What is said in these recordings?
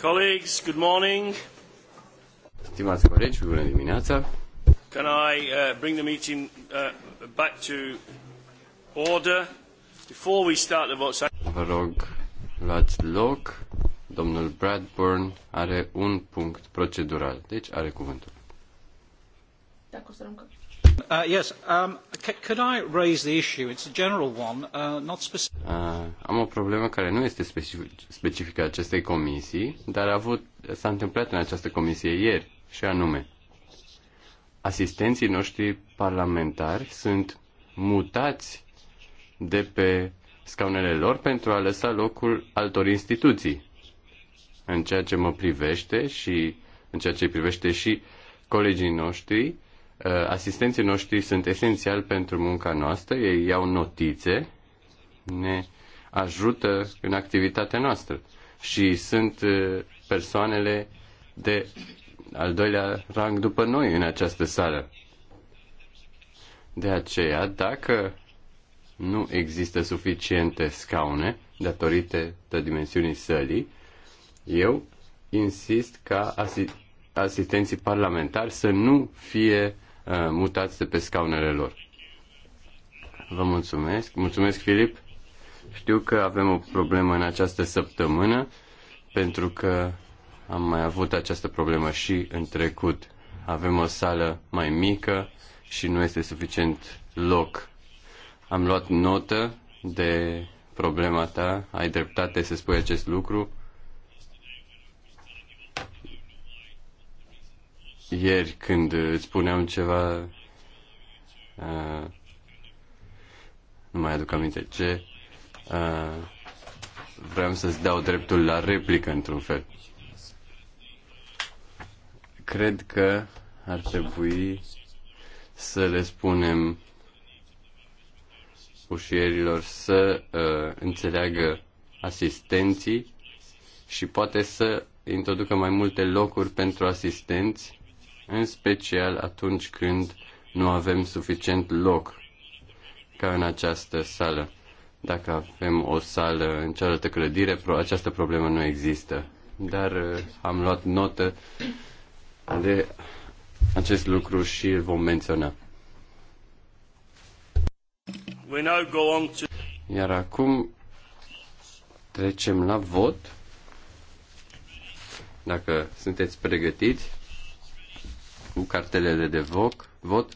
Colleagues, good morning. Stimați colegi, bună dimineața. Can I uh, bring the meeting uh, back to order before we start the votes? Vă rog, luați loc. Domnul Bradburn are un punct procedural, deci are cuvântul. Dacă o să rămâncă. Uh, yes, um, could I raise the issue? It's a general one, uh, not specific. Uh, am o problemă care nu este specific, specifică acestei comisii, dar a avut, s-a întâmplat în această comisie ieri, și anume, asistenții noștri parlamentari sunt mutați de pe scaunele lor pentru a lăsa locul altor instituții. În ceea ce mă privește și în ceea ce privește și colegii noștri, Uh, asistenții noștri sunt esențiali pentru munca noastră, ei iau notițe, ne ajută în activitatea noastră și sunt uh, persoanele de al doilea rang după noi în această sală. De aceea, dacă nu există suficiente scaune datorită de dimensiunii sălii, eu insist ca asistenții parlamentari să nu fie Uh, mutați de pe scaunele lor. Vă mulțumesc. Mulțumesc, Filip. Știu că avem o problemă în această săptămână, pentru că am mai avut această problemă și în trecut. Avem o sală mai mică și nu este suficient loc. Am luat notă de problema ta, ai dreptate să spui acest lucru ieri când îți spuneam ceva, uh, nu mai aduc aminte ce, uh, vreau să-ți dau dreptul la replică într-un fel. Cred că ar trebui să le spunem ușierilor să uh, înțeleagă asistenții și poate să introducă mai multe locuri pentru asistenți în special atunci când nu avem suficient loc, ca în această sală. Dacă avem o sală în cealaltă clădire, această problemă nu există. Dar uh, am luat notă de acest lucru și îl vom menționa. Iar acum trecem la vot. Dacă sunteți pregătiți, cu cartelele de voc, vot.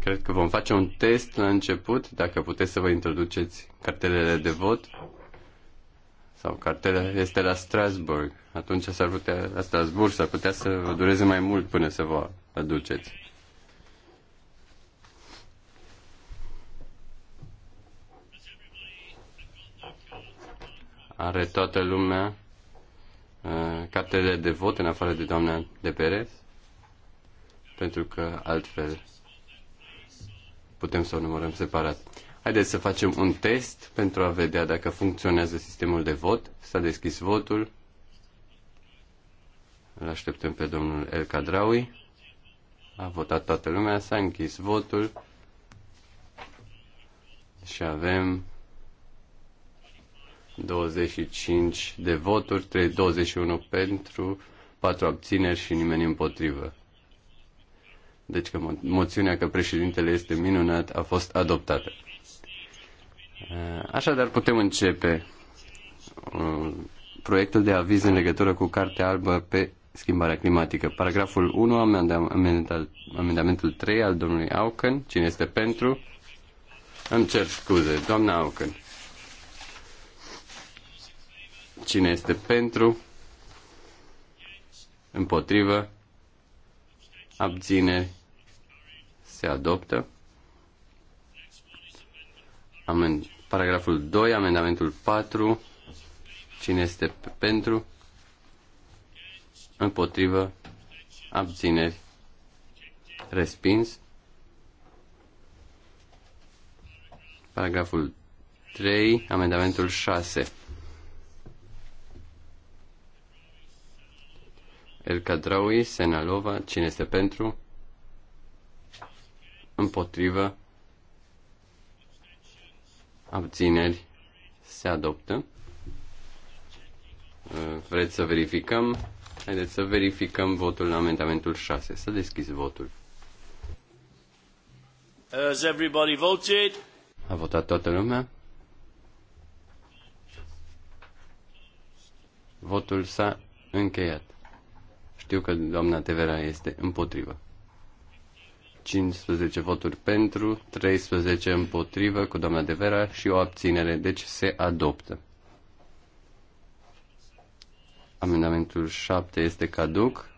Cred că vom face un test la început, dacă puteți să vă introduceți cartelele de vot sau cartela este la Strasburg. Atunci s-ar putea, la Strasburg s-ar putea să vă dureze mai mult până să vă aduceți. Are toată lumea Uh, cartele de vot în afară de doamna de Perez, pentru că altfel putem să o numărăm separat. Haideți să facem un test pentru a vedea dacă funcționează sistemul de vot. S-a deschis votul. Îl așteptăm pe domnul El Cadraui. A votat toată lumea, s-a închis votul și avem 25 de voturi, 3, 21 pentru, 4 abțineri și nimeni împotrivă. Deci că mo- moțiunea că președintele este minunat a fost adoptată. Așadar putem începe uh, proiectul de aviz în legătură cu Cartea Albă pe schimbarea climatică. Paragraful 1, amendamentul 3 al domnului Auken. Cine este pentru? Îmi cer scuze, doamna Auken. Cine este pentru? Împotrivă? Abțineri? Se adoptă. Amen. Paragraful 2, amendamentul 4. Cine este pentru? Împotrivă? Abțineri? Respins. Paragraful 3, amendamentul 6. El Cadraui, Senalova, cine este pentru? Împotrivă. Abțineri. Se adoptă. Uh, vreți să verificăm? Haideți să verificăm votul la amendamentul 6. Să deschizi votul. Has everybody voted? A votat toată lumea? Votul s-a încheiat. Știu că doamna Tevera este împotrivă. 15 voturi pentru, 13 împotrivă cu doamna Tevera și o abținere, deci se adoptă. Amendamentul 7 este caduc.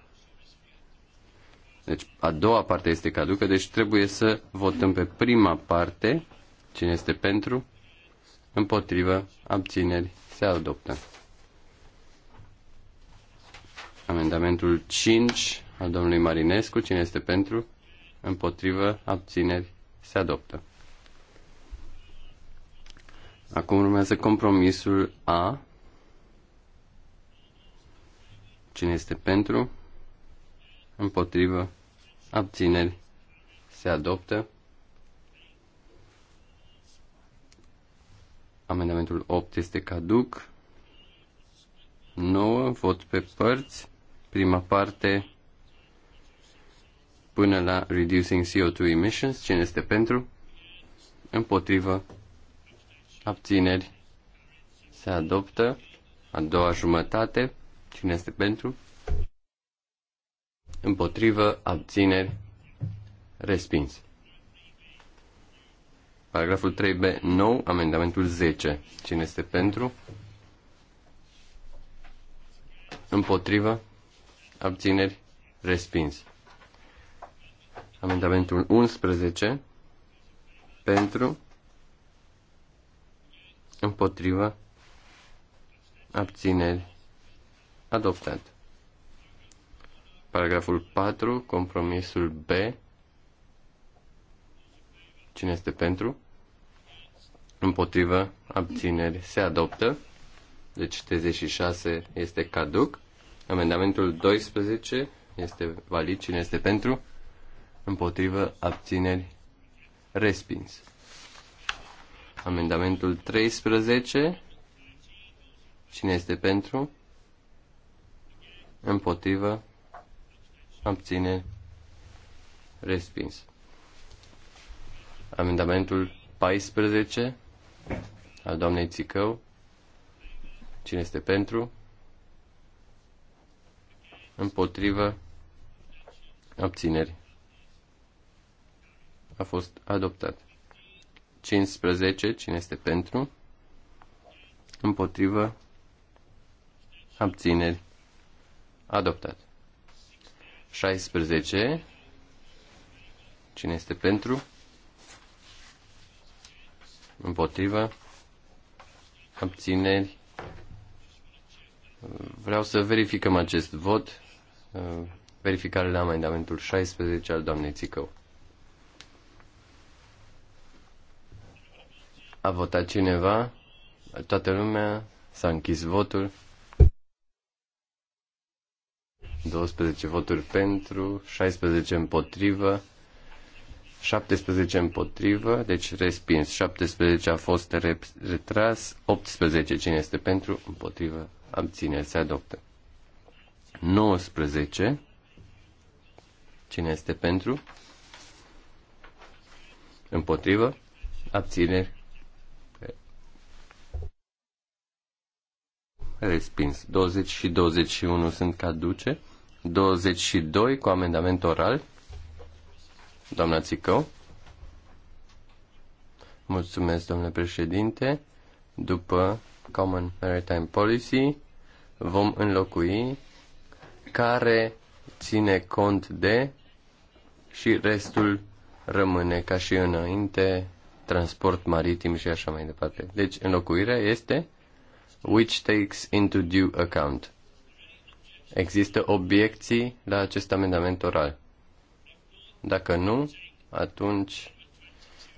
Deci a doua parte este caducă, deci trebuie să votăm pe prima parte. Cine este pentru? Împotrivă, abțineri, se adoptă. Amendamentul 5 al domnului Marinescu. Cine este pentru? Împotrivă. Abțineri. Se adoptă. Acum urmează compromisul A. Cine este pentru? Împotrivă. Abțineri. Se adoptă. Amendamentul 8 este caduc. 9. Vot pe părți prima parte până la Reducing CO2 Emissions. Cine este pentru? Împotrivă. Abțineri. Se adoptă. A doua jumătate. Cine este pentru? Împotrivă. Abțineri. Respins. Paragraful 3b, nou, amendamentul 10. Cine este pentru? Împotrivă? abțineri, respins. Amendamentul 11 pentru, împotrivă, abțineri, adoptat. Paragraful 4, compromisul B. Cine este pentru? Împotrivă, abțineri, se adoptă. Deci 36 este caduc. Amendamentul 12 este valid. Cine este pentru? Împotrivă. Abțineri. Respins. Amendamentul 13. Cine este pentru? Împotrivă. Abțineri. Respins. Amendamentul 14 al doamnei Țicău. Cine este pentru? împotrivă, abțineri. A fost adoptat. 15. Cine este pentru? Împotrivă, abțineri. Adoptat. 16. Cine este pentru? Împotrivă? Abțineri? Vreau să verificăm acest vot verificare la amendamentul 16 al doamnei Țicău. A votat cineva? Toată lumea? S-a închis votul? 12 voturi pentru, 16 împotrivă, 17 împotrivă, deci respins. 17 a fost retras, 18 cine este pentru, împotrivă, abține, se adoptă. 19. Cine este pentru? Împotrivă? Abțineri? Respins. 20 și 21 sunt caduce. 22 cu amendament oral. Doamna Țicău. Mulțumesc, domnule președinte. După Common Maritime Policy vom înlocui care ține cont de și restul rămâne ca și înainte transport maritim și așa mai departe. Deci înlocuirea este which takes into due account. Există obiecții la acest amendament oral? Dacă nu, atunci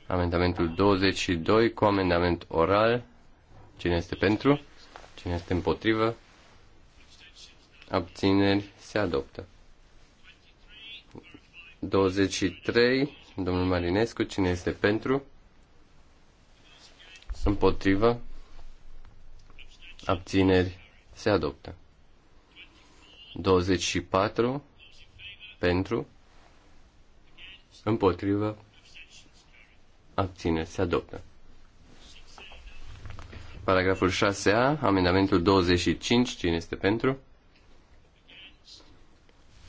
amendamentul 22 cu amendament oral. Cine este pentru? Cine este împotrivă? abțineri, se adoptă. 23, domnul Marinescu, cine este pentru? Împotrivă, abțineri, se adoptă. 24, pentru, împotrivă, abțineri, se adoptă. Paragraful 6a, amendamentul 25, cine este pentru?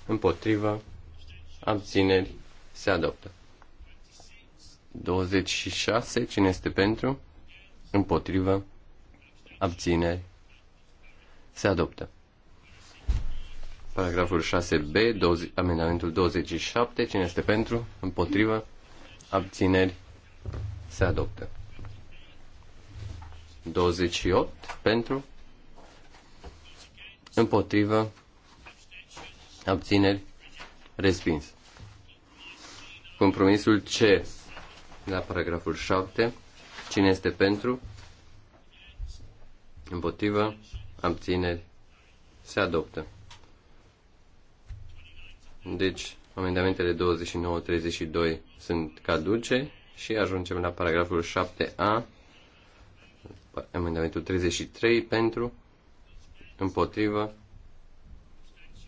împotriva, abțineri, se adoptă. 26. Cine este pentru? Împotrivă. Abțineri. Se adoptă. Paragraful 6b, 20, amendamentul 27. Cine este pentru? Împotrivă. Abțineri. Se adoptă. 28. Pentru. Împotrivă abțineri, respins. Compromisul C la paragraful 7. Cine este pentru? Împotrivă, abțineri, se adoptă. Deci, amendamentele 29-32 sunt caduce și ajungem la paragraful 7a, amendamentul 33 pentru, împotrivă,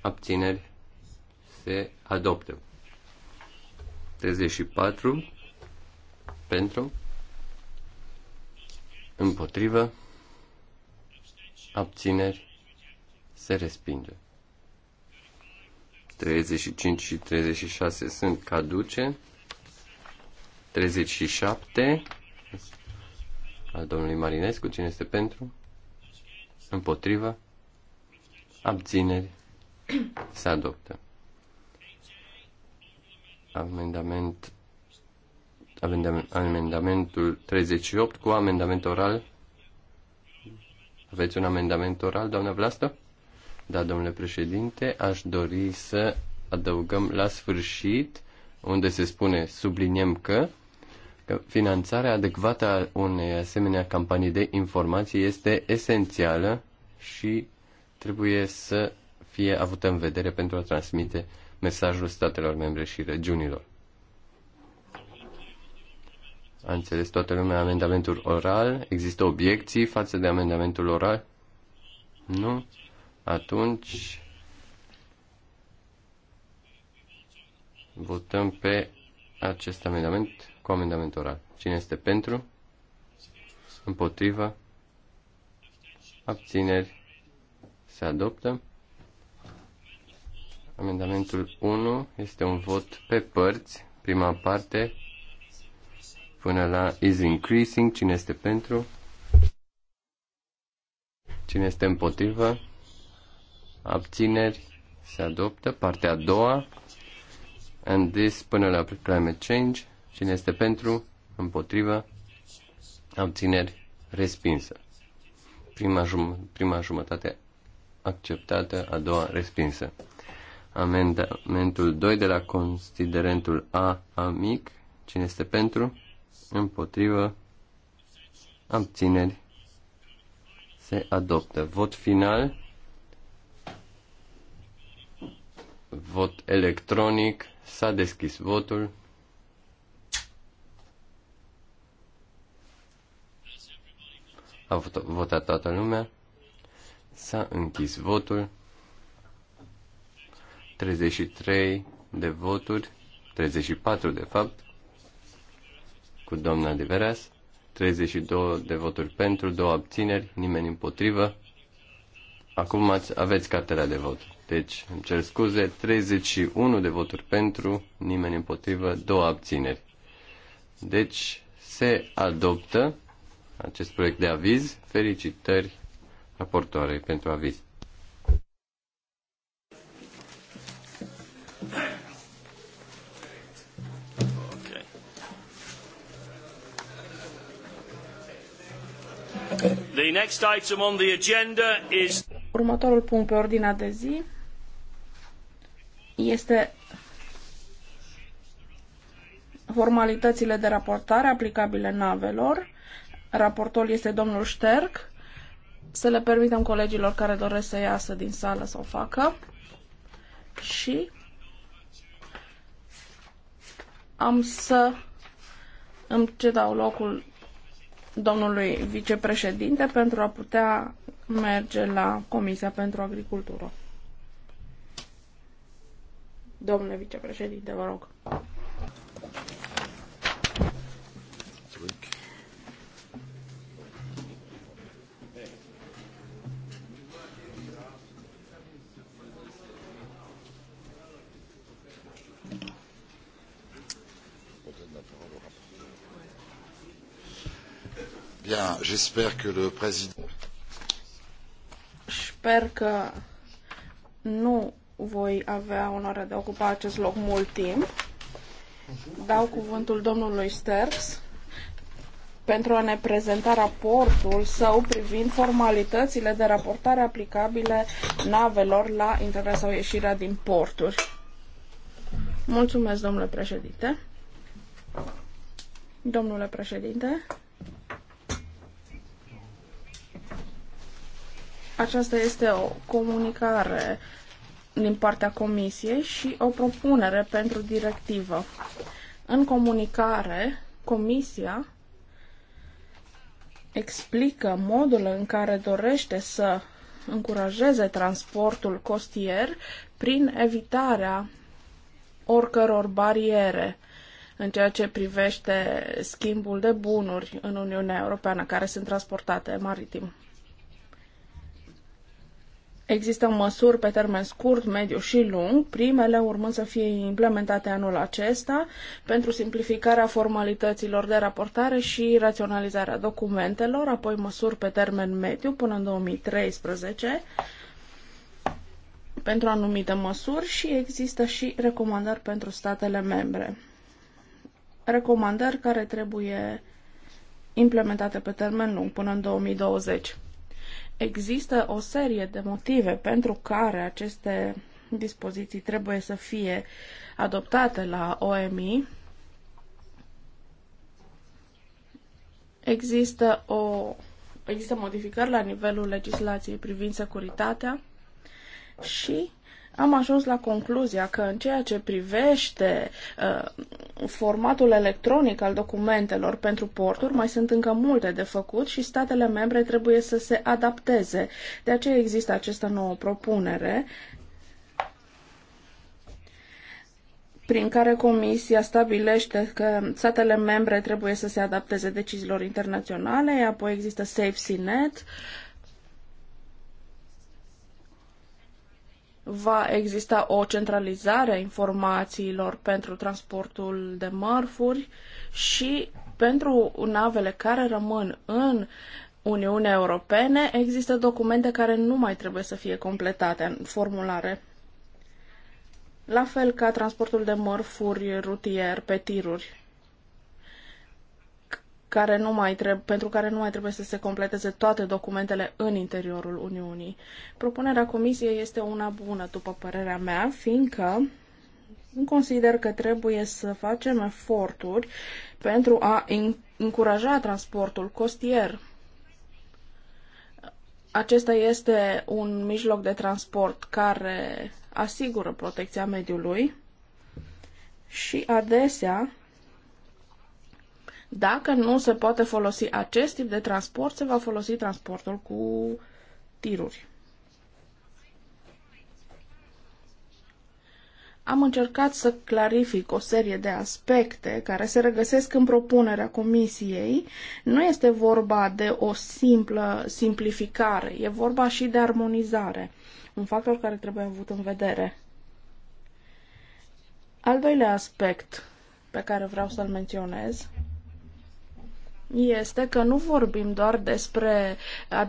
abțineri, se adoptă. 34 pentru, împotrivă, abțineri, se respinge. 35 și 36 sunt caduce. 37 al domnului Marinescu, cine este pentru? Împotrivă? Abțineri? Se adoptă. Amendament, amendament, amendamentul 38 cu amendament oral. Aveți un amendament oral, doamna Vlastă? Da, domnule președinte, aș dori să adăugăm la sfârșit, unde se spune subliniem că, că finanțarea adecvată a unei asemenea campanii de informații este esențială și trebuie să fie avută în vedere pentru a transmite mesajul statelor membre și regiunilor. A înțeles toată lumea amendamentul oral? Există obiecții față de amendamentul oral? Nu? Atunci votăm pe acest amendament cu amendament oral. Cine este pentru? Împotriva? Abțineri? Se adoptă. Amendamentul 1 este un vot pe părți, prima parte, până la is increasing, cine este pentru, cine este împotrivă, abțineri, se adoptă. Partea a doua, and this până la climate change, cine este pentru, împotrivă, abțineri, respinsă. Prima, jum- prima jumătate acceptată, a doua respinsă. Amendamentul 2 de la considerentul A, amic Cine este pentru? Împotrivă. Abțineri. Se adoptă. Vot final. Vot electronic. S-a deschis votul. A votat toată lumea. S-a închis votul. 33 de voturi, 34 de fapt, cu doamna de Veras, 32 de voturi pentru, două abțineri, nimeni împotrivă. Acum ați, aveți cartela de vot. Deci, îmi cer scuze, 31 de voturi pentru, nimeni împotrivă, două abțineri. Deci, se adoptă acest proiect de aviz. Felicitări raportoarei pentru aviz. next item on the agenda is... Următorul punct pe ordinea de zi este formalitățile de raportare aplicabile navelor. Raportorul este domnul Șterc. Să le permitem colegilor care doresc să iasă din sală să o facă. Și am să îmi cedau locul domnului vicepreședinte pentru a putea merge la Comisia pentru Agricultură. Domnule vicepreședinte, vă rog. Bien, j'espère que le président... Sper că nu voi avea onoarea de a ocupa acest loc mult timp. Dau cuvântul domnului Sterks pentru a ne prezenta raportul său privind formalitățile de raportare aplicabile navelor la intrarea sau ieșirea din porturi. Mulțumesc, domnule președinte. Domnule președinte, Aceasta este o comunicare din partea Comisiei și o propunere pentru directivă. În comunicare, Comisia explică modul în care dorește să încurajeze transportul costier prin evitarea oricăror bariere în ceea ce privește schimbul de bunuri în Uniunea Europeană care sunt transportate maritim. Există măsuri pe termen scurt, mediu și lung, primele urmând să fie implementate anul acesta pentru simplificarea formalităților de raportare și raționalizarea documentelor, apoi măsuri pe termen mediu până în 2013 pentru anumite măsuri și există și recomandări pentru statele membre. Recomandări care trebuie implementate pe termen lung până în 2020. Există o serie de motive pentru care aceste dispoziții trebuie să fie adoptate la OMI. Există, o, există modificări la nivelul legislației privind securitatea și am ajuns la concluzia că în ceea ce privește uh, formatul electronic al documentelor pentru porturi, mai sunt încă multe de făcut și statele membre trebuie să se adapteze. De aceea există această nouă propunere prin care Comisia stabilește că statele membre trebuie să se adapteze deciziilor internaționale, apoi există SafeSeaNet, uh, va exista o centralizare a informațiilor pentru transportul de mărfuri și pentru navele care rămân în Uniunea Europene există documente care nu mai trebuie să fie completate în formulare. La fel ca transportul de mărfuri rutier pe tiruri care nu mai trebuie, pentru care nu mai trebuie să se completeze toate documentele în interiorul Uniunii. Propunerea Comisiei este una bună, după părerea mea, fiindcă consider că trebuie să facem eforturi pentru a încuraja transportul costier. Acesta este un mijloc de transport care asigură protecția mediului și adesea dacă nu se poate folosi acest tip de transport, se va folosi transportul cu tiruri. Am încercat să clarific o serie de aspecte care se regăsesc în propunerea comisiei. Nu este vorba de o simplă simplificare, e vorba și de armonizare, un factor care trebuie avut în vedere. Al doilea aspect pe care vreau să-l menționez este că nu vorbim doar despre, ă,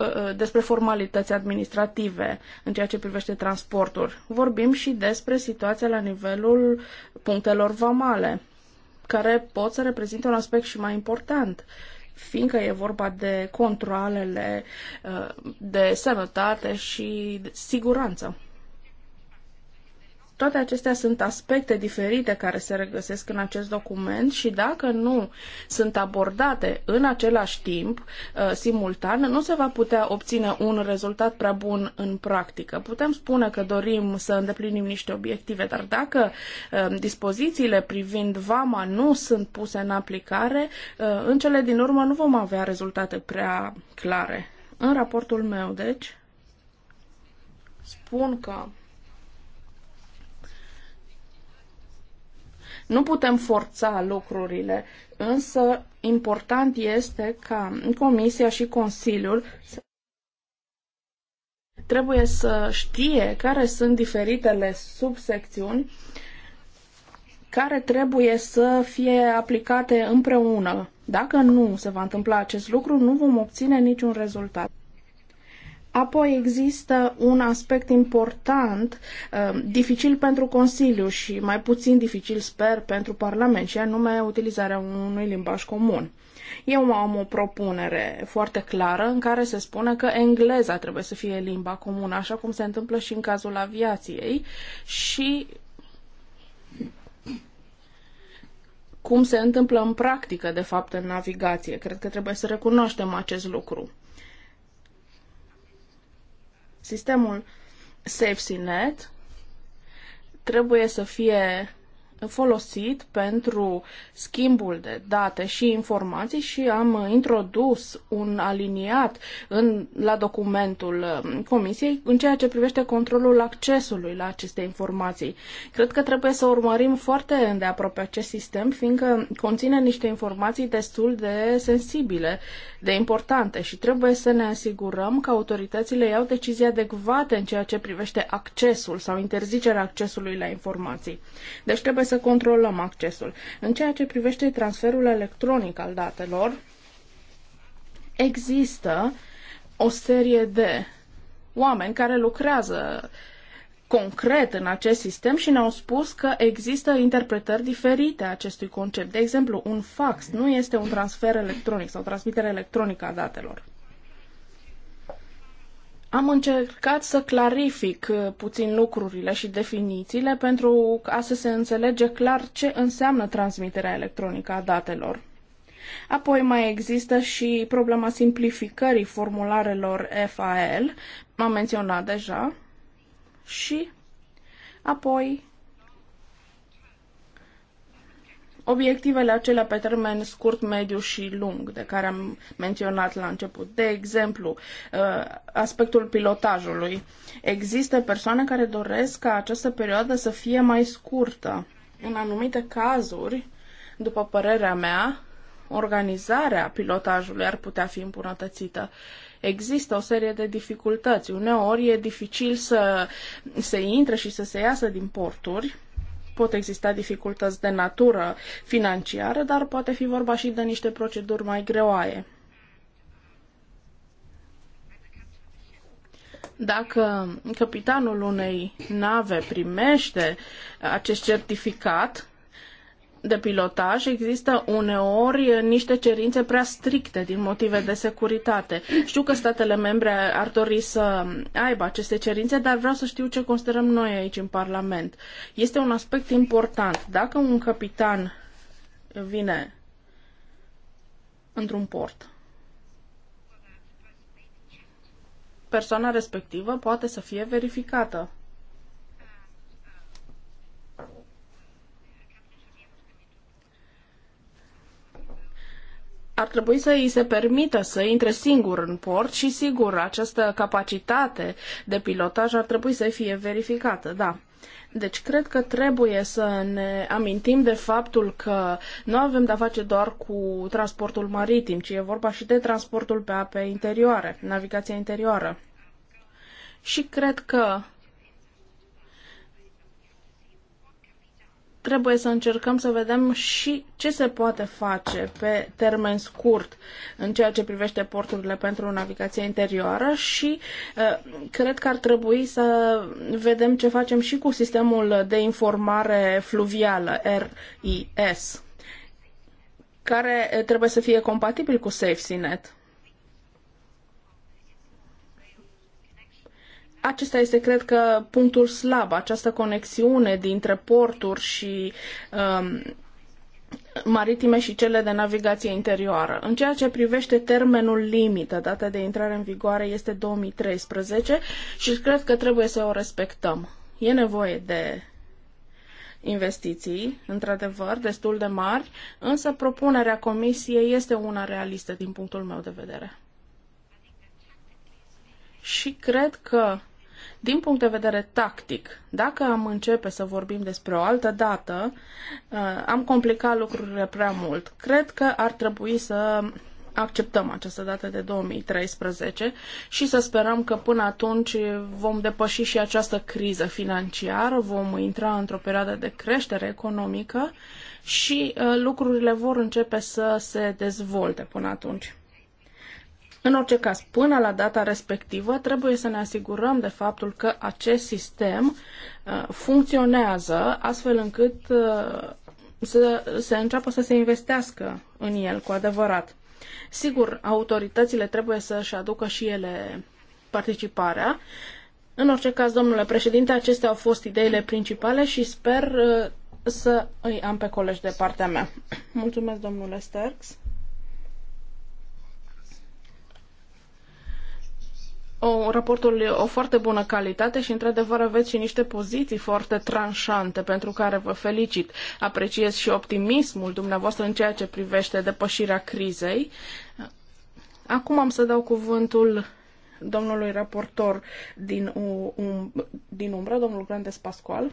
ă, despre formalități administrative în ceea ce privește transportul. Vorbim și despre situația la nivelul punctelor vamale, care pot să reprezinte un aspect și mai important fiindcă e vorba de controlele ă, de sănătate și siguranță. Toate acestea sunt aspecte diferite care se regăsesc în acest document și dacă nu sunt abordate în același timp, uh, simultan, nu se va putea obține un rezultat prea bun în practică. Putem spune că dorim să îndeplinim niște obiective, dar dacă uh, dispozițiile privind vama nu sunt puse în aplicare, uh, în cele din urmă nu vom avea rezultate prea clare. În raportul meu, deci, spun că Nu putem forța lucrurile, însă important este ca Comisia și Consiliul să trebuie să știe care sunt diferitele subsecțiuni care trebuie să fie aplicate împreună. Dacă nu se va întâmpla acest lucru, nu vom obține niciun rezultat. Apoi există un aspect important, um, dificil pentru Consiliu și mai puțin dificil, sper, pentru Parlament, și anume utilizarea unui limbaj comun. Eu am o propunere foarte clară în care se spune că engleza trebuie să fie limba comună, așa cum se întâmplă și în cazul aviației și cum se întâmplă în practică, de fapt, în navigație. Cred că trebuie să recunoaștem acest lucru. Sistemul SafetyNet trebuie să fie folosit pentru schimbul de date și informații și am introdus un aliniat în, la documentul um, Comisiei în ceea ce privește controlul accesului la aceste informații. Cred că trebuie să urmărim foarte îndeaproape acest sistem, fiindcă conține niște informații destul de sensibile, de importante și trebuie să ne asigurăm că autoritățile iau decizii adecvate în ceea ce privește accesul sau interzicerea accesului la informații. Deci trebuie să să controlăm accesul. În ceea ce privește transferul electronic al datelor, există o serie de oameni care lucrează concret în acest sistem și ne-au spus că există interpretări diferite a acestui concept. De exemplu, un fax nu este un transfer electronic sau transmitere electronică a datelor. Am încercat să clarific uh, puțin lucrurile și definițiile pentru a să se înțelege clar ce înseamnă transmiterea electronică a datelor. Apoi mai există și problema simplificării formularelor FAL, m-am menționat deja, și apoi obiectivele acelea pe termen scurt, mediu și lung, de care am menționat la început. De exemplu, uh, aspectul pilotajului. Există persoane care doresc ca această perioadă să fie mai scurtă. În anumite cazuri, după părerea mea, organizarea pilotajului ar putea fi îmbunătățită. Există o serie de dificultăți. Uneori e dificil să se intre și să se iasă din porturi, pot exista dificultăți de natură financiară, dar poate fi vorba și de niște proceduri mai greoaie. Dacă capitanul unei nave primește acest certificat, de pilotaj există uneori niște cerințe prea stricte din motive de securitate. Știu că statele membre ar dori să aibă aceste cerințe, dar vreau să știu ce considerăm noi aici în Parlament. Este un aspect important. Dacă un capitan vine într-un port, persoana respectivă poate să fie verificată ar trebui să îi se permită să intre singur în port și, sigur, această capacitate de pilotaj ar trebui să fie verificată, da. Deci cred că trebuie să ne amintim de faptul că nu avem de-a face doar cu transportul maritim, ci e vorba și de transportul pe ape interioare, navigația interioară. Și cred că trebuie să încercăm să vedem și ce se poate face pe termen scurt în ceea ce privește porturile pentru navigația interioară și uh, cred că ar trebui să vedem ce facem și cu sistemul de informare fluvială RIS care trebuie să fie compatibil cu SafeSeaNet. acesta este, cred că, punctul slab, această conexiune dintre porturi și um, maritime și cele de navigație interioară. În ceea ce privește termenul limită, data de intrare în vigoare este 2013 și cred că trebuie să o respectăm. E nevoie de investiții, într-adevăr, destul de mari, însă propunerea comisiei este una realistă din punctul meu de vedere. Și cred că din punct de vedere tactic, dacă am începe să vorbim despre o altă dată, uh, am complicat lucrurile prea mult. Cred că ar trebui să acceptăm această dată de 2013 și să sperăm că până atunci vom depăși și această criză financiară, vom intra într-o perioadă de creștere economică și uh, lucrurile vor începe să se dezvolte până atunci. În orice caz, până la data respectivă, trebuie să ne asigurăm de faptul că acest sistem uh, funcționează astfel încât uh, să se înceapă să se investească în el cu adevărat. Sigur, autoritățile trebuie să-și aducă și ele participarea. În orice caz, domnule președinte, acestea au fost ideile principale și sper uh, să îi am pe colegi de partea mea. Mulțumesc, domnule Sterks. o, raportul o foarte bună calitate și, într-adevăr, aveți și niște poziții foarte tranșante, pentru care vă felicit. Apreciez și optimismul dumneavoastră în ceea ce privește depășirea crizei. Acum am să dau cuvântul domnului raportor din, um, din umbră, domnul Grandes Pascual.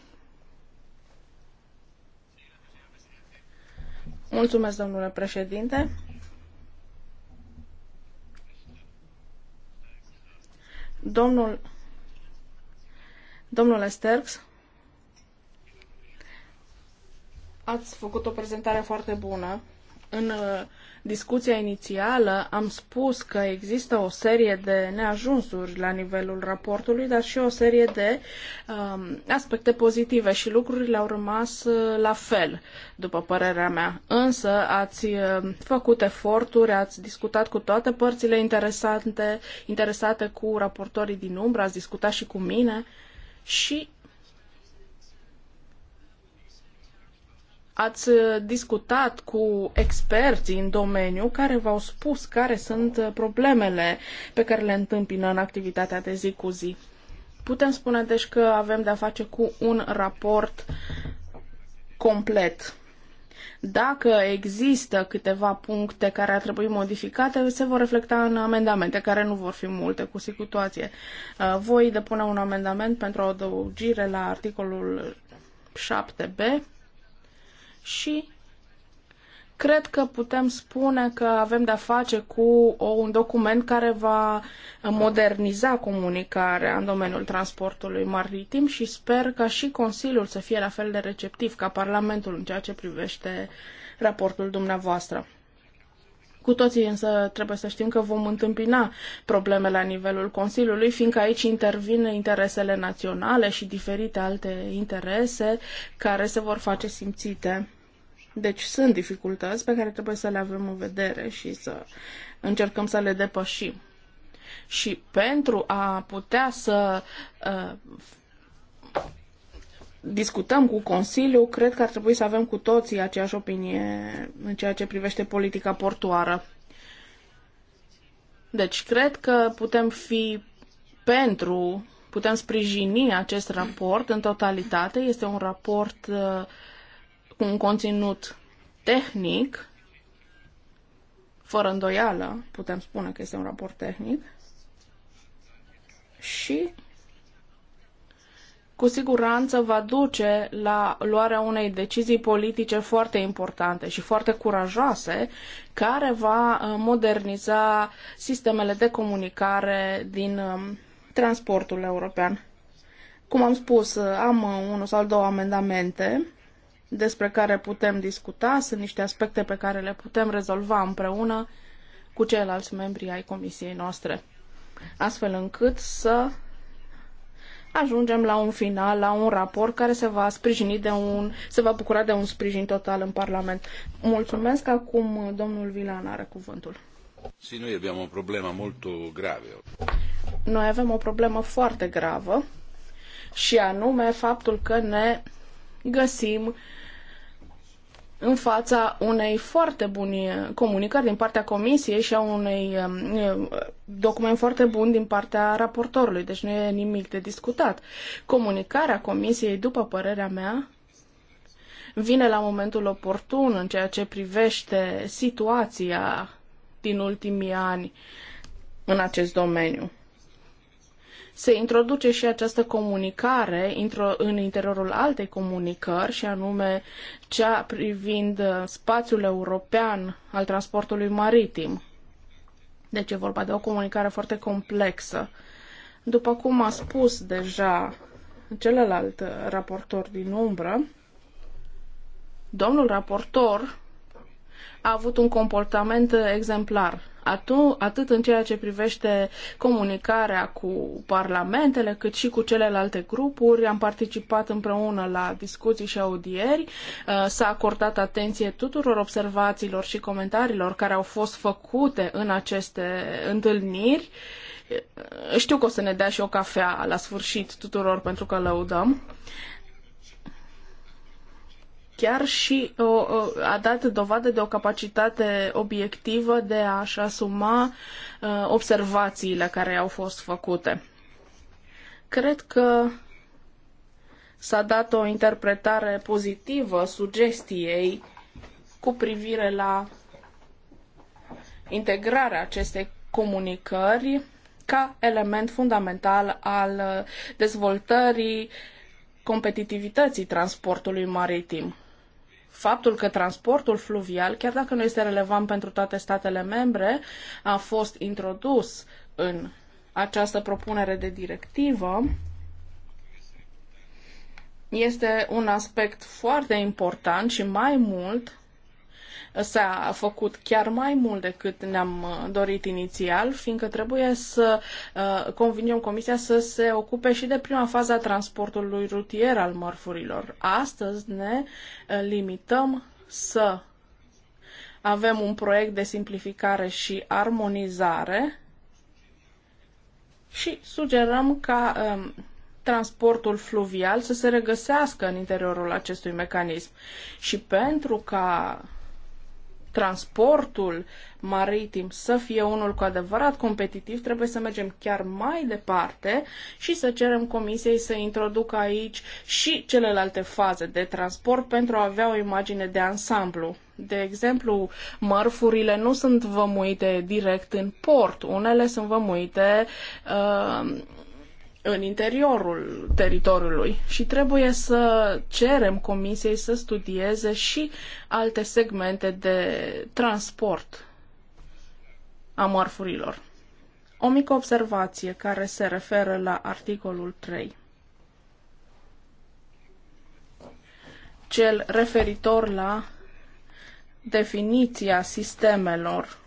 Mulțumesc, domnule președinte. Domnul, domnule Sterks, ați făcut o prezentare foarte bună în uh, discuția inițială am spus că există o serie de neajunsuri la nivelul raportului, dar și o serie de um, aspecte pozitive și lucrurile au rămas uh, la fel, după părerea mea. Însă ați uh, făcut eforturi, ați discutat cu toate părțile interesante, interesate cu raportorii din umbră, ați discutat și cu mine și Ați uh, discutat cu experți în domeniu care v-au spus care sunt uh, problemele pe care le întâmpină în activitatea de zi cu zi. Putem spune deci că avem de-a face cu un raport complet. Dacă există câteva puncte care ar trebui modificate, se vor reflecta în amendamente, care nu vor fi multe cu situație. Uh, voi depune un amendament pentru o adăugire la articolul 7b și cred că putem spune că avem de-a face cu un document care va moderniza comunicarea în domeniul transportului maritim și sper ca și Consiliul să fie la fel de receptiv ca Parlamentul în ceea ce privește raportul dumneavoastră. Cu toții însă trebuie să știm că vom întâmpina probleme la nivelul Consiliului, fiindcă aici intervin interesele naționale și diferite alte interese care se vor face simțite. Deci sunt dificultăți pe care trebuie să le avem în vedere și să încercăm să le depășim. Și pentru a putea să uh, discutăm cu Consiliul, cred că ar trebui să avem cu toții aceeași opinie în ceea ce privește politica portoară. Deci, cred că putem fi pentru, putem sprijini acest raport în totalitate. Este un raport uh, cu un conținut tehnic, fără îndoială, putem spune că este un raport tehnic, și cu siguranță va duce la luarea unei decizii politice foarte importante și foarte curajoase, care va uh, moderniza sistemele de comunicare din um, transportul european. Cum am spus, uh, am uh, unul sau două amendamente despre care putem discuta, sunt niște aspecte pe care le putem rezolva împreună cu ceilalți membri ai comisiei noastre, astfel încât să ajungem la un final, la un raport care se va sprijini de un, se va bucura de un sprijin total în Parlament. Mulțumesc. Acum domnul Vilan are cuvântul. Si noi avem un problema mult grave. Noi avem o problemă foarte gravă și anume faptul că ne găsim uh, în fața unei foarte bune eh, comunicări din partea comisiei și a unui eh, eh, document foarte bun din partea raportorului, deci nu e nimic de discutat. Comunicarea comisiei, după părerea mea, vine la momentul oportun în ceea ce privește situația din ultimii ani în acest domeniu se introduce și această comunicare în interiorul altei comunicări, și anume cea privind uh, spațiul european al transportului maritim. Deci e vorba de o comunicare foarte complexă. După cum a spus deja celălalt uh, raportor din umbră, domnul raportor a avut un comportament exemplar atât în ceea ce privește comunicarea cu parlamentele, cât și cu celelalte grupuri. Am participat împreună la discuții și audieri. Uh, s-a acordat atenție tuturor observațiilor și comentariilor care au fost făcute în aceste întâlniri. Uh, știu că o să ne dea și o cafea la sfârșit tuturor pentru că lăudăm. Uh, chiar și o, a dat dovadă de o capacitate obiectivă de a-și asuma uh, observațiile care au fost făcute. Cred că s-a dat o interpretare pozitivă sugestiei cu privire la integrarea acestei comunicări ca element fundamental al dezvoltării competitivității transportului maritim faptul că transportul fluvial, chiar dacă nu este relevant pentru toate statele membre, a fost introdus în această propunere de directivă, este un aspect foarte important și mai mult S-a făcut chiar mai mult decât ne-am uh, dorit inițial, fiindcă trebuie să uh, convingem Comisia să se ocupe și de prima fază a transportului rutier al mărfurilor. Astăzi ne uh, limităm să avem un proiect de simplificare și armonizare și sugerăm ca um, transportul fluvial să se regăsească în interiorul acestui mecanism. Și pentru ca transportul maritim să fie unul cu adevărat competitiv, trebuie să mergem chiar mai departe și să cerem comisiei să introducă aici și celelalte faze de transport pentru a avea o imagine de ansamblu. De exemplu, mărfurile nu sunt vămuite direct în port, unele sunt vămuite uh, în interiorul teritoriului și trebuie să cerem comisiei să studieze și alte segmente de transport a mărfurilor. O mică observație care se referă la articolul 3. Cel referitor la definiția sistemelor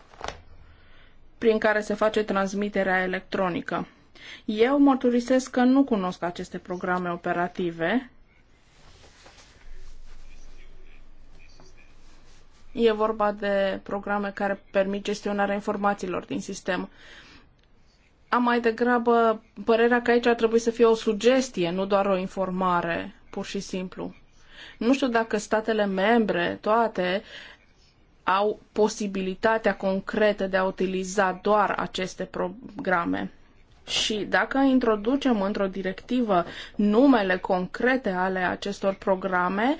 prin care se face transmiterea electronică. Eu mărturisesc că nu cunosc aceste programe operative. E vorba de programe care permit gestionarea informațiilor din sistem. Am mai degrabă părerea că aici ar trebui să fie o sugestie, nu doar o informare, pur și simplu. Nu știu dacă statele membre, toate, au posibilitatea concretă de a utiliza doar aceste programe. Și dacă introducem într-o directivă numele concrete ale acestor programe,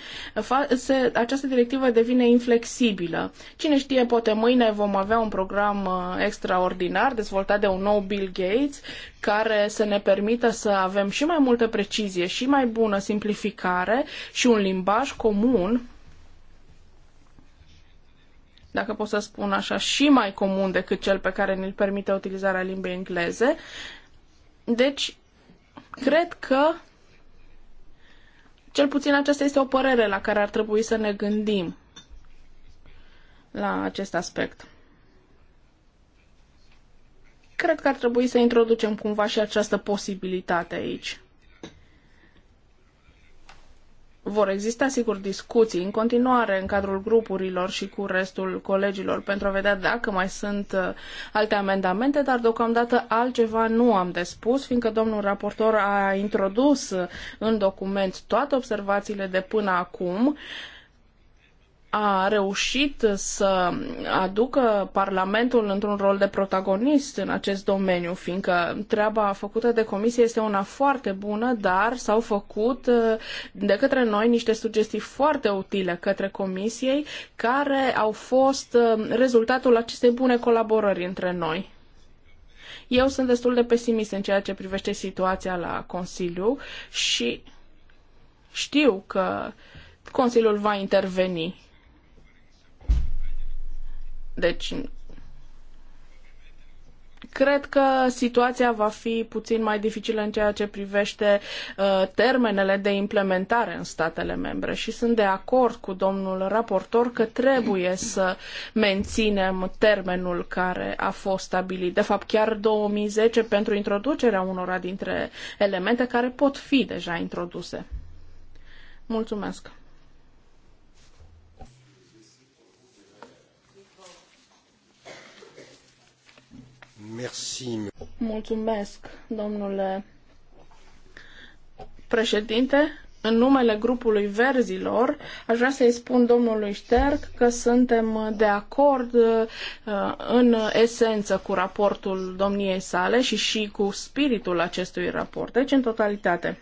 se, această directivă devine inflexibilă. Cine știe, poate mâine vom avea un program uh, extraordinar dezvoltat de un nou Bill Gates care să ne permită să avem și mai multă precizie și mai bună simplificare și un limbaj comun dacă pot să spun așa, și mai comun decât cel pe care ne-l permite utilizarea limbii engleze, deci, cred că cel puțin aceasta este o părere la care ar trebui să ne gândim la acest aspect. Cred că ar trebui să introducem cumva și această posibilitate aici. Vor exista, sigur, discuții în continuare în cadrul grupurilor și cu restul colegilor pentru a vedea dacă mai sunt uh, alte amendamente, dar deocamdată altceva nu am de spus, fiindcă domnul raportor a introdus uh, în document toate observațiile de până acum a reușit să aducă Parlamentul într-un rol de protagonist în acest domeniu, fiindcă treaba făcută de comisie este una foarte bună, dar s-au făcut uh, de către noi niște sugestii foarte utile către comisiei, care au fost uh, rezultatul acestei bune colaborări între noi. Eu sunt destul de pesimist în ceea ce privește situația la Consiliu și știu că Consiliul va interveni deci, cred că situația va fi puțin mai dificilă în ceea ce privește uh, termenele de implementare în statele membre și sunt de acord cu domnul raportor că trebuie să menținem termenul care a fost stabilit. De fapt, chiar 2010 pentru introducerea unora dintre elemente care pot fi deja introduse. Mulțumesc! Mulțumesc, domnule președinte. În numele grupului Verzilor, aș vrea să-i spun domnului Șterg că suntem de acord uh, în esență cu raportul domniei sale și și cu spiritul acestui raport, deci în totalitate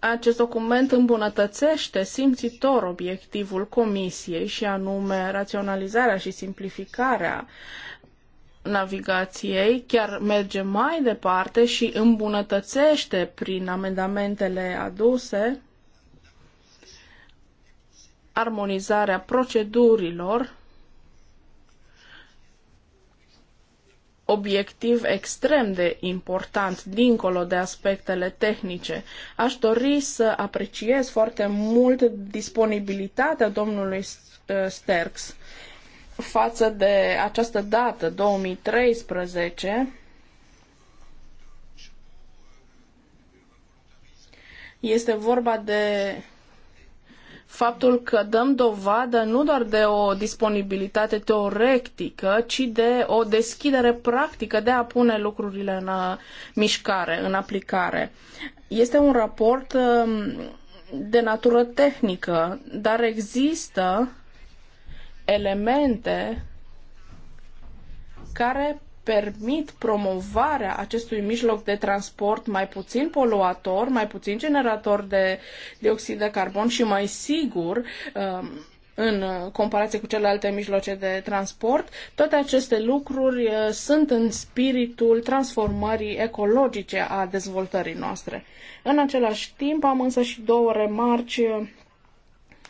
acest document îmbunătățește simțitor obiectivul Comisiei și anume raționalizarea și simplificarea navigației chiar merge mai departe și îmbunătățește prin amendamentele aduse armonizarea procedurilor, obiectiv extrem de important dincolo de aspectele tehnice. Aș dori să apreciez foarte mult disponibilitatea domnului Sterks față de această dată, 2013, este vorba de faptul că dăm dovadă nu doar de o disponibilitate teoretică, ci de o deschidere practică de a pune lucrurile în uh, mișcare, în aplicare. Este un raport um, de natură tehnică, dar există elemente care permit promovarea acestui mijloc de transport mai puțin poluator, mai puțin generator de dioxid de carbon și mai sigur um, în comparație cu celelalte mijloace de transport. Toate aceste lucruri uh, sunt în spiritul transformării ecologice a dezvoltării noastre. În același timp am însă și două remarci uh,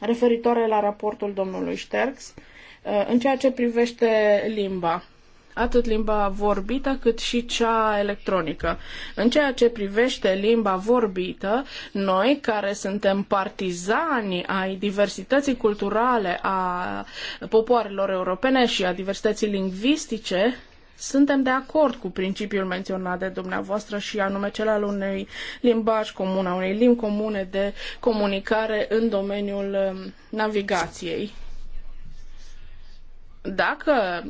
referitoare la raportul domnului Șterx, uh, în ceea ce privește limba atât limba vorbită cât și cea electronică. În ceea ce privește limba vorbită, noi care suntem partizani ai diversității culturale a popoarelor europene și a diversității lingvistice, suntem de acord cu principiul menționat de dumneavoastră și anume cel al unei limbaj comun, a unei limbi comune de comunicare în domeniul um, navigației dacă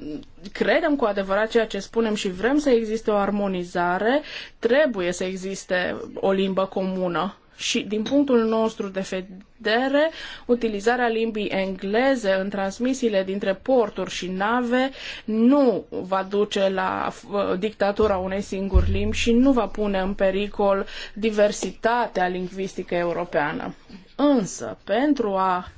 credem cu adevărat ceea ce spunem și vrem să existe o armonizare, trebuie să existe o limbă comună și, din punctul nostru de vedere, utilizarea limbii engleze în transmisiile dintre porturi și nave nu va duce la uh, dictatura unei singuri limbi și nu va pune în pericol diversitatea lingvistică europeană. Însă, pentru a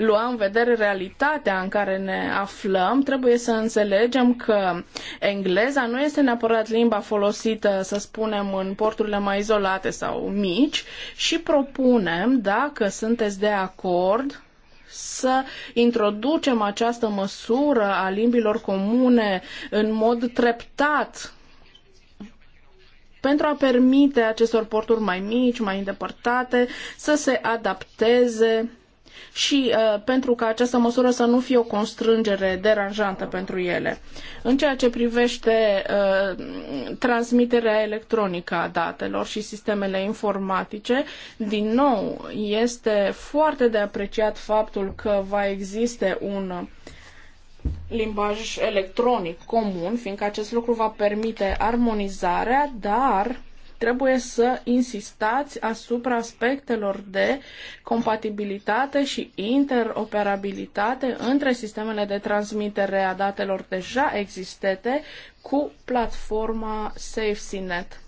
lua în vedere realitatea în care ne aflăm, trebuie să înțelegem că engleza nu este neapărat limba folosită, să spunem, în porturile mai izolate sau mici și propunem, dacă sunteți de acord, să introducem această măsură a limbilor comune în mod treptat pentru a permite acestor porturi mai mici, mai îndepărtate, să se adapteze și uh, pentru ca această măsură să nu fie o constrângere deranjantă pentru ele. În ceea ce privește uh, transmiterea electronică a datelor și sistemele informatice, din nou este foarte de apreciat faptul că va existe un limbaj electronic comun, fiindcă acest lucru va permite armonizarea, dar trebuie să insistați asupra aspectelor de compatibilitate și interoperabilitate între sistemele de transmitere a datelor deja existente cu platforma SafeSynet.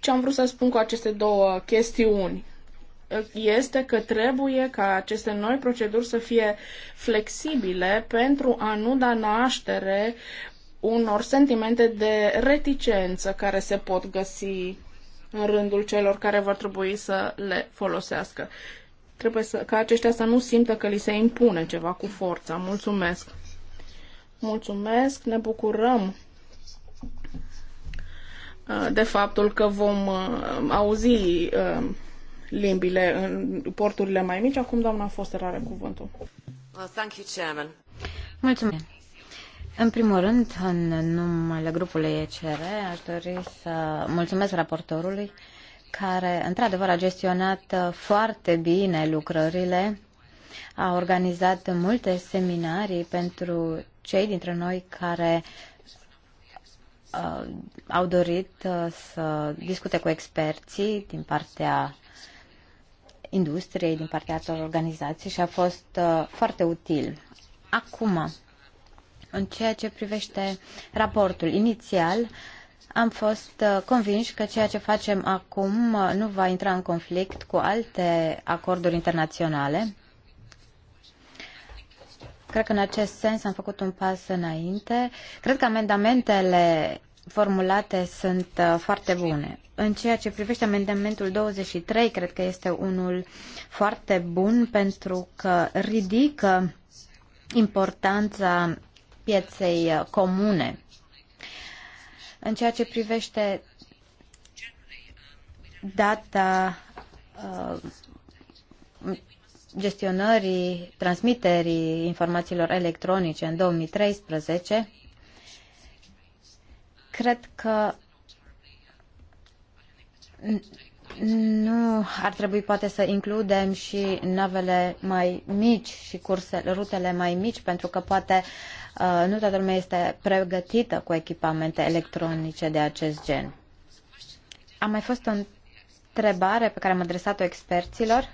Ce am vrut să spun cu aceste două chestiuni? este că trebuie ca aceste noi proceduri să fie flexibile pentru a nu da naștere unor sentimente de reticență care se pot găsi în rândul celor care vor trebui să le folosească. Trebuie să, ca aceștia să nu simtă că li se impune ceva cu forța. Mulțumesc! Mulțumesc, ne bucurăm uh, de faptul că vom uh, auzi uh, limbile în porturile mai mici. Acum doamna Foster are cuvântul. Well, thank you, Chairman. Mulțumesc. În primul rând, în numele grupului ECR, aș dori să mulțumesc raportorului care, într-adevăr, a gestionat foarte bine lucrările, a organizat multe seminarii pentru cei dintre noi care uh, au dorit uh, să discute cu experții din partea industriei, din partea altor organizații și a fost uh, foarte util. Acum, în ceea ce privește raportul inițial, am fost uh, convinși că ceea ce facem acum uh, nu va intra în conflict cu alte acorduri internaționale. Cred că în acest sens am făcut un pas înainte. Cred că amendamentele formulate sunt uh, foarte bune. În ceea ce privește amendamentul 23, cred că este unul foarte bun pentru că ridică importanța pieței uh, comune. În ceea ce privește data uh, gestionării, transmiterii informațiilor electronice în 2013, cred că nu ar trebui poate să includem și navele mai mici și curse, rutele mai mici, pentru că poate Uh, nu toată lumea este pregătită cu echipamente electronice de acest gen. A mai fost o întrebare pe care am adresat-o experților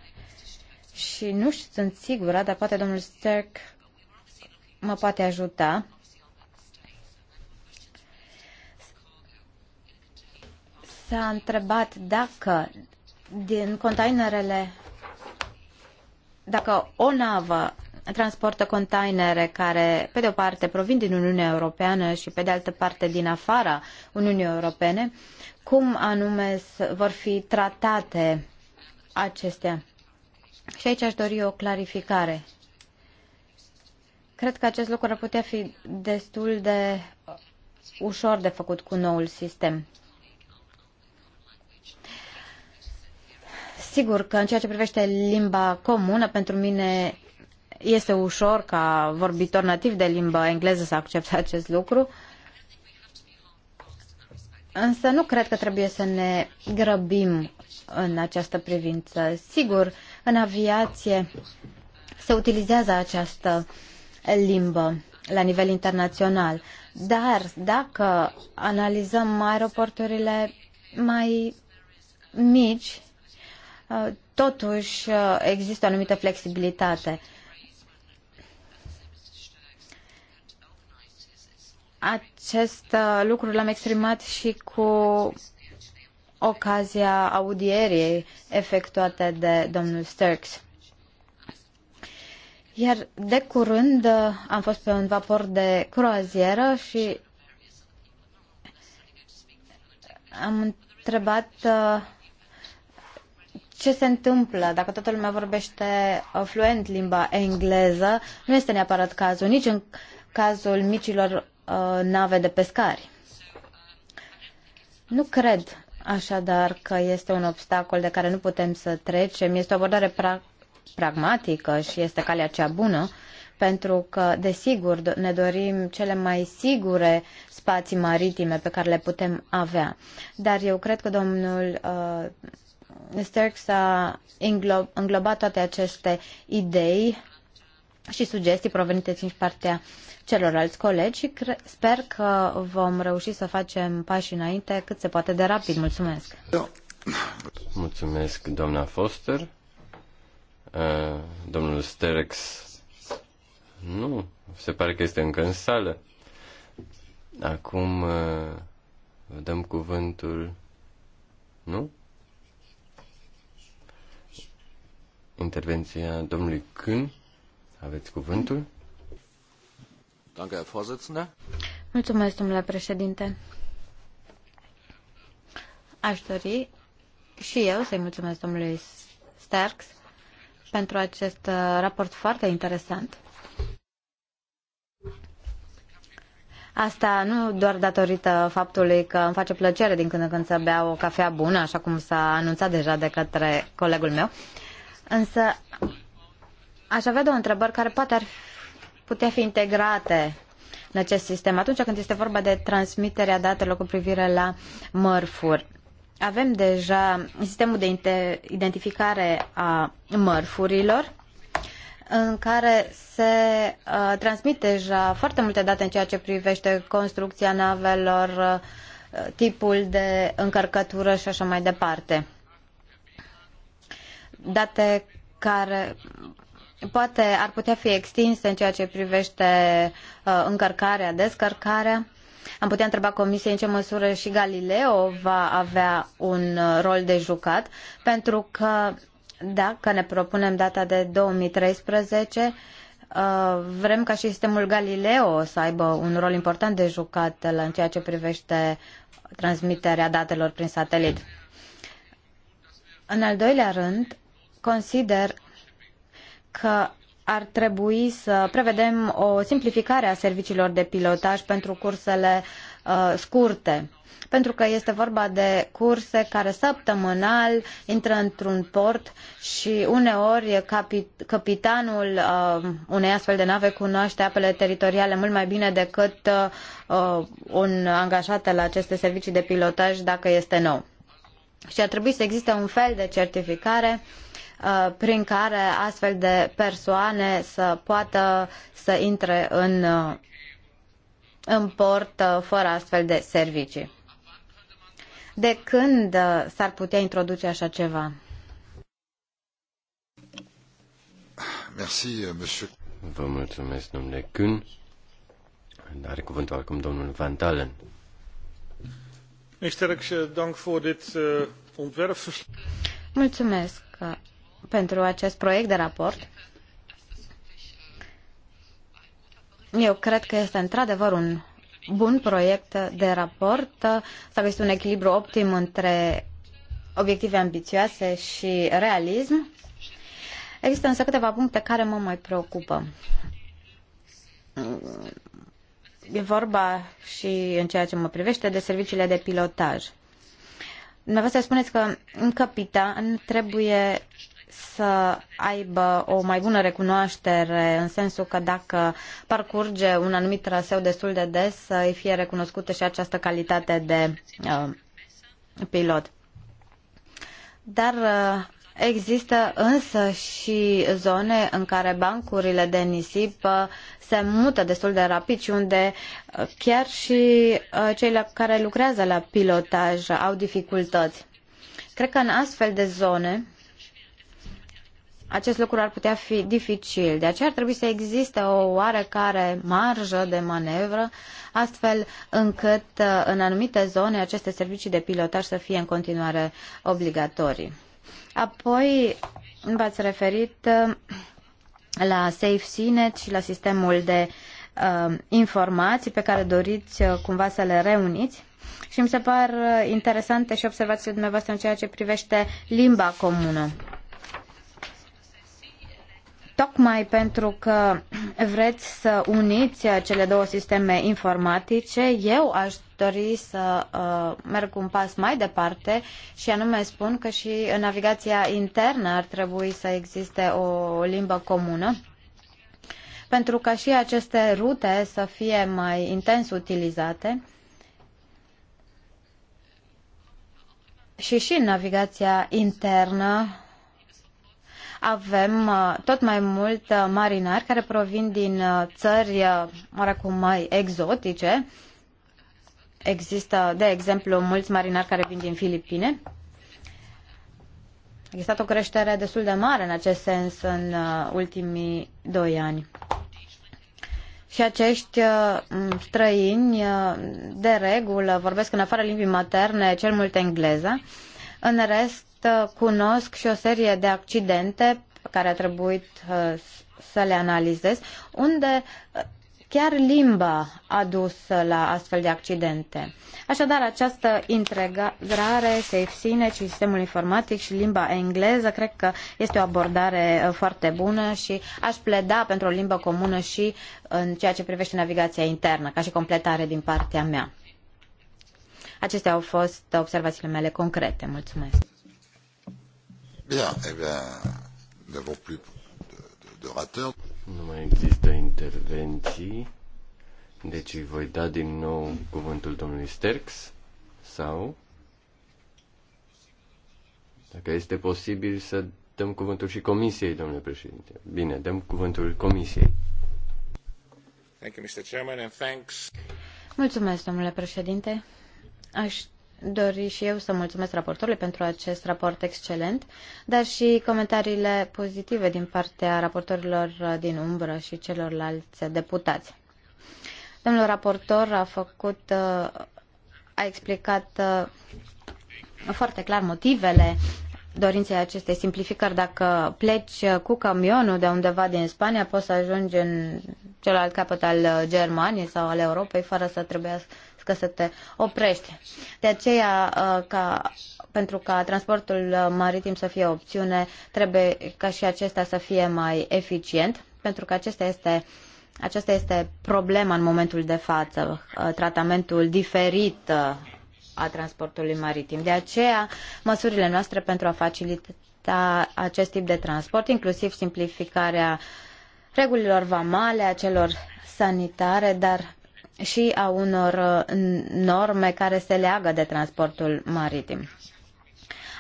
și nu sunt sigură, dar poate domnul Sterk mă poate ajuta. S-a întrebat dacă din containerele, dacă o navă transportă containere care, pe de o parte, provin din Uniunea Europeană și, pe de altă parte, din afara Uniunii Europene, cum anume vor fi tratate acestea? Și aici aș dori o clarificare. Cred că acest lucru ar putea fi destul de ușor de făcut cu noul sistem. Sigur că în ceea ce privește limba comună, pentru mine este ușor ca vorbitor nativ de limba engleză să accepte acest lucru, însă nu cred că trebuie să ne grăbim în această privință. Sigur, în aviație se utilizează această limbă la nivel internațional, dar dacă analizăm aeroporturile mai mici, totuși există o anumită flexibilitate. Acest uh, lucru l-am exprimat și cu ocazia audierii efectuate de domnul Sturks. Iar de curând uh, am fost pe un vapor de croazieră și am întrebat uh, ce se întâmplă dacă toată lumea vorbește fluent limba engleză. Nu este neapărat cazul nici în cazul micilor Uh, nave de pescari. Nu cred așadar că este un obstacol de care nu putem să trecem. Este o abordare pra- pragmatică și este calea cea bună, pentru că, desigur, ne dorim cele mai sigure spații maritime pe care le putem avea. Dar eu cred că domnul uh, Sterks a englob- înglobat toate aceste idei și sugestii provenite din partea celorlalți colegi și sper că vom reuși să facem pași înainte cât se poate de rapid. Mulțumesc! Mulțumesc, doamna Foster. Uh, domnul Sterex. Nu, se pare că este încă în sală. Acum uh, dăm cuvântul. Nu? Intervenția domnului Kuhn. Aveți cuvântul? Mulțumesc, domnule președinte. Aș dori și eu să-i mulțumesc domnului Starks pentru acest uh, raport foarte interesant. Asta nu doar datorită faptului că îmi face plăcere din când în când să beau o cafea bună, așa cum s-a anunțat deja de către colegul meu, însă aș avea două întrebări care poate ar putea fi integrate în acest sistem. Atunci când este vorba de transmiterea datelor cu privire la mărfuri, avem deja sistemul de identificare a mărfurilor în care se uh, transmit deja foarte multe date în ceea ce privește construcția navelor, uh, tipul de încărcătură și așa mai departe. Date care poate ar putea fi extinse în ceea ce privește uh, încărcarea, descărcarea. Am putea întreba Comisia în ce măsură și Galileo va avea un uh, rol de jucat, pentru că dacă ne propunem data de 2013, uh, vrem ca și sistemul Galileo să aibă un rol important de jucat în ceea ce privește transmiterea datelor prin satelit. În al doilea rând, consider că ar trebui să prevedem o simplificare a serviciilor de pilotaj pentru cursele uh, scurte, pentru că este vorba de curse care săptămânal intră într-un port și uneori capit capitanul uh, unei astfel de nave cunoaște apele teritoriale mult mai bine decât uh, uh, un angajat la aceste servicii de pilotaj dacă este nou. Și ar trebui să existe un fel de certificare uh, Uh, prin care astfel de persoane să poată să intre în, uh, în port uh, fără astfel de servicii. De când s-ar putea introduce așa ceva? Merci, monsieur. Vă mulțumesc, domnule Kuhn. Are cuvântul acum domnul Van Dalen. Eh, eh, mulțumesc pentru acest proiect de raport. Eu cred că este într-adevăr un bun proiect de raport. găsit un echilibru optim între obiective ambițioase și realism. Există însă câteva puncte care mă mai preocupă. E vorba și în ceea ce mă privește de serviciile de pilotaj. Dumneavoastră spuneți că un capitan trebuie să aibă o mai bună recunoaștere, în sensul că dacă parcurge un anumit traseu destul de des, să îi fie recunoscută și această calitate de uh, pilot. Dar uh, există însă și zone în care bancurile de nisip uh, se mută destul de rapid și unde uh, chiar și uh, cei la care lucrează la pilotaj au dificultăți. Cred că în astfel de zone acest lucru ar putea fi dificil. De aceea ar trebui să existe o oarecare marjă de manevră, astfel încât uh, în anumite zone aceste servicii de pilotaj să fie în continuare obligatorii. Apoi v-ați referit uh, la SafeSeaNet și la sistemul de uh, informații pe care doriți uh, cumva să le reuniți. Și mi se par uh, interesante și observațiile dumneavoastră în ceea ce privește limba comună. Tocmai pentru că vreți să uniți cele două sisteme informatice, eu aș dori să uh, merg un pas mai departe și anume spun că și în navigația internă ar trebui să existe o limbă comună pentru ca și aceste rute să fie mai intens utilizate și și în navigația internă avem uh, tot mai mult uh, marinari care provin din uh, țări oarecum mai exotice. Există, de exemplu, mulți marinari care vin din Filipine. A existat o creștere destul de mare în acest sens în ultimii doi ani. Și acești străini, de regulă, vorbesc în afară limbii materne, cel mult engleză. În rest, cunosc și o serie de accidente pe care a trebuit uh, să le analizez, unde uh, chiar limba a dus la astfel de accidente. Așadar, această integrare safe exine și sistemul informatic și limba engleză, cred că este o abordare uh, foarte bună și aș pleda pentru o limbă comună și în ceea ce privește navigația internă, ca și completare din partea mea. Acestea au fost observațiile mele concrete. Mulțumesc! Bien, eh bien, nous n'avons plus d'orateurs. Nu mai există intervenții, deci îi voi da din nou cuvântul domnului Sterks sau, dacă este posibil, să dăm cuvântul și comisiei, domnule președinte. Bine, dăm cuvântul comisiei. Thank you, Mr. Chairman, and thanks. Mulțumesc, domnule președinte. Aș dori și eu să mulțumesc raportorului pentru acest raport excelent, dar și comentariile pozitive din partea raportorilor din umbră și celorlalți deputați. Domnul raportor a făcut, a explicat uh, foarte clar motivele dorinței acestei simplificări. Dacă pleci cu camionul de undeva din Spania, poți să ajungi în celălalt capăt al Germaniei sau al Europei fără să trebuiască că să te oprești. De aceea, uh, ca, pentru ca transportul uh, maritim să fie o opțiune, trebuie ca și acesta să fie mai eficient, pentru că acesta este aceasta este problema în momentul de față, uh, tratamentul diferit a transportului maritim. De aceea, măsurile noastre pentru a facilita acest tip de transport, inclusiv simplificarea regulilor vamale, a celor sanitare, dar și a unor uh, norme care se leagă de transportul maritim.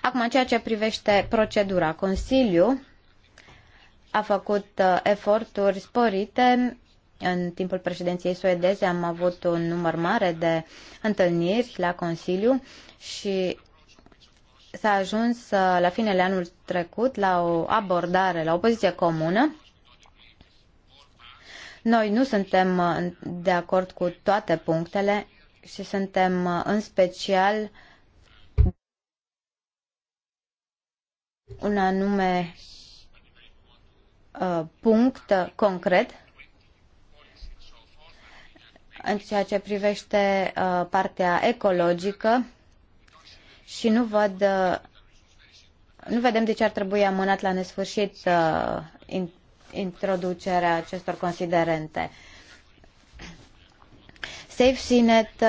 Acum, ceea ce privește procedura, Consiliul a făcut uh, eforturi sporite. În timpul președinției suedeze am avut un număr mare de întâlniri la Consiliu și s-a ajuns uh, la finele anului trecut la o abordare, la o poziție comună noi nu suntem uh, de acord cu toate punctele și suntem uh, în special un anume uh, punct concret în ceea ce privește partea ecologică și nu văd nu vedem de ce ar trebui amânat la nesfârșit uh, introducerea acestor considerente. SafeSeaNet uh,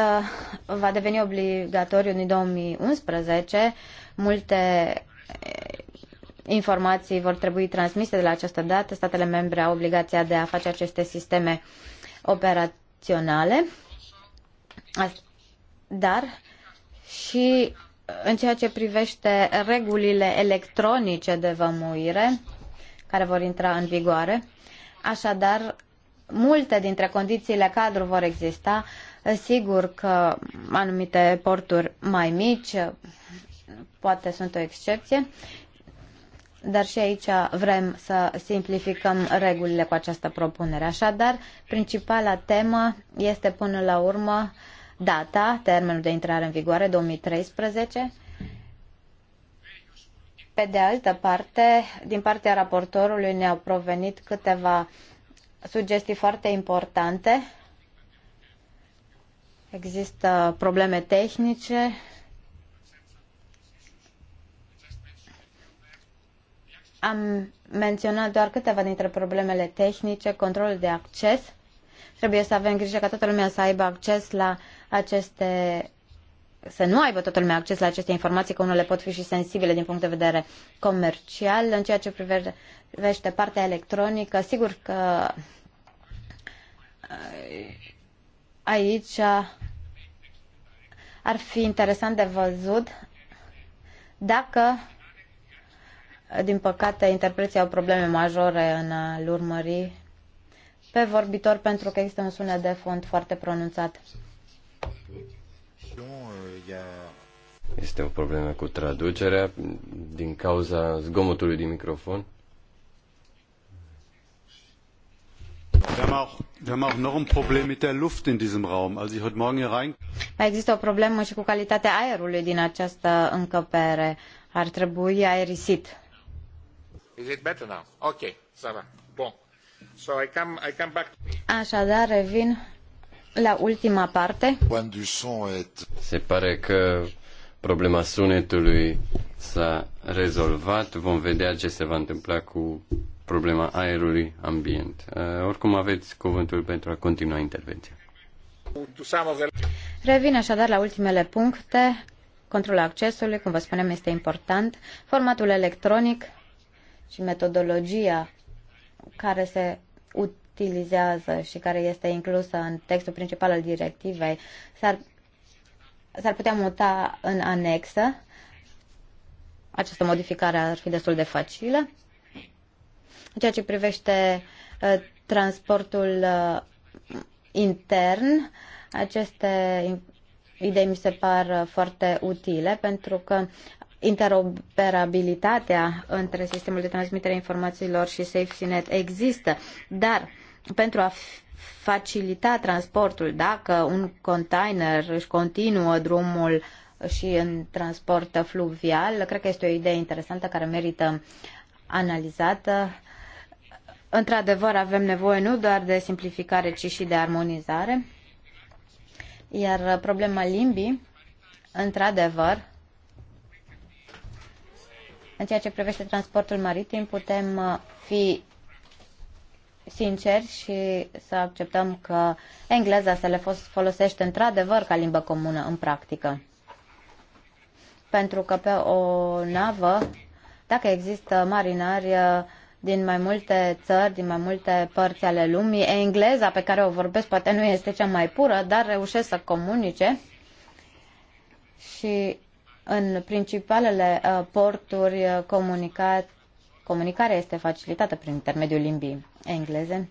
va deveni obligatoriu în 2011. Multe eh, informații vor trebui transmise de la această dată. Statele membre au obligația de a face aceste sisteme operaționale. Dar și în ceea ce privește regulile electronice de vămuire, care vor intra în vigoare. Așadar, multe dintre condițiile cadru vor exista. Sigur că anumite porturi mai mici poate sunt o excepție, dar și aici vrem să simplificăm regulile cu această propunere. Așadar, principala temă este până la urmă data, termenul de intrare în vigoare 2013 pe de altă parte, din partea raportorului ne-au provenit câteva sugestii foarte importante. Există probleme tehnice. Am menționat doar câteva dintre problemele tehnice, controlul de acces. Trebuie să avem grijă ca toată lumea să aibă acces la aceste să nu aibă toată lumea acces la aceste informații, că unele pot fi și sensibile din punct de vedere comercial. În ceea ce privește partea electronică, sigur că uh, aici uh, ar fi interesant de văzut dacă, uh, din păcate, interpreții au probleme majore în a-l urmări pe vorbitor pentru că există un sunet de fond foarte pronunțat. Este o problemă cu traducerea din cauza zgomotului din microfon. Există o problemă și cu calitatea aerului din această încăpere. Ar trebui aerisit. Is it better now? Okay, ça va. Bon. So I come, I come back. Așadar, revin la ultima parte. Se pare că problema sunetului s-a rezolvat. Vom vedea ce se va întâmpla cu problema aerului ambient. Uh, oricum aveți cuvântul pentru a continua intervenția. Revin așadar la ultimele puncte. Controlul accesului, cum vă spunem, este important. Formatul electronic și metodologia care se utilizează și care este inclusă în textul principal al directivei s-ar, s-ar putea muta în anexă. Această modificare ar fi destul de facilă. În ceea ce privește uh, transportul uh, intern, aceste idei mi se par ă, foarte utile pentru că interoperabilitatea între sistemul de transmitere a informațiilor și SafeSynet există, dar pentru a facilita transportul, dacă un container își continuă drumul și în transport fluvial, cred că este o idee interesantă care merită analizată. Într-adevăr, avem nevoie nu doar de simplificare, ci și de armonizare. Iar problema limbii, într-adevăr, în ceea ce privește transportul maritim, putem fi sinceri și să acceptăm că engleza se le folosește într-adevăr ca limbă comună în practică. Pentru că pe o navă, dacă există marinari uh, din mai multe țări, din mai multe părți ale lumii, engleza pe care o vorbesc poate nu este cea mai pură, dar reușesc să comunice și în principalele uh, porturi uh, comunicat comunicarea este facilitată prin intermediul limbii engleze.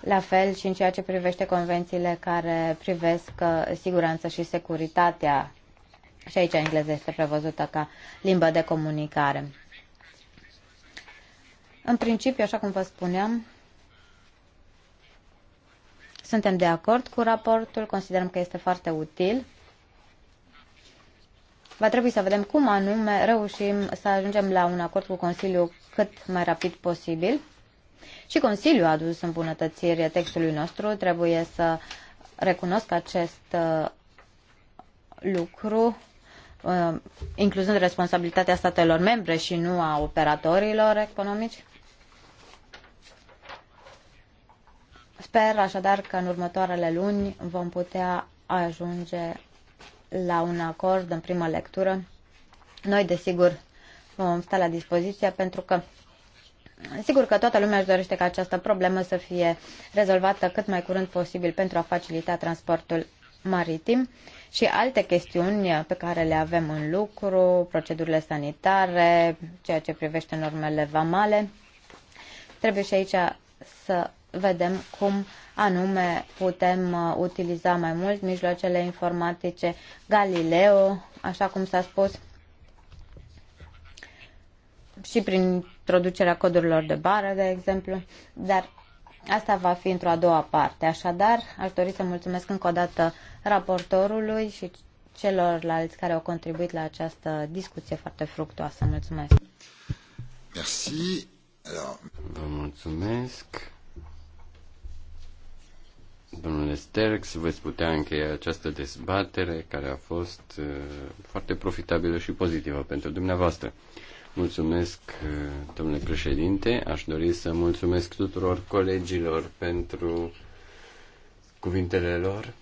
La fel și în ceea ce privește convențiile care privesc uh, siguranța și securitatea. Și aici engleza este prevăzută ca limbă de comunicare. În principiu, așa cum vă spuneam, suntem de acord cu raportul, considerăm că este foarte util. Va trebui să vedem cum anume reușim să ajungem la un acord cu Consiliul cât mai rapid posibil. Și Consiliul a adus îmbunătățiri textului nostru. Trebuie să recunosc acest uh, lucru, uh, incluzând responsabilitatea statelor membre și nu a operatorilor economici. Sper așadar că în următoarele luni vom putea ajunge la un acord în primă lectură. Noi, desigur, vom sta la dispoziție pentru că Sigur că toată lumea își dorește ca această problemă să fie rezolvată cât mai curând posibil pentru a facilita transportul maritim și alte chestiuni pe care le avem în lucru, procedurile sanitare, ceea ce privește normele vamale. Trebuie și aici să vedem cum anume putem uh, utiliza mai mult mijloacele informatice Galileo, așa cum s-a spus, și prin introducerea codurilor de bară, de exemplu, dar asta va fi într-o a doua parte. Așadar, aș dori să mulțumesc încă o dată raportorului și celorlalți care au contribuit la această discuție foarte fructoasă Mulțumesc! Merci. Vă mulțumesc. Domnule Sterx, veți putea încheia această dezbatere care a fost uh, foarte profitabilă și pozitivă pentru dumneavoastră. Mulțumesc, domnule președinte. Aș dori să mulțumesc tuturor colegilor pentru cuvintele lor,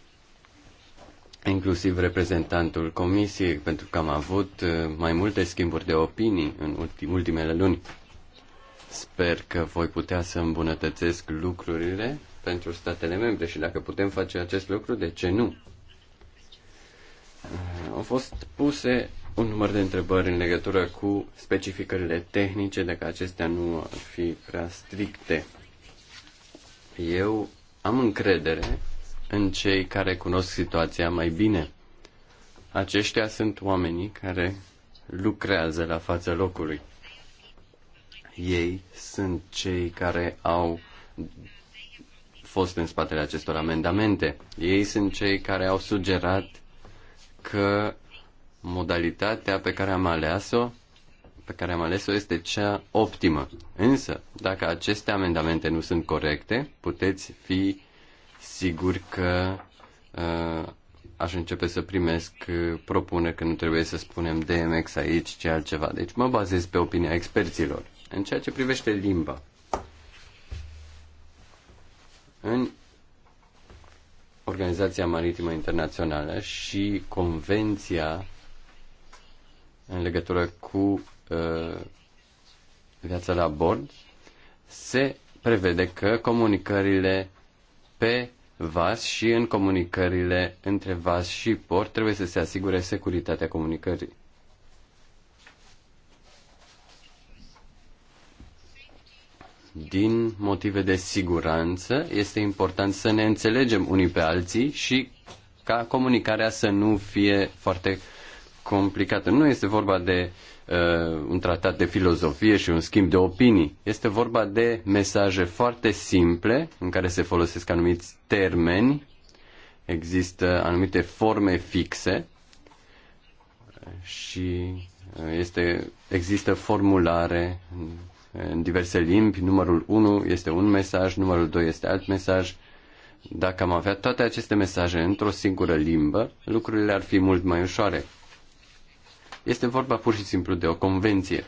inclusiv reprezentantul comisiei, pentru că am avut uh, mai multe schimburi de opinii în ultimele luni. Sper că voi putea să îmbunătățesc lucrurile pentru statele membre și dacă putem face acest lucru, de ce nu? Uh, au fost puse un număr de întrebări în legătură cu specificările tehnice, dacă acestea nu ar fi prea stricte. Eu am încredere în cei care cunosc situația mai bine. Aceștia sunt oamenii care lucrează la fața locului. Ei sunt cei care au fost în spatele acestor amendamente. Ei sunt cei care au sugerat că modalitatea pe care am ales-o pe care am ales-o este cea optimă. Însă, dacă aceste amendamente nu sunt corecte, puteți fi siguri că uh, aș începe să primesc uh, propune că nu trebuie să spunem DMX aici, ce altceva. Deci mă bazez pe opinia experților. În ceea ce privește limba, în Organizația Maritimă Internațională și Convenția în legătură cu uh, viața la bord, se prevede că comunicările pe vas și în comunicările între vas și port trebuie să se asigure securitatea comunicării. Din motive de siguranță, este important să ne înțelegem unii pe alții și ca comunicarea să nu fie foarte uh, complicată. Nu este vorba de uh, un tratat de filozofie și un schimb de opinii. Este vorba de mesaje foarte simple în care se folosesc anumiți termeni, există anumite forme fixe și uh, este, există formulare în diverse limbi. Numărul 1 este un mesaj, numărul 2 este alt mesaj. Dacă am avea toate aceste mesaje într-o singură limbă, lucrurile ar fi mult mai ușoare este vorba pur și simplu de o convenție.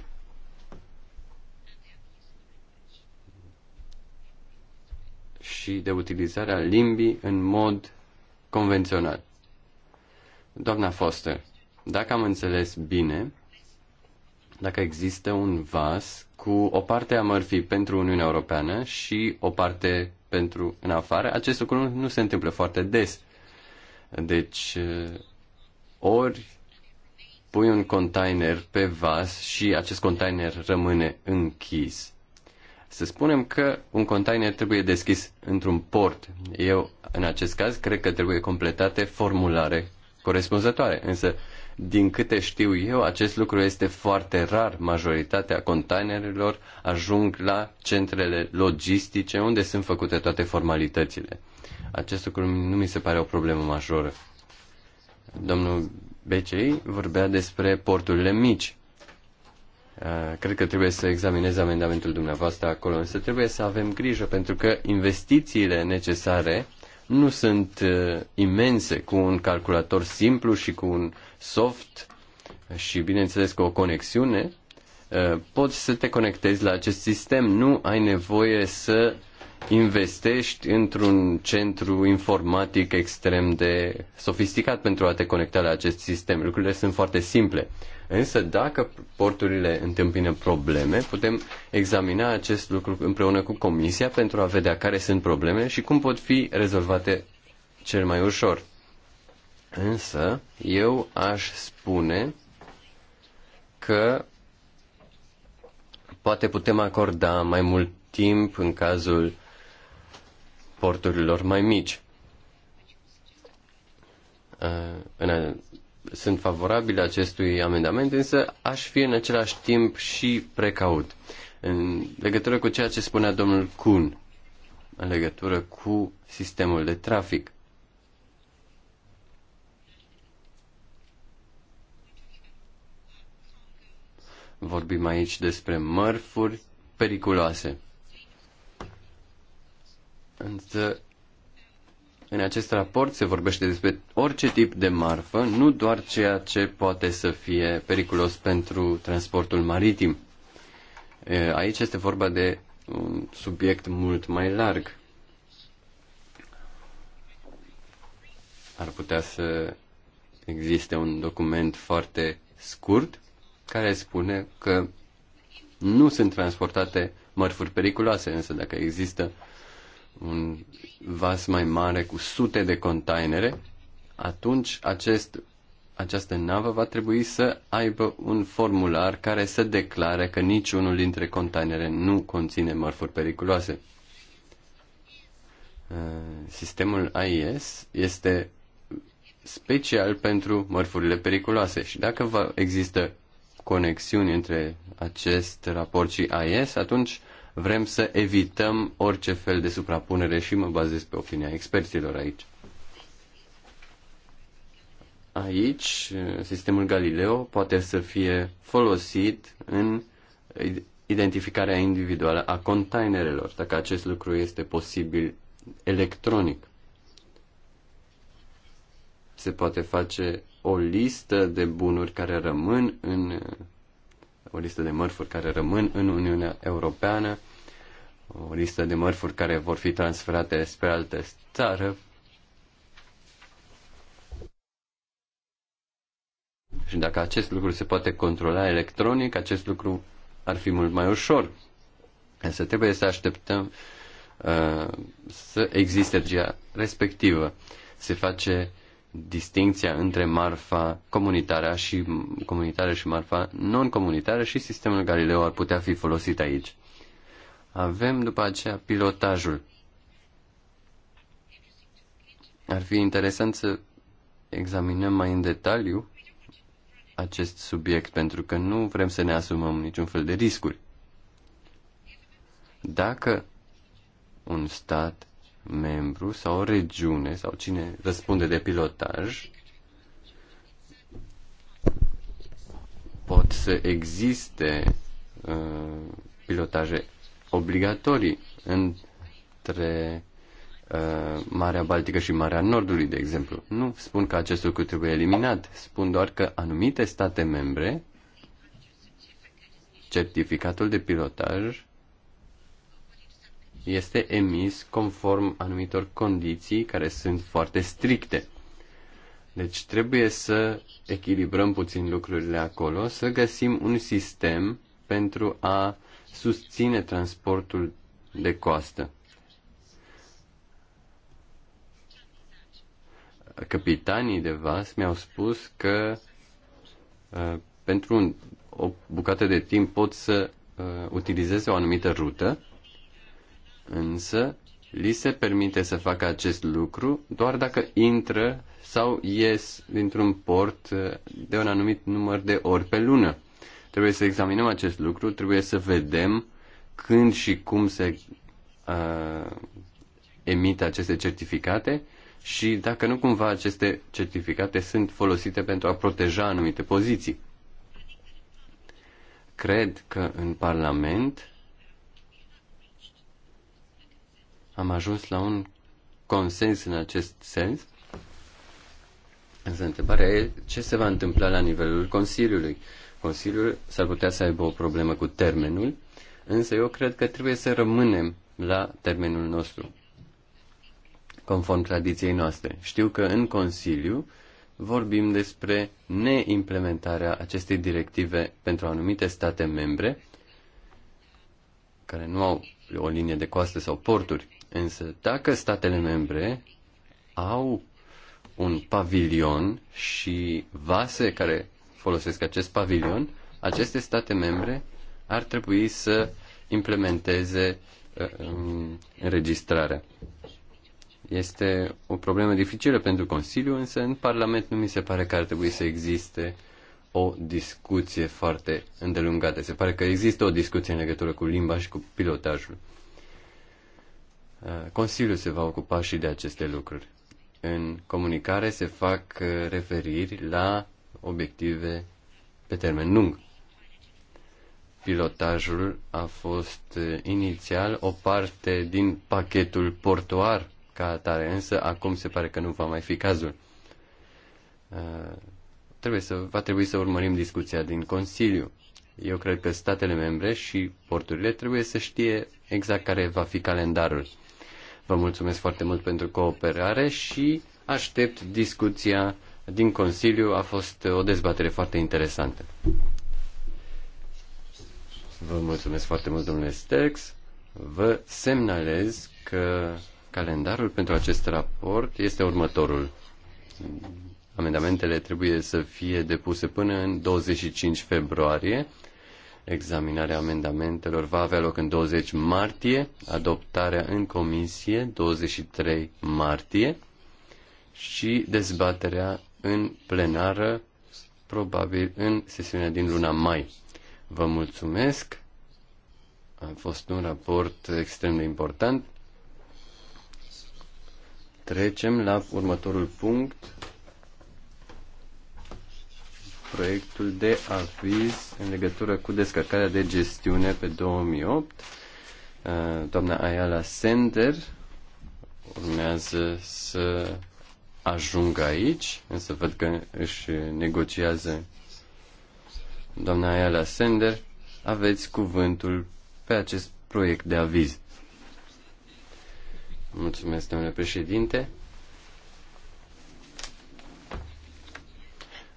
și de utilizarea limbii în mod convențional. Doamna Foster, dacă am înțeles bine, dacă există un vas cu o parte a mărfii pentru Uniunea Europeană și o parte pentru în afară, acest lucru nu se întâmplă foarte des. Deci, ori pui un container pe vas și acest container rămâne închis. Să spunem că un container trebuie deschis într-un port. Eu, în acest caz, cred că trebuie completate formulare corespunzătoare. Însă, din câte știu eu, acest lucru este foarte rar. Majoritatea containerelor ajung la centrele logistice unde sunt făcute toate formalitățile. Acest lucru nu mi se pare o problemă majoră. Domnul Becei vorbea despre porturile mici. Uh, cred că trebuie să examinez amendamentul dumneavoastră acolo, însă trebuie să avem grijă pentru că investițiile necesare nu sunt uh, imense cu un calculator simplu și cu un soft și bineînțeles cu o conexiune, uh, poți să te conectezi la acest sistem, nu ai nevoie să investești într-un centru informatic extrem de sofisticat pentru a te conecta la acest sistem. Lucrurile sunt foarte simple. Însă dacă porturile întâmpină probleme, putem examina acest lucru împreună cu comisia pentru a vedea care sunt probleme și cum pot fi rezolvate cel mai ușor. Însă, eu aș spune că poate putem acorda mai mult timp în cazul porturilor mai mici. Uh, sunt favorabil acestui amendament, însă aș fi în același timp și precaut în legătură cu ceea ce spunea domnul Kuhn, în legătură cu sistemul de trafic. Vorbim aici despre mărfuri periculoase. Însă, în acest raport se vorbește despre orice tip de marfă, nu doar ceea ce poate să fie periculos pentru transportul maritim. Aici este vorba de un subiect mult mai larg. Ar putea să existe un document foarte scurt care spune că nu sunt transportate mărfuri periculoase, însă dacă există un vas mai mare cu sute de containere, atunci acest, această navă va trebui să aibă un formular care să declare că niciunul dintre containere nu conține mărfuri periculoase. Uh, sistemul AIS este special pentru mărfurile periculoase și dacă va există conexiuni între acest raport și AIS, atunci Vrem să evităm orice fel de suprapunere și mă bazez pe opinia experților aici. Aici, sistemul Galileo poate să fie folosit în identificarea individuală a containerelor, dacă acest lucru este posibil electronic. Se poate face o listă de bunuri care rămân în o listă de mărfuri care rămân în Uniunea Europeană o listă de mărfuri care vor fi transferate spre alte țară. Și dacă acest lucru se poate controla electronic, acest lucru ar fi mult mai ușor. Însă trebuie să așteptăm uh, să existe energia respectivă. Se face distinția între marfa comunitară și, comunitară și marfa non-comunitară și sistemul Galileo ar putea fi folosit aici. Avem după aceea pilotajul. Ar fi interesant să examinăm mai în detaliu acest subiect, pentru că nu vrem să ne asumăm niciun fel de riscuri. Dacă un stat membru sau o regiune sau cine răspunde de pilotaj pot să existe uh, pilotaje obligatorii între uh, Marea Baltică și Marea Nordului, de exemplu. Nu spun că acest lucru trebuie eliminat, spun doar că anumite state membre, certificatul de pilotaj este emis conform anumitor condiții care sunt foarte stricte. Deci trebuie să echilibrăm puțin lucrurile acolo, să găsim un sistem pentru a susține transportul de coastă. Capitanii de vas mi-au spus că uh, pentru un, o bucată de timp pot să uh, utilizeze o anumită rută, însă li se permite să facă acest lucru doar dacă intră sau ies dintr-un port uh, de un anumit număr de ori pe lună. Trebuie să examinăm acest lucru, trebuie să vedem când și cum se uh, emit aceste certificate și dacă nu cumva aceste certificate sunt folosite pentru a proteja anumite poziții. Cred că în Parlament am ajuns la un consens în acest sens. Însă întrebarea e ce se va întâmpla la nivelul Consiliului. Uh, Consiliul s-ar putea să aibă o problemă cu termenul, însă eu cred că trebuie să rămânem la termenul nostru, conform tradiției noastre. Știu că în Consiliu vorbim despre neimplementarea acestei directive pentru anumite state membre care nu au o linie de coastă sau porturi. Însă, dacă statele membre au un pavilion și vase care folosesc acest pavilion, aceste state membre ar trebui să implementeze uh, um, înregistrarea. Este o problemă dificilă pentru Consiliu, însă în Parlament nu mi se pare că ar trebui să existe o discuție foarte îndelungată. Se pare că există o discuție în legătură cu limba și cu pilotajul. Uh, Consiliul se va ocupa și de aceste lucruri. În comunicare se fac uh, referiri la obiective pe termen lung. Pilotajul a fost eh, inițial o parte din pachetul portuar ca atare, însă acum se pare că nu va mai fi cazul. Eh, trebuie să, va trebui să urmărim discuția din Consiliu. Eu cred că statele membre și porturile trebuie să știe exact care va fi calendarul. Vă mulțumesc foarte mult pentru cooperare și aștept discuția din Consiliu a fost o dezbatere foarte interesantă. Vă mulțumesc foarte mult, domnule Stex. Vă semnalez că calendarul pentru acest raport este următorul. Amendamentele trebuie să fie depuse până în 25 februarie. Examinarea amendamentelor va avea loc în 20 martie, adoptarea în comisie 23 martie și dezbaterea în plenară, probabil în sesiunea din luna mai. Vă mulțumesc. A fost un raport extrem de important. Trecem la următorul punct. Proiectul de aviz în legătură cu descărcarea de gestiune pe 2008. Doamna Ayala Sender urmează să ajung aici, însă văd că își negociază doamna Ayala Sender. Aveți cuvântul pe acest proiect de aviz. Mulțumesc, domnule președinte.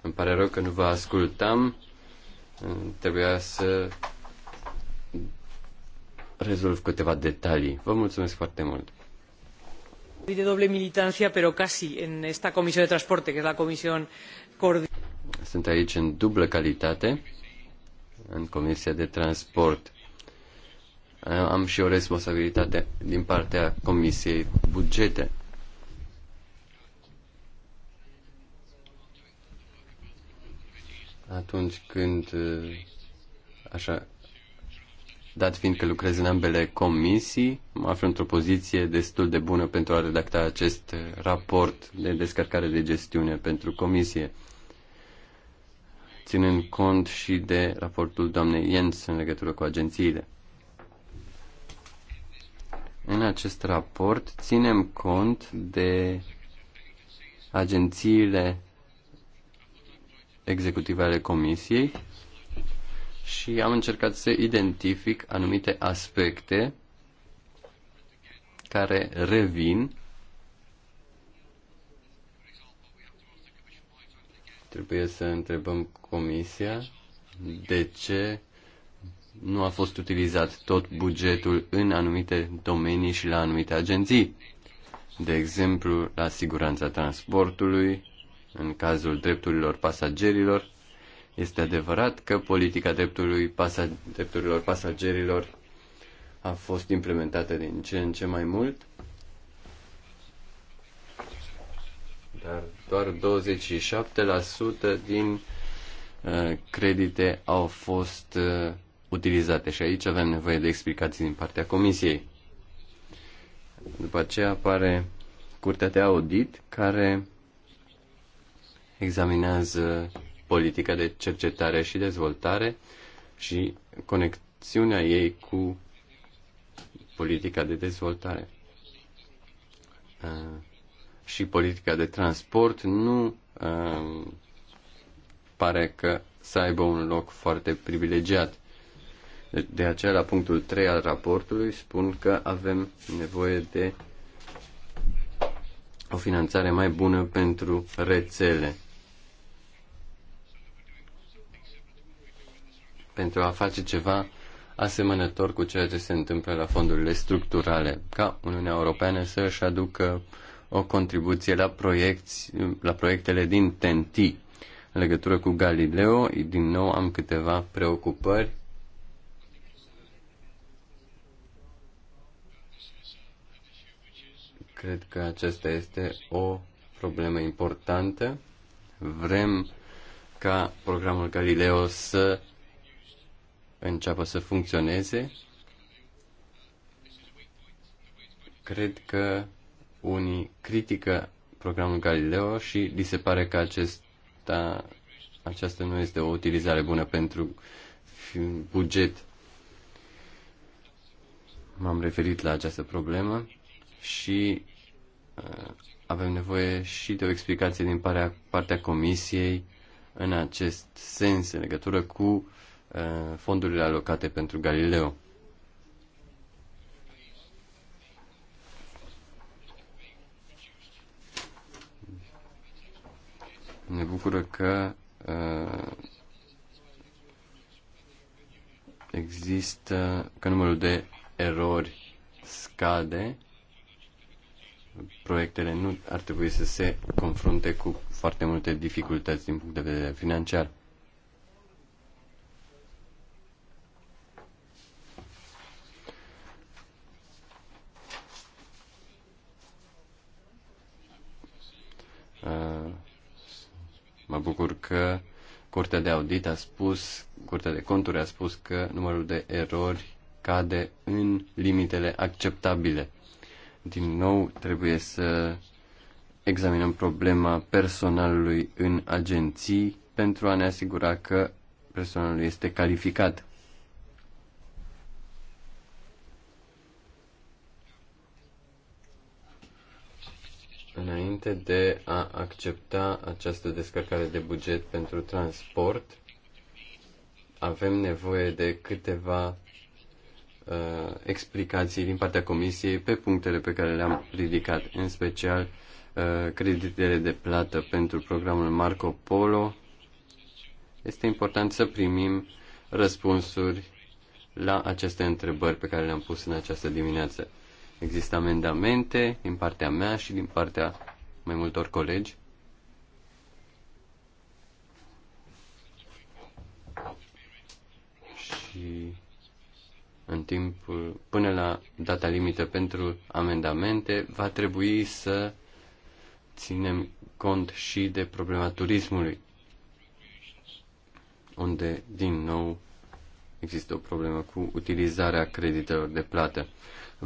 Îmi pare rău că nu vă ascultam. Trebuia să rezolv câteva detalii. Vă mulțumesc foarte mult de doble militancia, pero casi en esta comisión de transporte, que es la comisión Sunt aici în dublă calitate, în comisia de transport. Am și o responsabilitate din partea comisiei bugete. Atunci când așa Dat fiind că lucrez în ambele comisii, mă aflu într-o poziție destul de bună pentru a redacta acest raport de descărcare de gestiune pentru comisie, ținând cont și de raportul doamnei Jens în legătură cu agențiile. În acest raport ținem cont de agențiile executive ale comisiei și am încercat să identific anumite aspecte care revin. Trebuie să întrebăm comisia de ce nu a fost utilizat tot bugetul în anumite domenii și la anumite agenții. De exemplu, la siguranța transportului, în cazul drepturilor pasagerilor, este adevărat că politica pasa, drepturilor pasagerilor a fost implementată din ce în ce mai mult, dar doar 27% din uh, credite au fost uh, utilizate și aici avem nevoie de explicații din partea Comisiei. După aceea apare Curtea de Audit care examinează politica de cercetare și dezvoltare și conexiunea ei cu politica de dezvoltare. Uh, și politica de transport nu uh, pare că să aibă un loc foarte privilegiat. Deci, de aceea, la punctul 3 al raportului, spun că avem nevoie de o finanțare mai bună pentru rețele. pentru a face ceva asemănător cu ceea ce se întâmplă la fondurile structurale, ca Uniunea Europeană să își aducă o contribuție la, proiecti, la proiectele din TNT. În legătură cu Galileo, din nou am câteva preocupări. Cred că aceasta este o problemă importantă. Vrem ca programul Galileo să înceapă să funcționeze, cred că unii critică programul Galileo și li se pare că acesta, aceasta nu este o utilizare bună pentru buget. M-am referit la această problemă și uh, avem nevoie și de o explicație din partea, partea Comisiei în acest sens, în legătură cu Uh, fondurile alocate pentru Galileo. Ne bucură că uh, există, că numărul de erori scade, proiectele nu ar trebui să se confrunte cu foarte multe dificultăți din punct de vedere financiar. Uh, mă bucur că Curtea de Audit a spus, Curtea de Conturi a spus că numărul de erori cade în limitele acceptabile. Din nou, trebuie să examinăm problema personalului în agenții pentru a ne asigura că personalul este calificat. Înainte de a accepta această descărcare de buget pentru transport, avem nevoie de câteva uh, explicații din partea Comisiei pe punctele pe care le-am ridicat, în special uh, creditele de plată pentru programul Marco Polo. Este important să primim răspunsuri la aceste întrebări pe care le-am pus în această dimineață. Există amendamente din partea mea și din partea mai multor colegi. Și în timp, până la data limită pentru amendamente, va trebui să ținem cont și de problema turismului, unde, din nou, există o problemă cu utilizarea creditelor de plată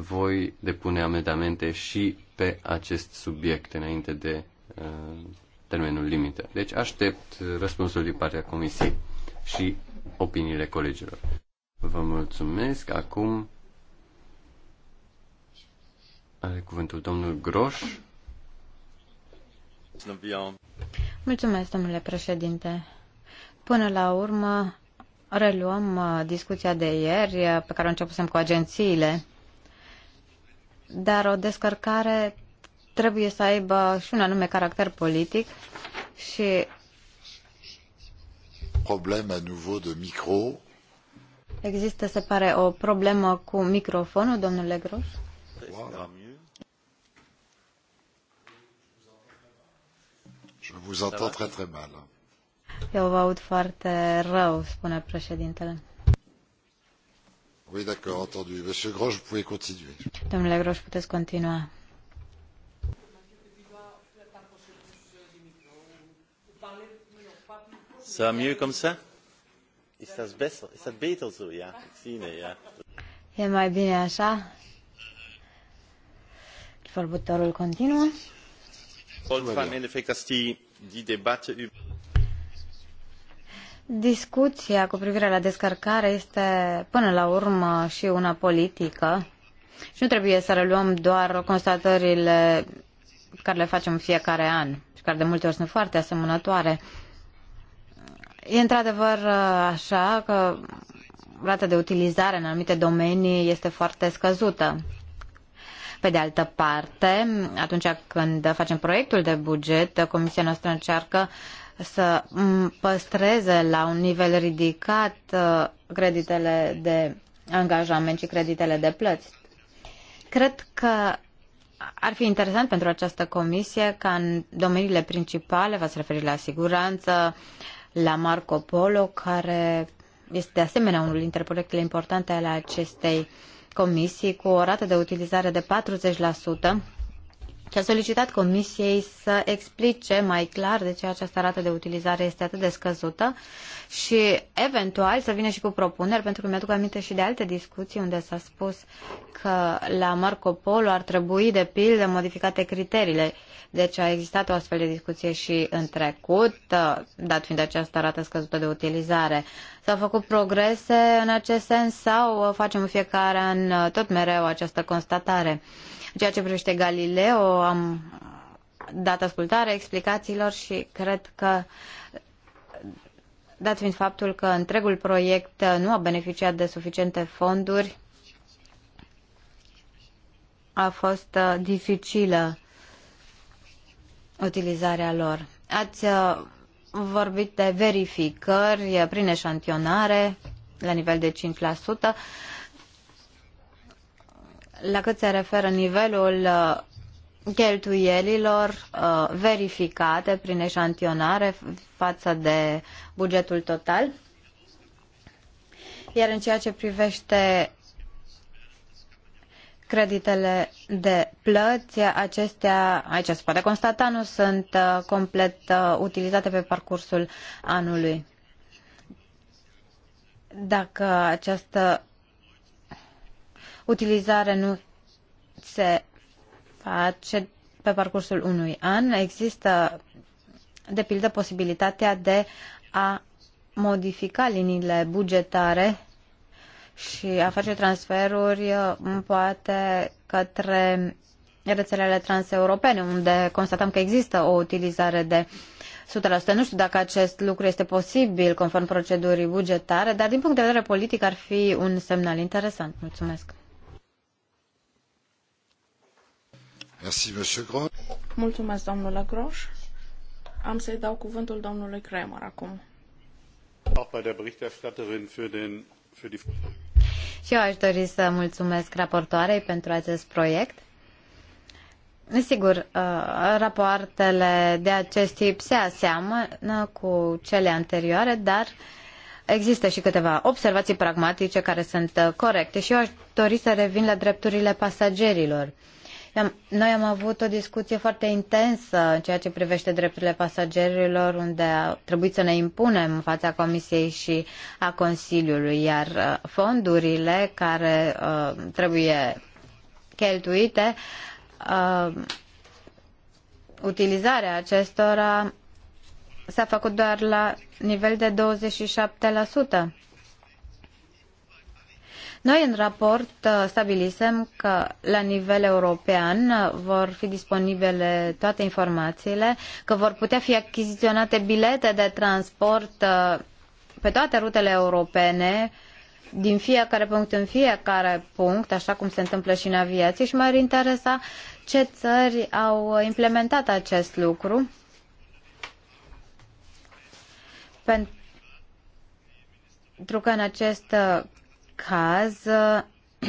voi depune amendamente și pe acest subiect înainte de uh, termenul limită. Deci aștept răspunsul din partea comisiei și opiniile colegilor. Vă mulțumesc. Acum are cuvântul domnul Groș. Mulțumesc, domnule președinte. Până la urmă, reluăm uh, discuția de ieri uh, pe care o începusem cu agențiile dar o descărcare trebuie să aibă și un anume caracter politic și problème nouveau de micro. Există, se pare, o problemă cu microfonul, domnule Legros? Je vous entends très très mal. Eu vă aud foarte rău, spune președintele. Oui, d'accord, entendu. Monsieur Grosch, vous pouvez continuer. Domnule Grosch, puteți continua. Ça va mieux comme ça Is dat beter? Is dat beter zo? Ja, ik zie het, ja. E mai bine așa? Vorbătorul continuă. Soll man im Endeffekt, dass die, die Debatte über Discuția cu privire la descărcare este până la urmă și una politică și nu trebuie să reluăm doar constatările care le facem fiecare an și care de multe ori sunt foarte asemănătoare. E într-adevăr uh, așa că rata de utilizare în anumite domenii este foarte scăzută. Pe de altă parte, atunci când facem proiectul de buget, comisia noastră încearcă uh, să păstreze la un nivel ridicat uh, creditele de angajament și creditele de plăți. Cred că ar fi interesant pentru această comisie ca în domeniile principale, v-ați referit la siguranță, la Marco Polo, care este de asemenea unul dintre proiectele importante ale acestei comisii, cu o rată de utilizare de 40%, și a solicitat Comisiei să explice mai clar de ce această rată de utilizare este atât de scăzută și eventual să vină și cu propuneri, pentru că mi-aduc aminte și de alte discuții unde s-a spus că la Marco Polo ar trebui, de pildă, modificate criteriile. Deci a existat o astfel de discuție și în trecut, dat fiind această rată scăzută de utilizare. S-au făcut progrese în acest sens sau facem în fiecare an tot mereu această constatare? În ceea ce privește Galileo, am dat ascultare explicațiilor și cred că dat fiind faptul că întregul proiect nu a beneficiat de suficiente fonduri, a fost uh, dificilă utilizarea lor. Ați uh, vorbit de verificări prin eșantionare la nivel de 5% la cât se referă nivelul uh, cheltuielilor uh, verificate prin eșantionare față de bugetul total. Iar în ceea ce privește creditele de plăți, acestea, aici se poate constata, nu sunt uh, complet utilizate pe parcursul anului. Dacă această utilizare nu se face pe parcursul unui an. Există, de pildă, posibilitatea de a modifica liniile bugetare și a face transferuri uh, poate către rețelele transeuropene, unde constatăm că există o utilizare de 100%. Nu știu dacă acest lucru este posibil conform procedurii bugetare, dar din punct de vedere politic ar fi un semnal interesant. Mulțumesc! Mulțumesc, domnule Groș. Am să-i dau cuvântul domnului Kramer acum. Și eu aș dori să mulțumesc raportoarei pentru acest proiect. Sigur, uh, rapoartele de acest tip se aseamănă cu cele anterioare, dar există și câteva observații pragmatice care sunt uh, corecte și eu aș dori să revin la drepturile pasagerilor. Noi am avut o discuție foarte intensă în ceea ce privește drepturile pasagerilor, unde a trebuit să ne impunem în fața Comisiei și a Consiliului, iar uh, fondurile care uh, trebuie cheltuite, uh, utilizarea acestora s-a făcut doar la nivel de 27%. Noi în raport uh, stabilisem că la nivel european uh, vor fi disponibile toate informațiile, că vor putea fi achiziționate bilete de transport uh, pe toate rutele europene, din fiecare punct în fiecare punct, așa cum se întâmplă și în aviație, și m-ar interesa ce țări au implementat acest lucru. Pentru că în acest caz,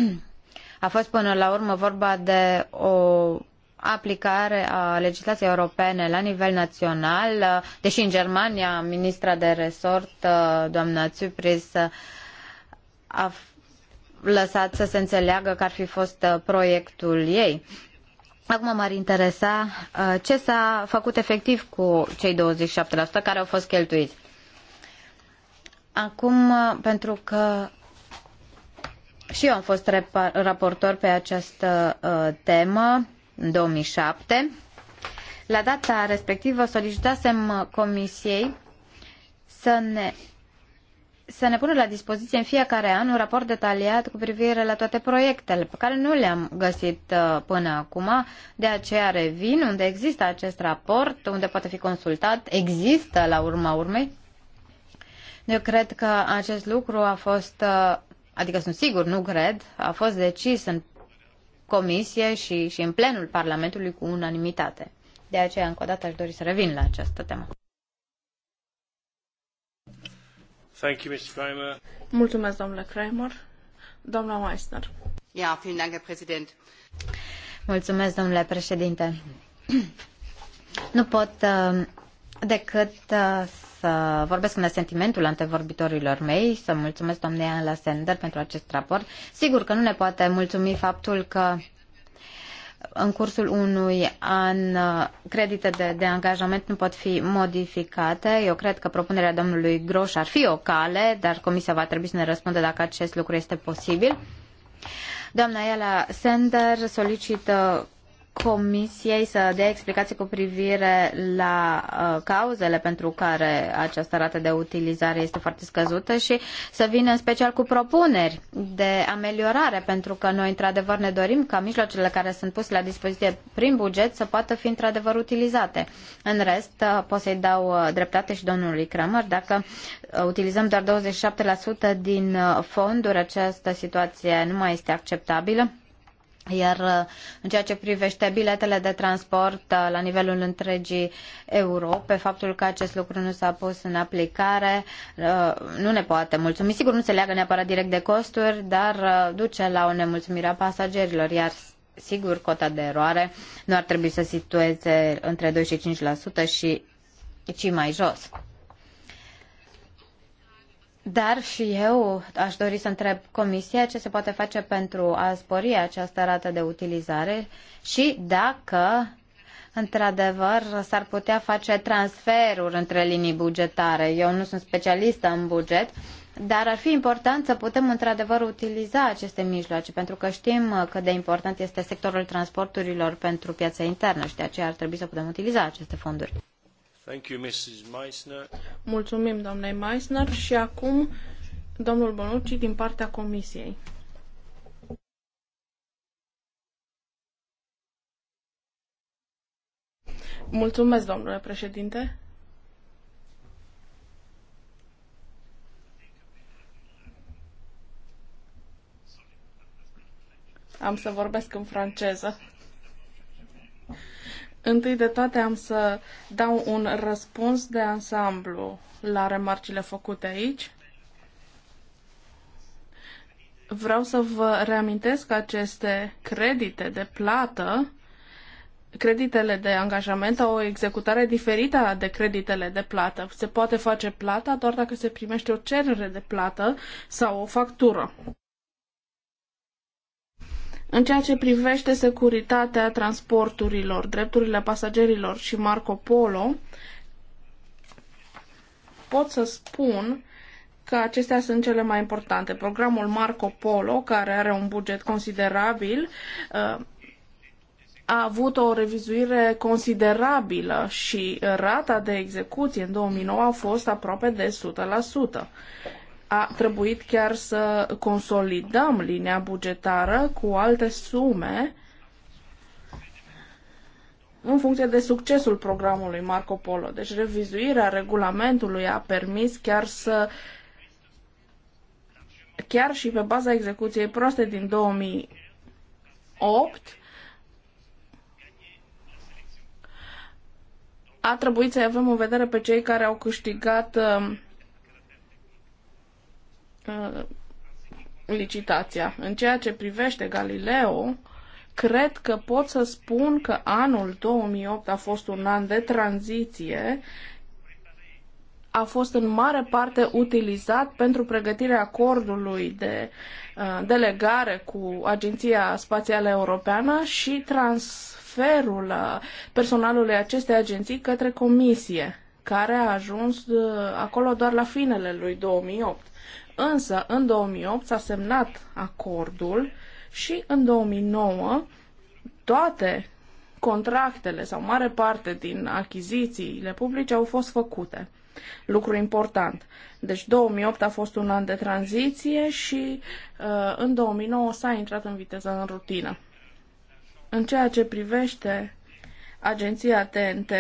a fost până la urmă vorba de o aplicare a legislației europene la nivel național, deși în Germania ministra de resort, uh, doamna Tsipris, uh, a lăsat să se înțeleagă că ar fi fost uh, proiectul ei. Acum m-ar interesa ce s-a făcut efectiv cu cei 27% care au fost cheltuiți. Acum, pentru că și eu am fost raportor pe această uh, temă în 2007. La data respectivă solicitasem uh, Comisiei să ne, să ne pună la dispoziție în fiecare an un raport detaliat cu privire la toate proiectele pe care nu le-am găsit uh, până acum. De aceea revin unde există acest raport, unde poate fi consultat, există la urma urmei. Eu cred că acest lucru a fost uh, adică sunt sigur, nu cred, a fost decis în comisie și, și în plenul Parlamentului cu unanimitate. De aceea, încă o dată, aș dori să revin la această temă. Thank you, Mr. Kramer. Mulțumesc, domnule Kramer. Doamna Meissner. Ja, vielen Dank, Herr Präsident. Mulțumesc, domnule președinte. Nu pot uh, decât uh, să vorbesc în sentimentul antevorbitorilor mei, să mulțumesc doamnei Anla Sender pentru acest raport. Sigur că nu ne poate mulțumi faptul că în cursul unui an credite de, de angajament nu pot fi modificate. Eu cred că propunerea domnului Groș ar fi o cale, dar comisia va trebui să ne răspundă dacă acest lucru este posibil. Doamna Iala Sender solicită Comisiei să dea explicații cu privire la uh, cauzele pentru care această rată de utilizare este foarte scăzută și să vină în special cu propuneri de ameliorare, pentru că noi într-adevăr ne dorim ca mijloacele care sunt puse la dispoziție prin buget să poată fi într-adevăr utilizate. În rest, uh, pot să-i dau uh, dreptate și domnului Kramer, dacă uh, utilizăm doar 27% din uh, fonduri, această situație nu mai este acceptabilă iar uh, în ceea ce privește biletele de transport uh, la nivelul întregii Europe, faptul că acest lucru nu s-a pus în aplicare uh, nu ne poate mulțumi. Sigur, nu se leagă neapărat direct de costuri, dar duce la o nemulțumire a pasagerilor, iar sigur, cota de eroare nu ar trebui să situeze între doi și cinci și ci mai jos. Dar și eu aș dori să întreb Comisia ce se poate face pentru a spori această rată de utilizare și dacă, într-adevăr, s-ar putea face transferuri între linii bugetare. Eu nu sunt specialistă în buget, dar ar fi important să putem, într-adevăr, utiliza aceste mijloace, pentru că știm cât de important este sectorul transporturilor pentru piața internă și de aceea ar trebui să putem utiliza aceste fonduri. Thank you, Mrs. Meissner. Mulțumim, doamnei Meissner. Și acum, domnul Bonucci din partea Comisiei. Mulțumesc, domnule președinte. Am să vorbesc în franceză. Întâi de toate am să dau un răspuns de ansamblu la remarcile făcute aici. Vreau să vă reamintesc că aceste credite de plată, creditele de angajament au o executare diferită de creditele de plată. Se poate face plata doar dacă se primește o cerere de plată sau o factură. În ceea ce privește securitatea transporturilor, drepturile pasagerilor și Marco Polo, pot să spun că acestea sunt cele mai importante. Programul Marco Polo, care are un buget considerabil, uh, a avut o revizuire considerabilă și rata de execuție în 2009 a fost aproape de 100% a trebuit chiar să consolidăm linia bugetară cu alte sume în funcție de succesul programului Marco Polo. Deci revizuirea regulamentului a permis chiar să chiar și pe baza execuției proaste din 2008 a trebuit să avem în vedere pe cei care au câștigat uh, Uh, licitația. În ceea ce privește Galileo, cred că pot să spun că anul 2008 a fost un an de tranziție a fost în mare parte utilizat pentru pregătirea acordului de uh, delegare cu Agenția Spațială Europeană și transferul uh, personalului acestei agenții către comisie, care a ajuns acolo doar la finele lui 2008. Însă, în 2008 s-a semnat acordul și în 2009 toate contractele sau mare parte din achizițiile publice au fost făcute. Lucru important. Deci 2008 a fost un an de tranziție și uh, în 2009 s-a intrat în viteză în rutină. În ceea ce privește agenția TNT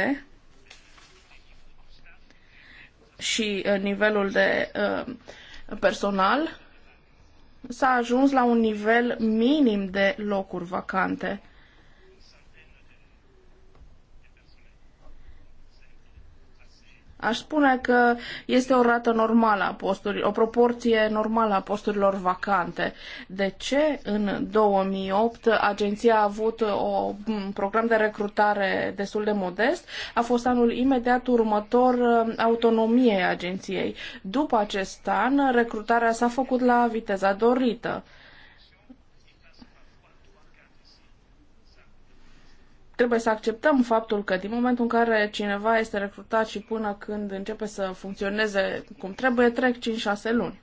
și uh, nivelul de uh, personal, s-a ajuns la un nivel minim de locuri vacante. Aș spune că este o rată normală a posturilor, o proporție normală a posturilor vacante. De ce în 2008 agenția a avut o, un program de recrutare destul de modest? A fost anul imediat următor uh, autonomiei agenției. După acest an, recrutarea s-a făcut la viteza dorită. trebuie să acceptăm faptul că din momentul în care cineva este recrutat și până când începe să funcționeze cum trebuie, trec 5-6 luni.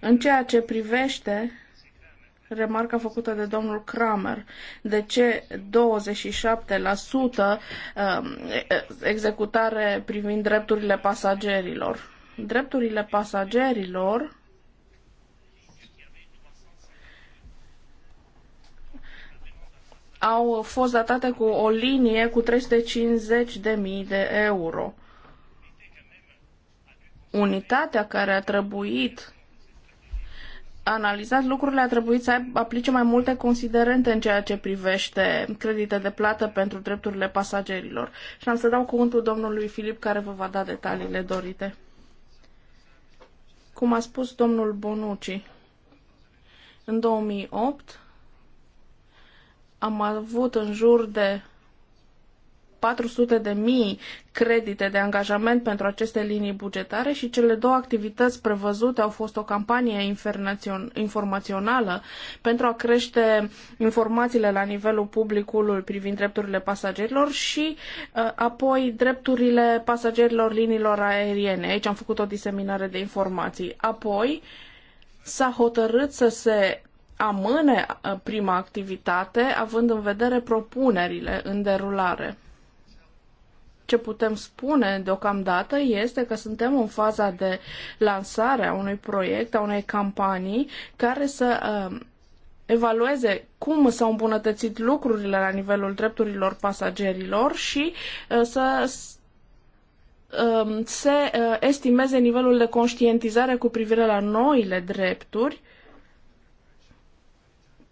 În ceea ce privește remarca făcută de domnul Kramer, de ce 27% um, executare privind drepturile pasagerilor. Drepturile pasagerilor au fost datate cu o linie cu 350.000 de euro. Unitatea care a trebuit analizat lucrurile, a trebuit să aplice mai multe considerente în ceea ce privește credite de plată pentru drepturile pasagerilor. Și am să dau cuvântul domnului Filip care vă va da detaliile dorite. Cum a spus domnul Bonucci, în 2008 am avut în jur de 400 de mii credite de angajament pentru aceste linii bugetare și cele două activități prevăzute au fost o campanie informațională pentru a crește informațiile la nivelul publicului privind drepturile pasagerilor și uh, apoi drepturile pasagerilor liniilor aeriene. Aici am făcut o diseminare de informații. Apoi s-a hotărât să se amâne uh, prima activitate, având în vedere propunerile în derulare. Ce putem spune deocamdată este că suntem în faza de lansare a unui proiect, a unei campanii care să uh, evalueze cum s-au îmbunătățit lucrurile la nivelul drepturilor pasagerilor și uh, să um, uh, se estimeze nivelul de conștientizare cu privire la noile drepturi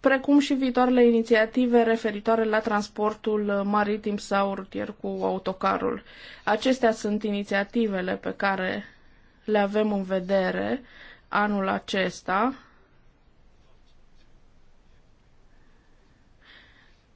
precum și viitoarele inițiative referitoare la transportul maritim sau rutier cu autocarul. Acestea sunt inițiativele pe care le avem în vedere anul acesta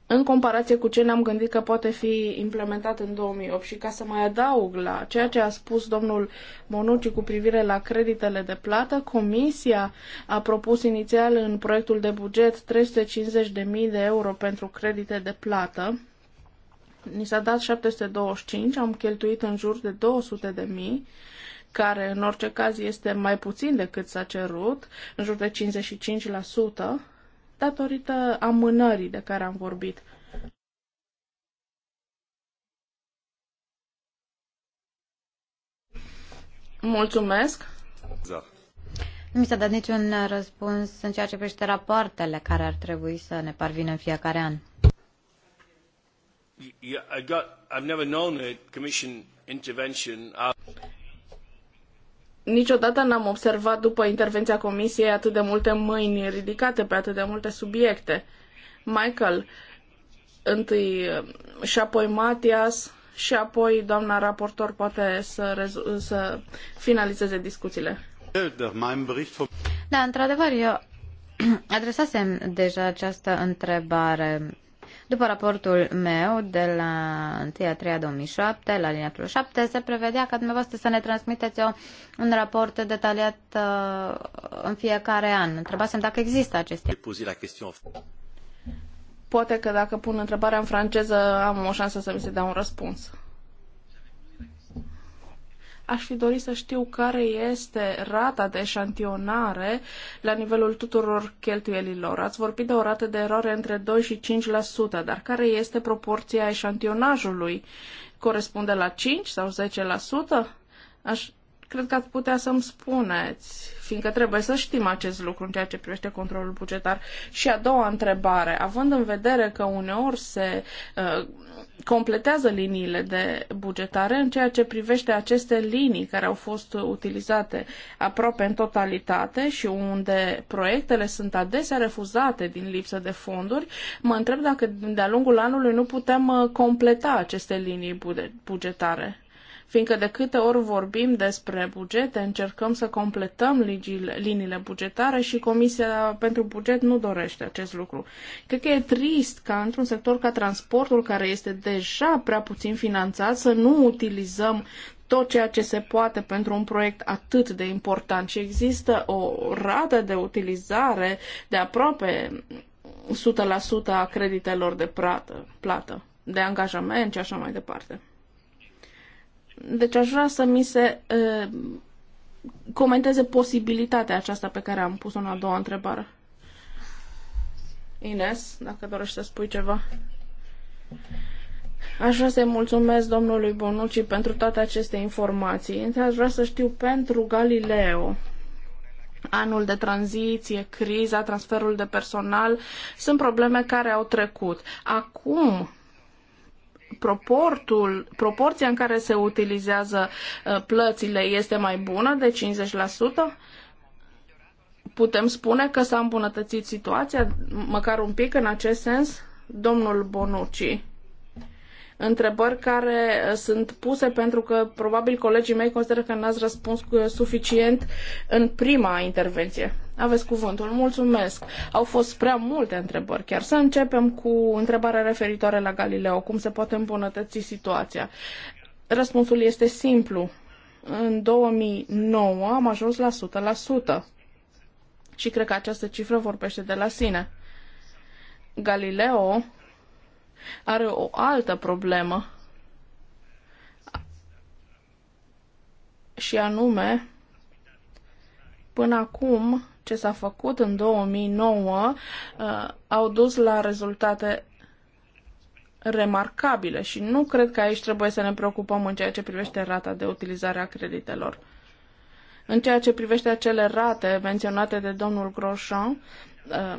în comparație cu ce ne-am gândit că poate fi implementat în 2008 și ca să mai adaug la ceea ce a spus domnul Monucci cu privire la creditele de plată, Comisia a propus inițial în proiectul de buget 350.000 de euro pentru credite de plată. Ni s-a dat 725, am cheltuit în jur de 200.000 care în orice caz este mai puțin decât s-a cerut, în jur de 55%, datorită amânării de care am vorbit. Mulțumesc! Da. Nu mi s-a dat niciun răspuns în ceea ce privește rapoartele care ar trebui să ne parvină în fiecare an. Yeah, I got, I've never known a commission intervention niciodată n-am observat după intervenția comisiei atât de multe mâini ridicate pe atât de multe subiecte. Michael, întâi și apoi Matias și apoi doamna raportor poate să, să finalizeze discuțiile. Da, într-adevăr, eu adresasem deja această întrebare după raportul meu de la 1-3-2007, la linia 7, se prevedea ca dumneavoastră să ne transmiteți o, un raport detaliat uh, în fiecare an. Întrebasem dacă există acestea. Poate că dacă pun întrebarea în franceză, am o șansă să mi se dea un răspuns. Aș fi dorit să știu care este rata de eșantionare la nivelul tuturor cheltuielilor. Ați vorbit de o rată de eroare între 2 și 5%, dar care este proporția eșantionajului? Corespunde la 5 sau 10%? Aș, cred că ați putea să-mi spuneți fiindcă trebuie să știm acest lucru în ceea ce privește controlul bugetar. Și a doua întrebare, având în vedere că uneori se uh, completează liniile de bugetare în ceea ce privește aceste linii care au fost utilizate aproape în totalitate și unde proiectele sunt adesea refuzate din lipsă de fonduri, mă întreb dacă de-a lungul anului nu putem uh, completa aceste linii bugetare fiindcă de câte ori vorbim despre bugete, încercăm să completăm ligile, liniile bugetare și Comisia pentru Buget nu dorește acest lucru. Cred că e trist ca într-un sector ca transportul, care este deja prea puțin finanțat, să nu utilizăm tot ceea ce se poate pentru un proiect atât de important și există o rată de utilizare de aproape 100% a creditelor de plată, plată de angajament și așa mai departe. Deci aș vrea să mi se uh, comenteze posibilitatea aceasta pe care am pus-o în a doua întrebare. Ines, dacă dorești să spui ceva. Aș vrea să-i mulțumesc domnului Bonucci pentru toate aceste informații. Între aș vrea să știu pentru Galileo, anul de tranziție, criza, transferul de personal, sunt probleme care au trecut. Acum, proportul, proporția în care se utilizează uh, plățile este mai bună, de 50%? Putem spune că s-a îmbunătățit situația, măcar un pic, în acest sens? Domnul Bonucci întrebări care uh, sunt puse pentru că probabil colegii mei consideră că n-ați răspuns suficient în prima intervenție. Aveți cuvântul. Mulțumesc. Au fost prea multe întrebări chiar. Să începem cu întrebarea referitoare la Galileo. Cum se poate îmbunătăți situația? Răspunsul este simplu. În 2009 am ajuns la 100%. Și cred că această cifră vorbește de la sine. Galileo are o altă problemă. Și anume, Până acum, ce s-a făcut în 2009 uh, au dus la rezultate remarcabile și nu cred că aici trebuie să ne preocupăm în ceea ce privește rata de utilizare a creditelor. În ceea ce privește acele rate menționate de domnul Groșan, uh,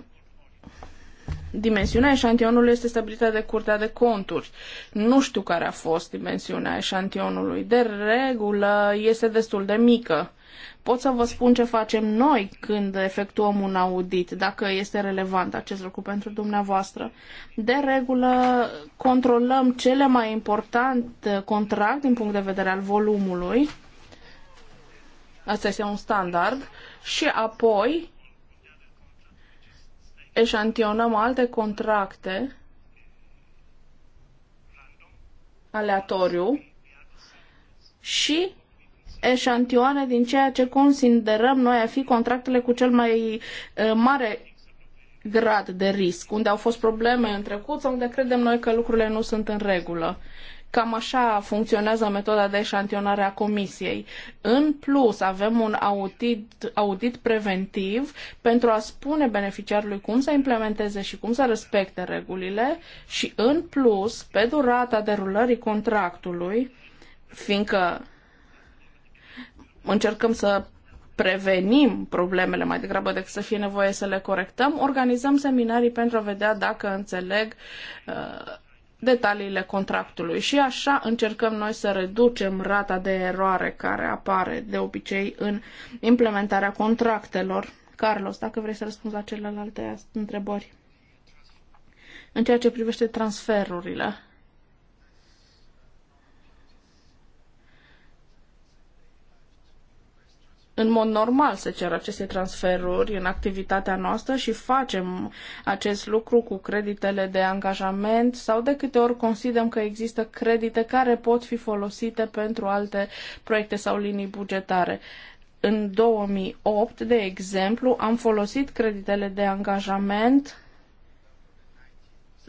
Dimensiunea eșantionului este stabilită de Curtea de Conturi. Nu știu care a fost dimensiunea eșantionului. De regulă este destul de mică. Pot să vă spun ce facem noi când efectuăm un audit, dacă este relevant acest lucru pentru dumneavoastră. De regulă controlăm cele mai importante contract din punct de vedere al volumului. Asta este un standard. Și apoi eșantionăm alte contracte aleatoriu și eșantioane din ceea ce considerăm noi a fi contractele cu cel mai mare grad de risc, unde au fost probleme în trecut sau unde credem noi că lucrurile nu sunt în regulă. Cam așa funcționează metoda de eșantionare a comisiei. În plus, avem un audit, audit preventiv pentru a spune beneficiarului cum să implementeze și cum să respecte regulile și în plus, pe durata derulării contractului, fiindcă încercăm să prevenim problemele mai degrabă decât să fie nevoie să le corectăm, organizăm seminarii pentru a vedea dacă înțeleg uh, detaliile contractului și așa încercăm noi să reducem rata de eroare care apare de obicei în implementarea contractelor. Carlos, dacă vrei să răspunzi la celelalte întrebări. În ceea ce privește transferurile, în mod normal se cer aceste transferuri în activitatea noastră și facem acest lucru cu creditele de angajament sau de câte ori considerăm că există credite care pot fi folosite pentru alte proiecte sau linii bugetare. În 2008, de exemplu, am folosit creditele de angajament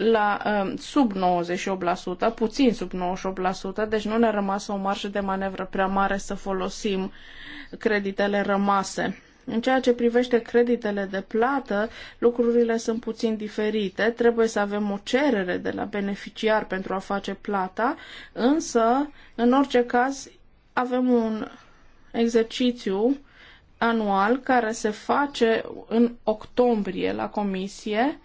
la um, sub 98%, puțin sub 98%, deci nu ne-a rămas o marjă de manevră prea mare să folosim creditele rămase. În ceea ce privește creditele de plată, lucrurile sunt puțin diferite. Trebuie să avem o cerere de la beneficiar pentru a face plata, însă, în orice caz, avem un exercițiu anual care se face în octombrie la comisie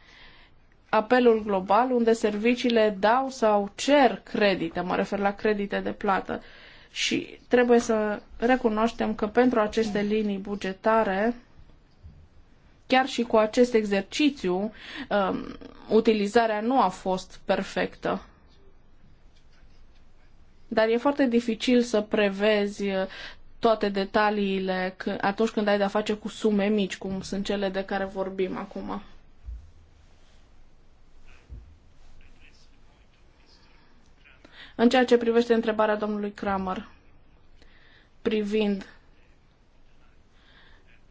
apelul global unde serviciile dau sau cer credite, mă refer la credite de plată. Și trebuie să recunoaștem că pentru aceste linii bugetare, chiar și cu acest exercițiu, um, utilizarea nu a fost perfectă dar e foarte dificil să prevezi uh, toate detaliile atunci când ai de-a face cu sume mici, cum sunt cele de care vorbim acum. În ceea ce privește întrebarea domnului Kramer privind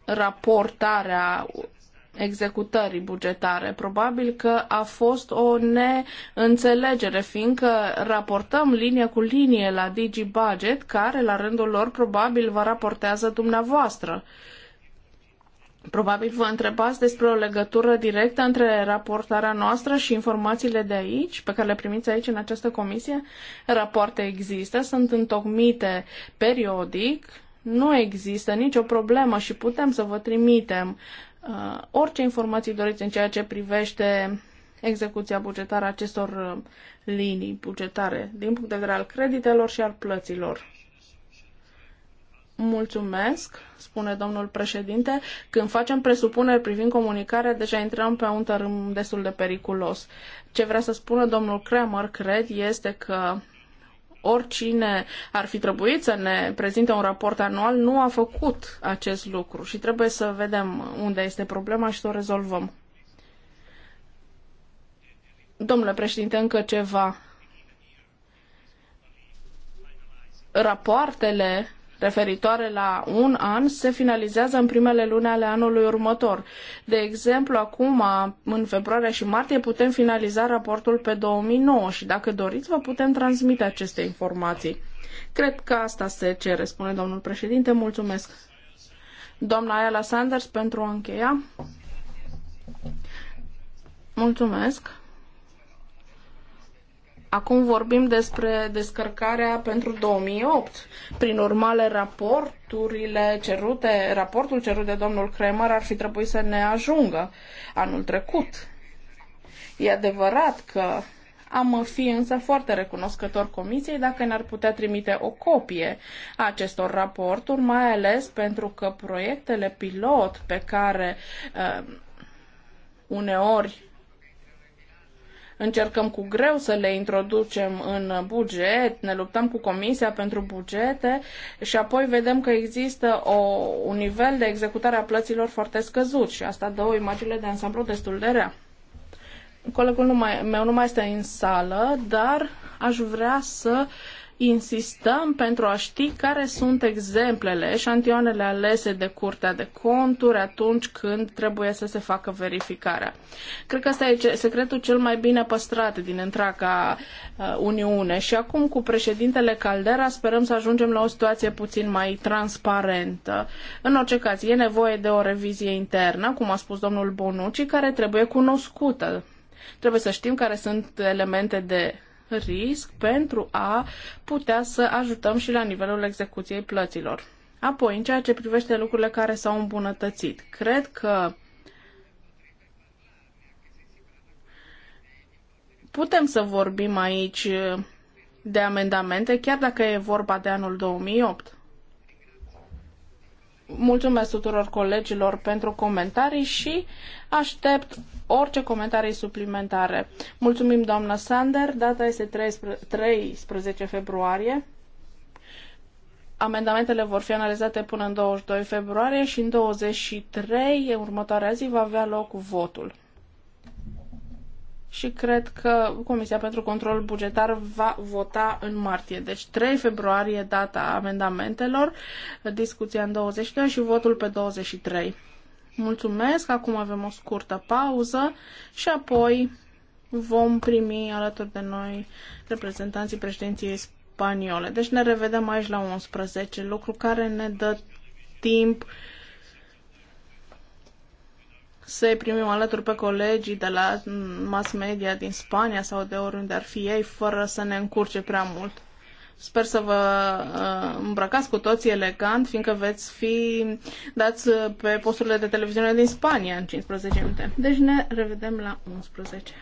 raportarea executării bugetare. Probabil că a fost o neînțelegere, fiindcă raportăm linie cu linie la DigiBudget, care la rândul lor probabil vă raportează dumneavoastră. Uh, Probabil vă întrebați despre o legătură directă între raportarea noastră și informațiile de aici, pe care le primiți aici în această comisie. Rapoarte există, sunt întocmite periodic, nu există nicio problemă și putem să vă trimitem uh, orice informații doriți în ceea ce privește execuția bugetară acestor uh, linii bugetare din punct de vedere al creditelor și al plăților. Mulțumesc, spune domnul președinte. Când facem presupuneri privind comunicarea, deja intrăm pe un tărâm destul de periculos. Ce vrea să spună domnul Kramer, cred, este că oricine ar fi trebuit să ne prezinte un raport anual, nu a făcut acest lucru și trebuie să vedem unde este problema și să o rezolvăm. Domnule președinte, încă ceva. Rapoartele referitoare la un an se finalizează în primele luni ale anului următor. De exemplu, acum, în februarie și martie, putem finaliza raportul pe 2009 și dacă doriți, vă putem transmite aceste informații. Cred că asta se cere, spune domnul președinte. Mulțumesc. Doamna Ayala Sanders pentru a încheia. Mulțumesc. Acum vorbim despre descărcarea pentru 2008. Prin urmare, raporturile cerute, raportul cerut de domnul Kramer ar fi trebuit să ne ajungă anul trecut. E adevărat că am fi însă foarte recunoscător comisiei dacă ne-ar putea trimite o copie a acestor raporturi, mai ales pentru că proiectele pilot pe care uh, uneori Încercăm cu greu să le introducem în buget, ne luptăm cu Comisia pentru bugete și apoi vedem că există o, un nivel de executare a plăților foarte scăzut și asta dă o imagine de ansamblu destul de rea. Colegul nu mai, meu nu mai este în sală, dar aș vrea să uh, insistăm pentru a ști care sunt exemplele, eșantioanele alese de Curtea de Conturi atunci când trebuie să se facă verificarea. Cred că asta e secretul cel mai bine păstrat din întreaga uh, Uniune și acum cu președintele Caldera sperăm să ajungem la o situație puțin mai transparentă. În orice caz, e nevoie de o revizie internă, cum a spus domnul Bonucci, care trebuie cunoscută. Trebuie să știm care sunt elemente de risc pentru a putea să ajutăm și la nivelul execuției plăților. Apoi, în ceea ce privește lucrurile care s-au îmbunătățit, cred că putem să vorbim aici de amendamente, chiar dacă e vorba de anul 2008. Mulțumesc tuturor colegilor pentru comentarii și aștept orice comentarii suplimentare. Mulțumim, doamna Sander. Data este 13 februarie. Amendamentele vor fi analizate până în 22 februarie și în 23 următoarea zi va avea loc votul și cred că Comisia pentru Control Bugetar va vota în martie. Deci 3 februarie data amendamentelor, discuția în 22 și votul pe 23. Mulțumesc, acum avem o scurtă pauză și apoi vom primi alături de noi reprezentanții președinției spaniole. Deci ne revedem aici la 11, lucru care ne dă timp să-i primim alături pe colegii de la mass media din Spania sau de oriunde ar fi ei, fără să ne încurce prea mult. Sper să vă uh, îmbrăcați cu toții elegant, fiindcă veți fi dați uh, pe posturile de televiziune din Spania în 15 minute. Deci ne revedem la 11.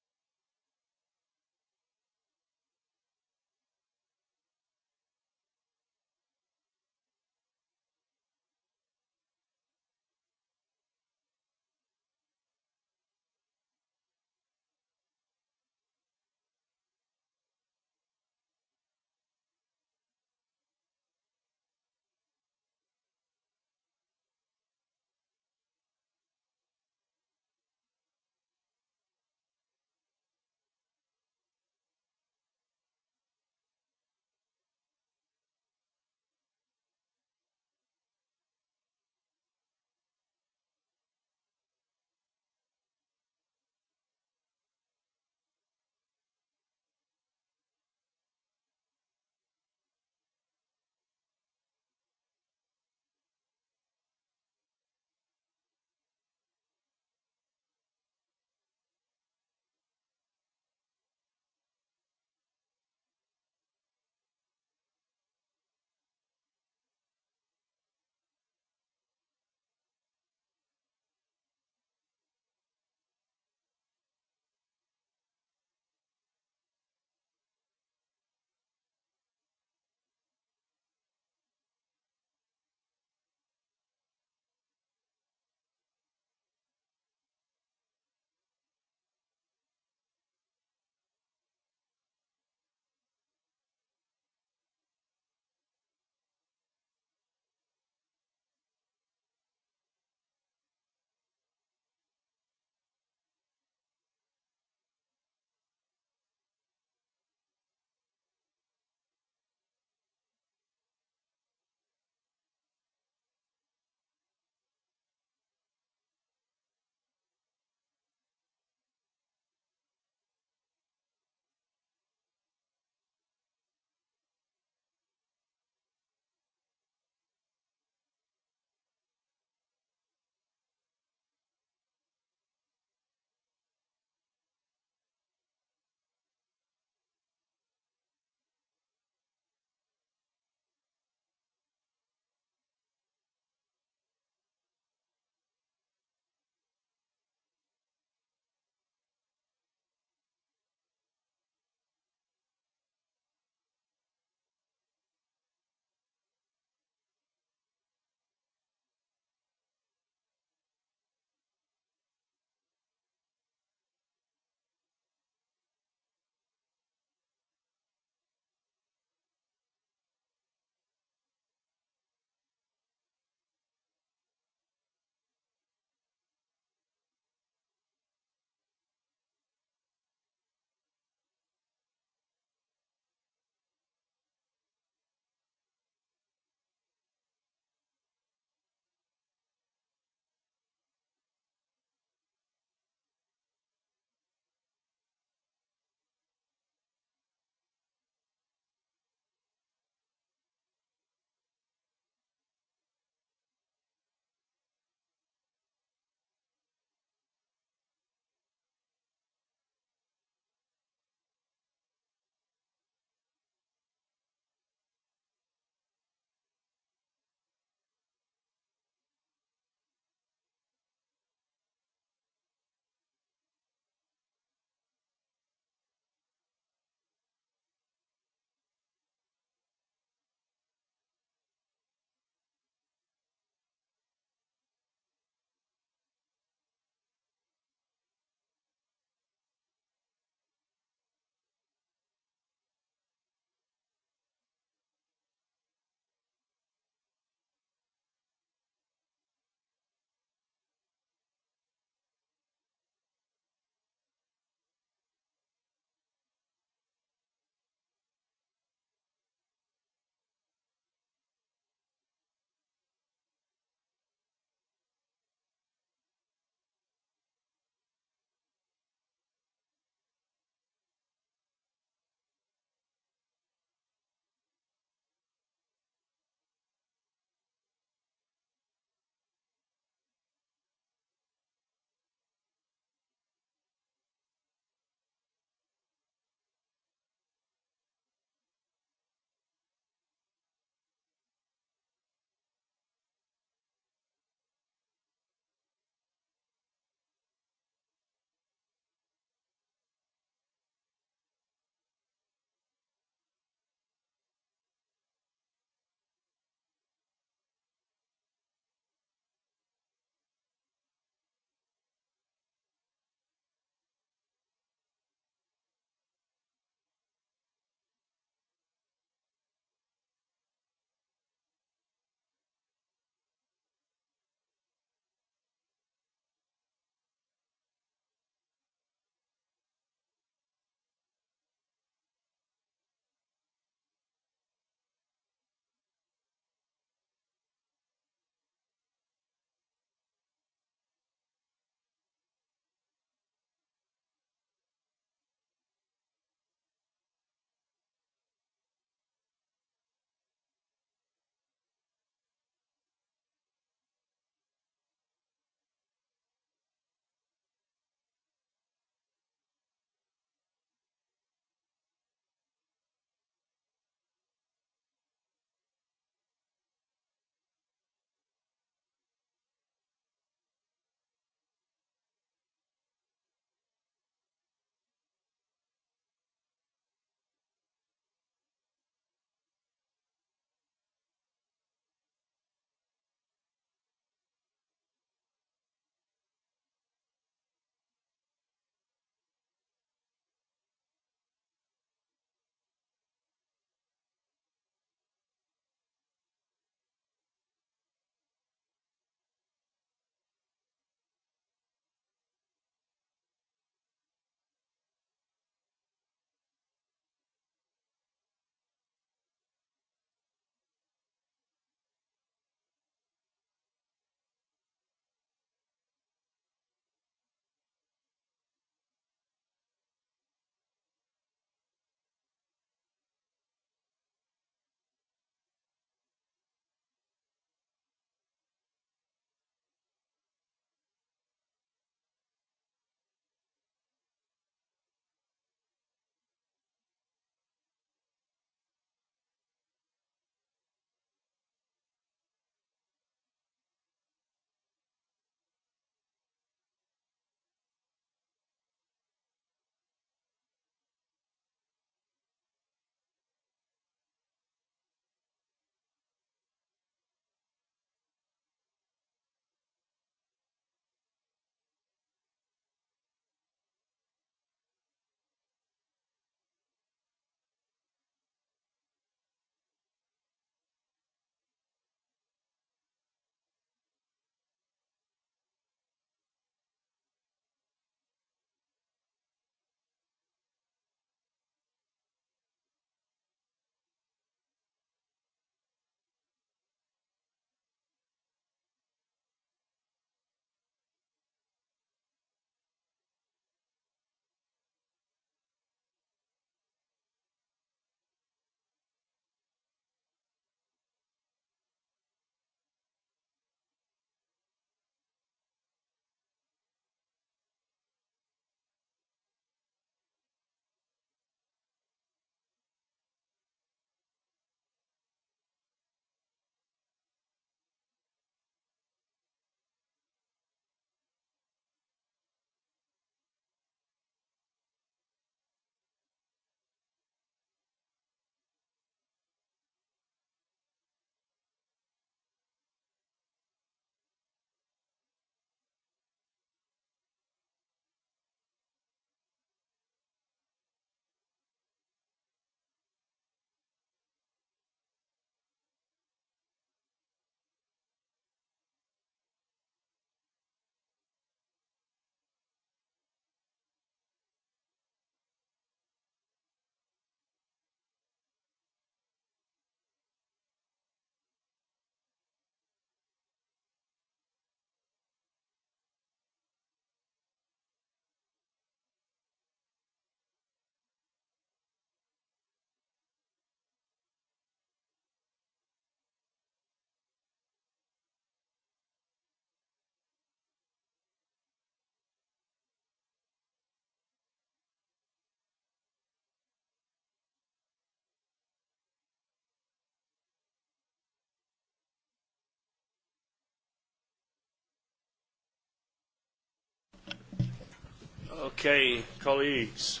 Okay, colleagues.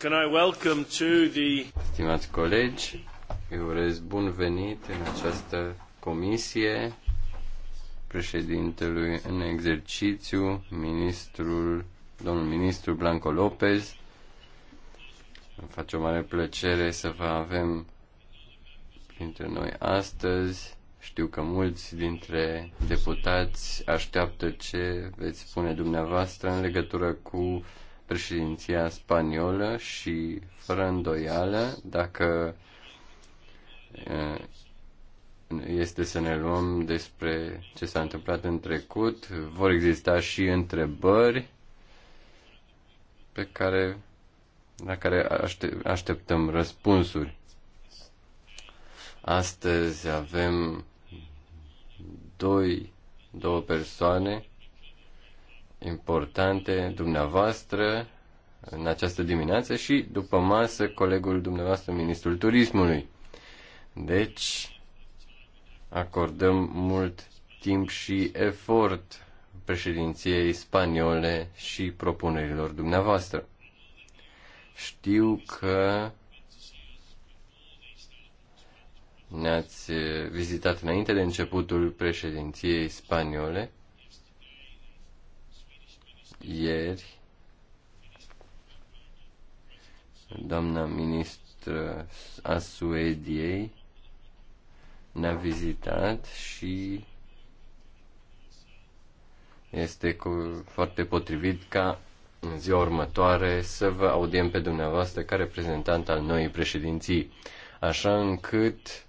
Can I welcome to the... Stimați colegi, eu urez bun venit în această comisie președintelui în exercițiu, ministrul, domnul ministru Blanco Lopez. Îmi face o mare plăcere să vă avem dintre noi astăzi. Știu că mulți dintre deputați așteaptă ce veți spune dumneavoastră în legătură cu președinția spaniolă și, fără îndoială, dacă uh, este să ne luăm despre ce s-a întâmplat în trecut, vor exista și întrebări pe care, la care așteptăm răspunsuri. Astăzi avem doi, două persoane importante, dumneavoastră, în această dimineață și după masă colegul dumneavoastră, ministrul turismului. Deci, acordăm mult timp și efort președinției spaniole și propunerilor dumneavoastră. Știu că ne-ați eh, vizitat înainte de începutul președinției spaniole. Ieri, doamna ministră a Suediei ne-a vizitat și este cu, foarte potrivit ca în ziua următoare să vă audiem pe dumneavoastră ca reprezentant al noii președinții, așa încât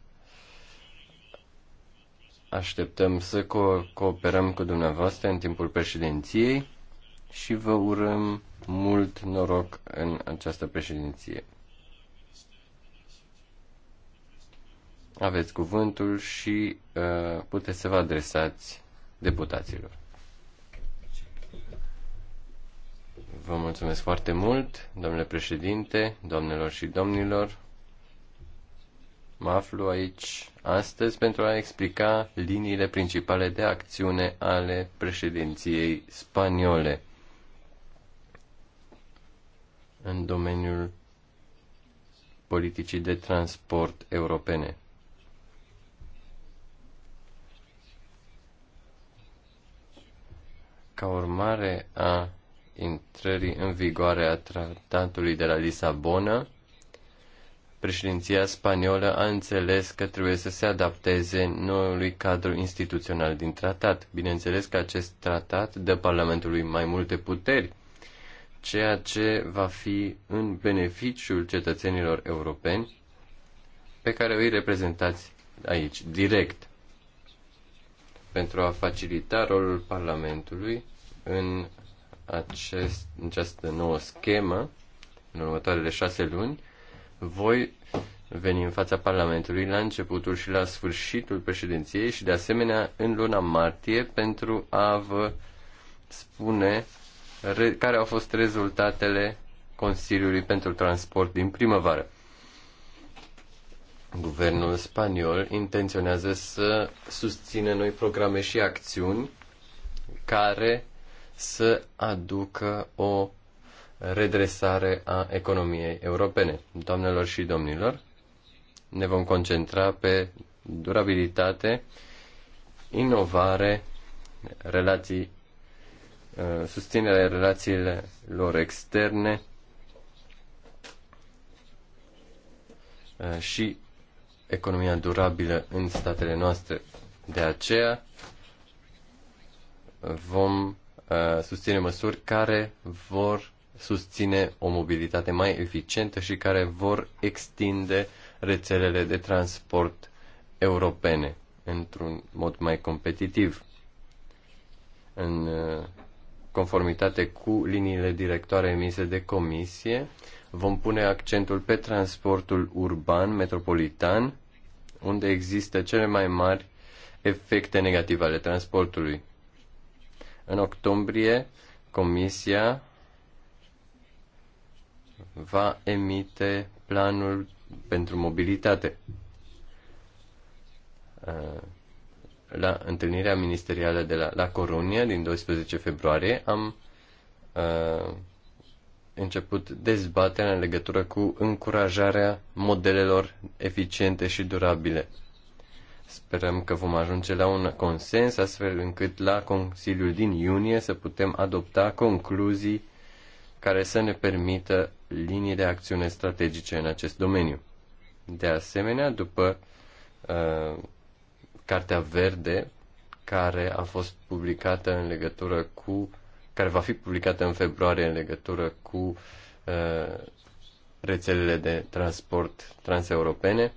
Așteptăm să co- cooperăm cu dumneavoastră în timpul președinției și vă urăm mult noroc în această președinție. Aveți cuvântul și uh, puteți să vă adresați deputaților. Vă mulțumesc foarte mult, domnule președinte, domnilor și domnilor. Mă aflu aici astăzi pentru a explica liniile principale de acțiune ale președinției spaniole în domeniul politicii de transport europene. Ca urmare a intrării în vigoare a tratatului de la Lisabona, președinția spaniolă a înțeles că trebuie să se adapteze noului cadru instituțional din tratat. Bineînțeles că acest tratat dă Parlamentului mai multe puteri, ceea ce va fi în beneficiul cetățenilor europeni pe care îi reprezentați aici, direct, pentru a facilita rolul Parlamentului în, acest, în această nouă schemă, în următoarele șase luni, voi veni în fața Parlamentului la începutul și la sfârșitul președinției și de asemenea în luna martie pentru a vă spune care au fost rezultatele Consiliului pentru Transport din primăvară. Guvernul spaniol intenționează să susțină noi programe și acțiuni care să aducă o redresare a economiei europene. Doamnelor și domnilor, ne vom concentra pe durabilitate, inovare, relații, uh, susținerea relațiilor externe uh, și economia durabilă în statele noastre. De aceea vom uh, susține măsuri care vor susține o mobilitate mai eficientă și care vor extinde rețelele de transport europene într-un mod mai competitiv, în uh, conformitate cu liniile directoare emise de comisie, vom pune accentul pe transportul urban metropolitan, unde există cele mai mari efecte negative ale transportului. În octombrie, Comisia va emite planul pentru mobilitate. Uh, la întâlnirea ministerială de la, la Corunia din 12 februarie am uh, început dezbaterea în legătură cu încurajarea modelelor eficiente și durabile. Sperăm că vom ajunge la un consens astfel încât la Consiliul din iunie să putem adopta concluzii care să ne permită linii de acțiune strategice în acest domeniu. De asemenea, după uh, Cartea Verde, care a fost publicată în legătură cu care va fi publicată în februarie în legătură cu uh, rețelele de transport transeuropene.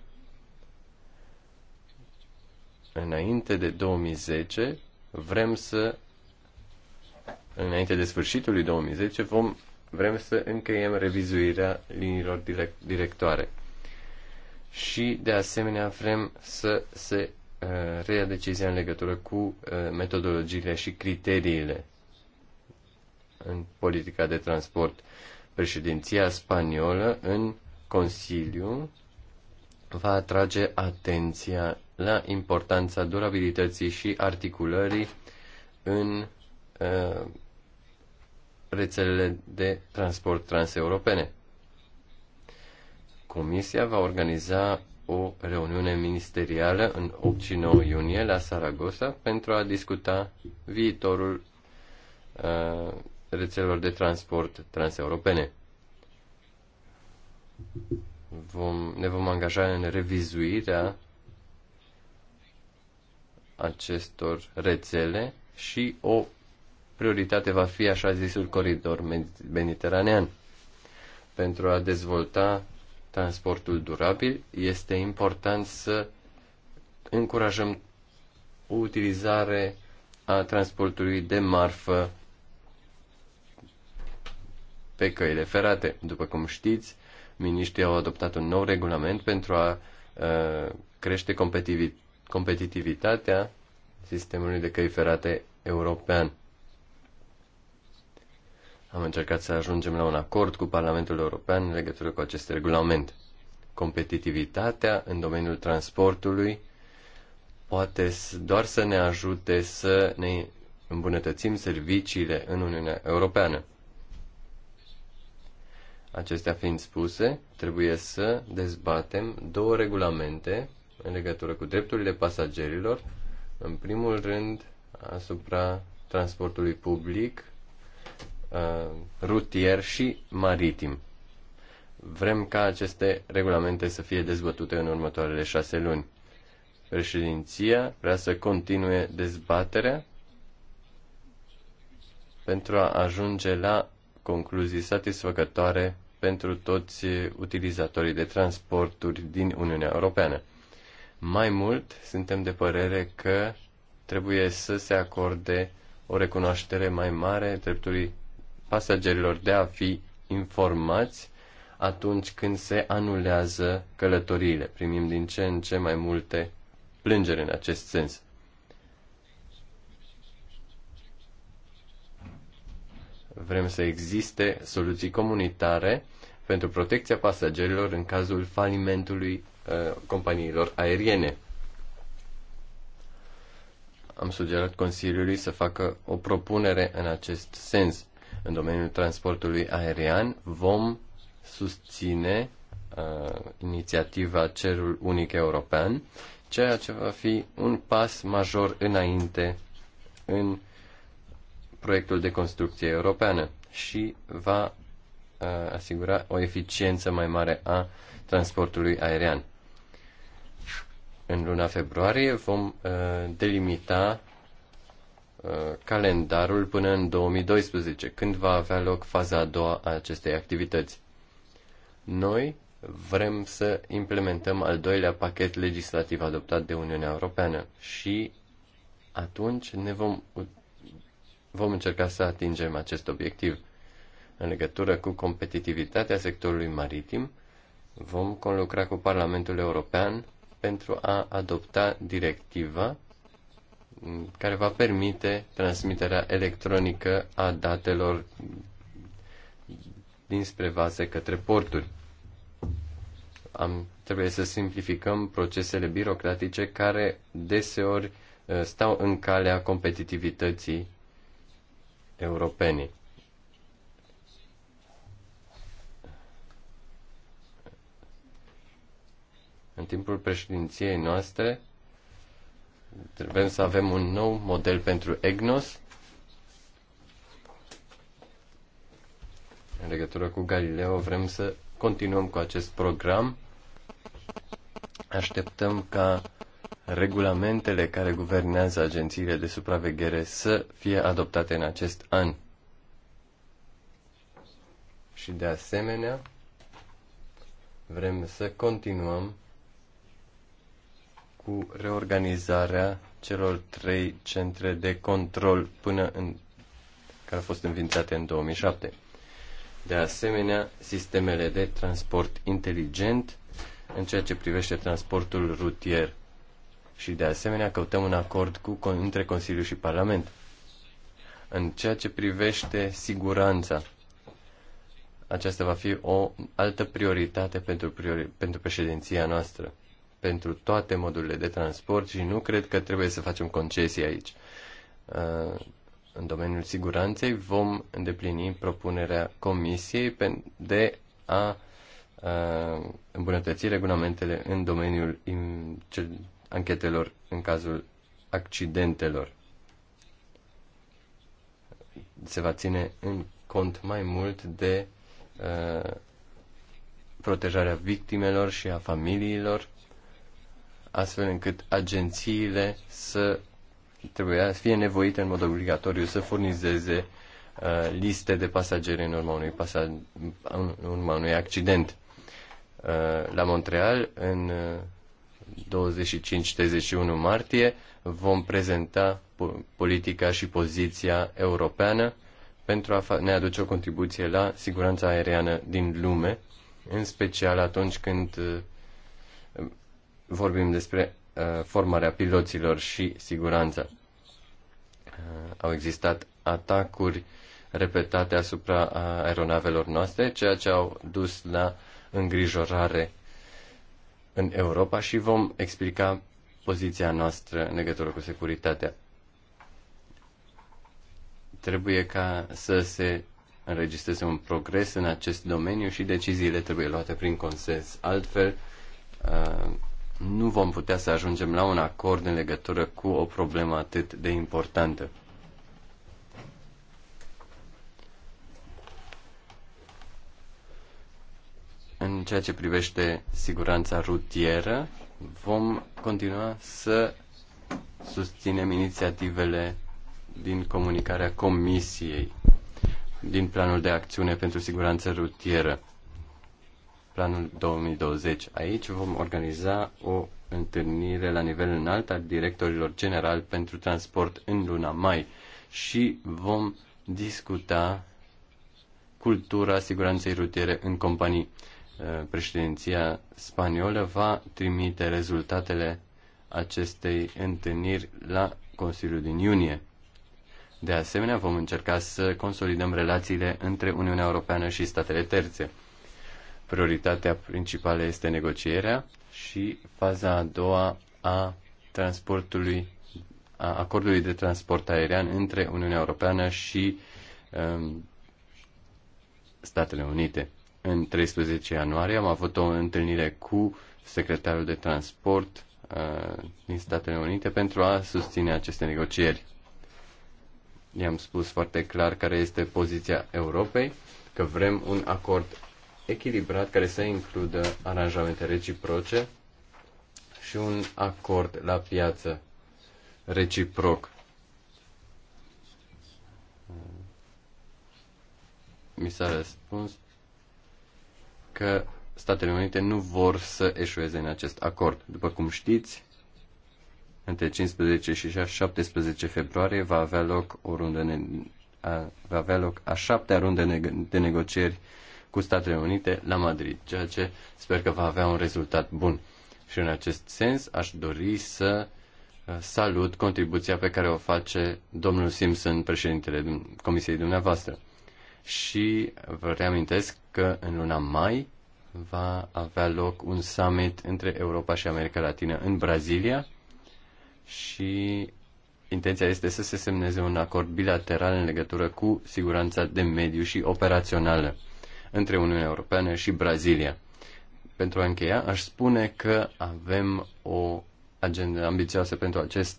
Înainte de 2010 vrem să înainte de sfârșitul lui 2010 vom Vrem să încheiem revizuirea liniilor direct, directoare. Și, de asemenea, vrem să se uh, reia decizia în legătură cu uh, metodologiile și criteriile în politica de transport. Președinția spaniolă în Consiliu va atrage atenția la importanța durabilității și articulării în uh, rețelele de transport transeuropene. Comisia va organiza o reuniune ministerială în 8 9 iunie la Saragossa pentru a discuta viitorul uh, rețelelor de transport transeuropene. Vom, ne vom angaja în revizuirea acestor rețele și o prioritate va fi așa zisul coridor mediteranean. Pentru a dezvolta transportul durabil, este important să încurajăm utilizare a transportului de marfă pe căile ferate. După cum știți, miniștrii au adoptat un nou regulament pentru a uh, crește competitivitatea sistemului de căi ferate european. Am încercat să ajungem la un acord cu Parlamentul European în legătură cu acest regulament. Competitivitatea în domeniul transportului poate doar să ne ajute să ne îmbunătățim serviciile în Uniunea Europeană. Acestea fiind spuse, trebuie să dezbatem două regulamente în legătură cu drepturile pasagerilor, în primul rând asupra transportului public Uh, rutier și maritim. Vrem ca aceste regulamente să fie dezbătute în următoarele șase luni. Președinția vrea să continue dezbaterea pentru a ajunge la concluzii satisfăcătoare pentru toți utilizatorii de transporturi din Uniunea Europeană. Mai mult, suntem de părere că trebuie să se acorde o recunoaștere mai mare dreptului pasagerilor de a fi informați atunci când se anulează călătoriile. Primim din ce în ce mai multe plângeri în acest sens. Vrem să existe soluții comunitare pentru protecția pasagerilor în cazul falimentului uh, companiilor aeriene. Am sugerat Consiliului să facă o propunere în acest sens în domeniul transportului aerian, vom susține uh, inițiativa Cerul Unic European, ceea ce va fi un pas major înainte în proiectul de construcție europeană și va uh, asigura o eficiență mai mare a transportului aerian. În luna februarie vom uh, delimita Uh, calendarul până în 2012, când va avea loc faza a doua a acestei activități. Noi vrem să implementăm al doilea pachet legislativ adoptat de Uniunea Europeană și atunci ne vom, vom încerca să atingem acest obiectiv. În legătură cu competitivitatea sectorului maritim, vom conlucra cu Parlamentul European pentru a adopta directiva care va permite transmiterea electronică a datelor dinspre vase către porturi. Am, trebuie să simplificăm procesele birocratice care deseori uh, stau în calea competitivității europene. În timpul președinției noastre, Trebuie să avem un nou model pentru EGNOS în legătură cu Galileo. Vrem să continuăm cu acest program. Așteptăm ca regulamentele care guvernează agențiile de supraveghere să fie adoptate în acest an. Și de asemenea, vrem să continuăm cu reorganizarea celor trei centre de control până în, care au fost înființate în 2007. De asemenea, sistemele de transport inteligent în ceea ce privește transportul rutier și de asemenea căutăm un acord cu, între Consiliu și Parlament. În ceea ce privește siguranța, aceasta va fi o altă prioritate pentru, priori, pentru președinția noastră pentru toate modurile de transport și nu cred că trebuie să facem concesii aici. Uh, în domeniul siguranței vom îndeplini propunerea Comisiei de a uh, îmbunătăți regulamentele în domeniul anchetelor în cazul accidentelor. Se va ține în cont mai mult de uh, protejarea victimelor și a familiilor astfel încât agențiile să trebuia să fie nevoite în mod obligatoriu să furnizeze uh, liste de pasageri în urma unui, pasaj, în urma unui accident. Uh, la Montreal, în uh, 25-31 martie, vom prezenta politica și poziția europeană pentru a ne aduce o contribuție la siguranța aeriană din lume, în special atunci când uh, vorbim despre uh, formarea piloților și siguranța. Uh, au existat atacuri repetate asupra uh, aeronavelor noastre, ceea ce au dus la îngrijorare în Europa și vom explica poziția noastră în legătură cu securitatea. Trebuie ca să se înregistreze un progres în acest domeniu și deciziile trebuie luate prin consens. Altfel, nu vom putea să ajungem la un acord în legătură cu o problemă atât de importantă. În ceea ce privește siguranța rutieră, vom continua să susținem inițiativele din comunicarea Comisiei din planul de acțiune pentru siguranță rutieră planul 2020. Aici vom organiza o întâlnire la nivel înalt al directorilor general pentru transport în luna mai și vom discuta cultura siguranței rutiere în companii. Uh, președinția spaniolă va trimite rezultatele acestei întâlniri la Consiliul din iunie. De asemenea, vom încerca să consolidăm relațiile între Uniunea Europeană și statele terțe. Prioritatea principală este negocierea și faza a doua a transportului, a acordului de transport aerian între Uniunea Europeană și um, Statele Unite. În 13 ianuarie am avut o întâlnire cu secretarul de transport uh, din Statele Unite pentru a susține aceste negocieri. I-am spus foarte clar care este poziția Europei, că vrem un acord echilibrat care să includă aranjamente reciproce și un acord la piață reciproc. Mi s-a răspuns că Statele Unite nu vor să eșueze în acest acord. După cum știți, între 15 și 17 februarie va avea loc o rundă ne- a, va avea loc a șaptea rundă de negocieri cu Statele Unite la Madrid, ceea ce sper că va avea un rezultat bun. Și în acest sens aș dori să uh, salut contribuția pe care o face domnul Simpson, președintele Comisiei dumneavoastră. Și vă reamintesc că în luna mai va avea loc un summit între Europa și America Latină în Brazilia și intenția este să se semneze un acord bilateral în legătură cu siguranța de mediu și operațională între Uniunea Europeană și Brazilia. Pentru a încheia, aș spune că avem o agenda ambițioasă pentru acest,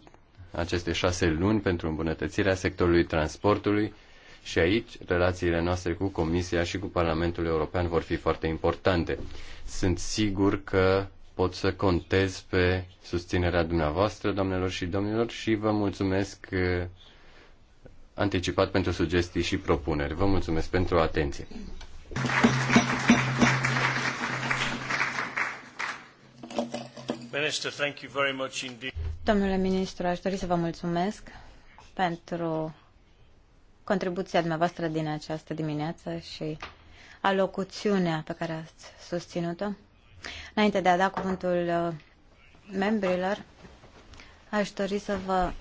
aceste șase luni pentru îmbunătățirea sectorului transportului și aici relațiile noastre cu Comisia și cu Parlamentul European vor fi foarte importante. Sunt sigur că pot să contez pe susținerea dumneavoastră, doamnelor și domnilor, și vă mulțumesc uh, anticipat pentru sugestii și propuneri. Vă mulțumesc pentru atenție. Domnule ministru, aș dori să vă mulțumesc pentru contribuția dumneavoastră din această dimineață și alocuțiunea pe care ați susținut-o. Înainte de a da cuvântul uh, membrilor, aș dori să vă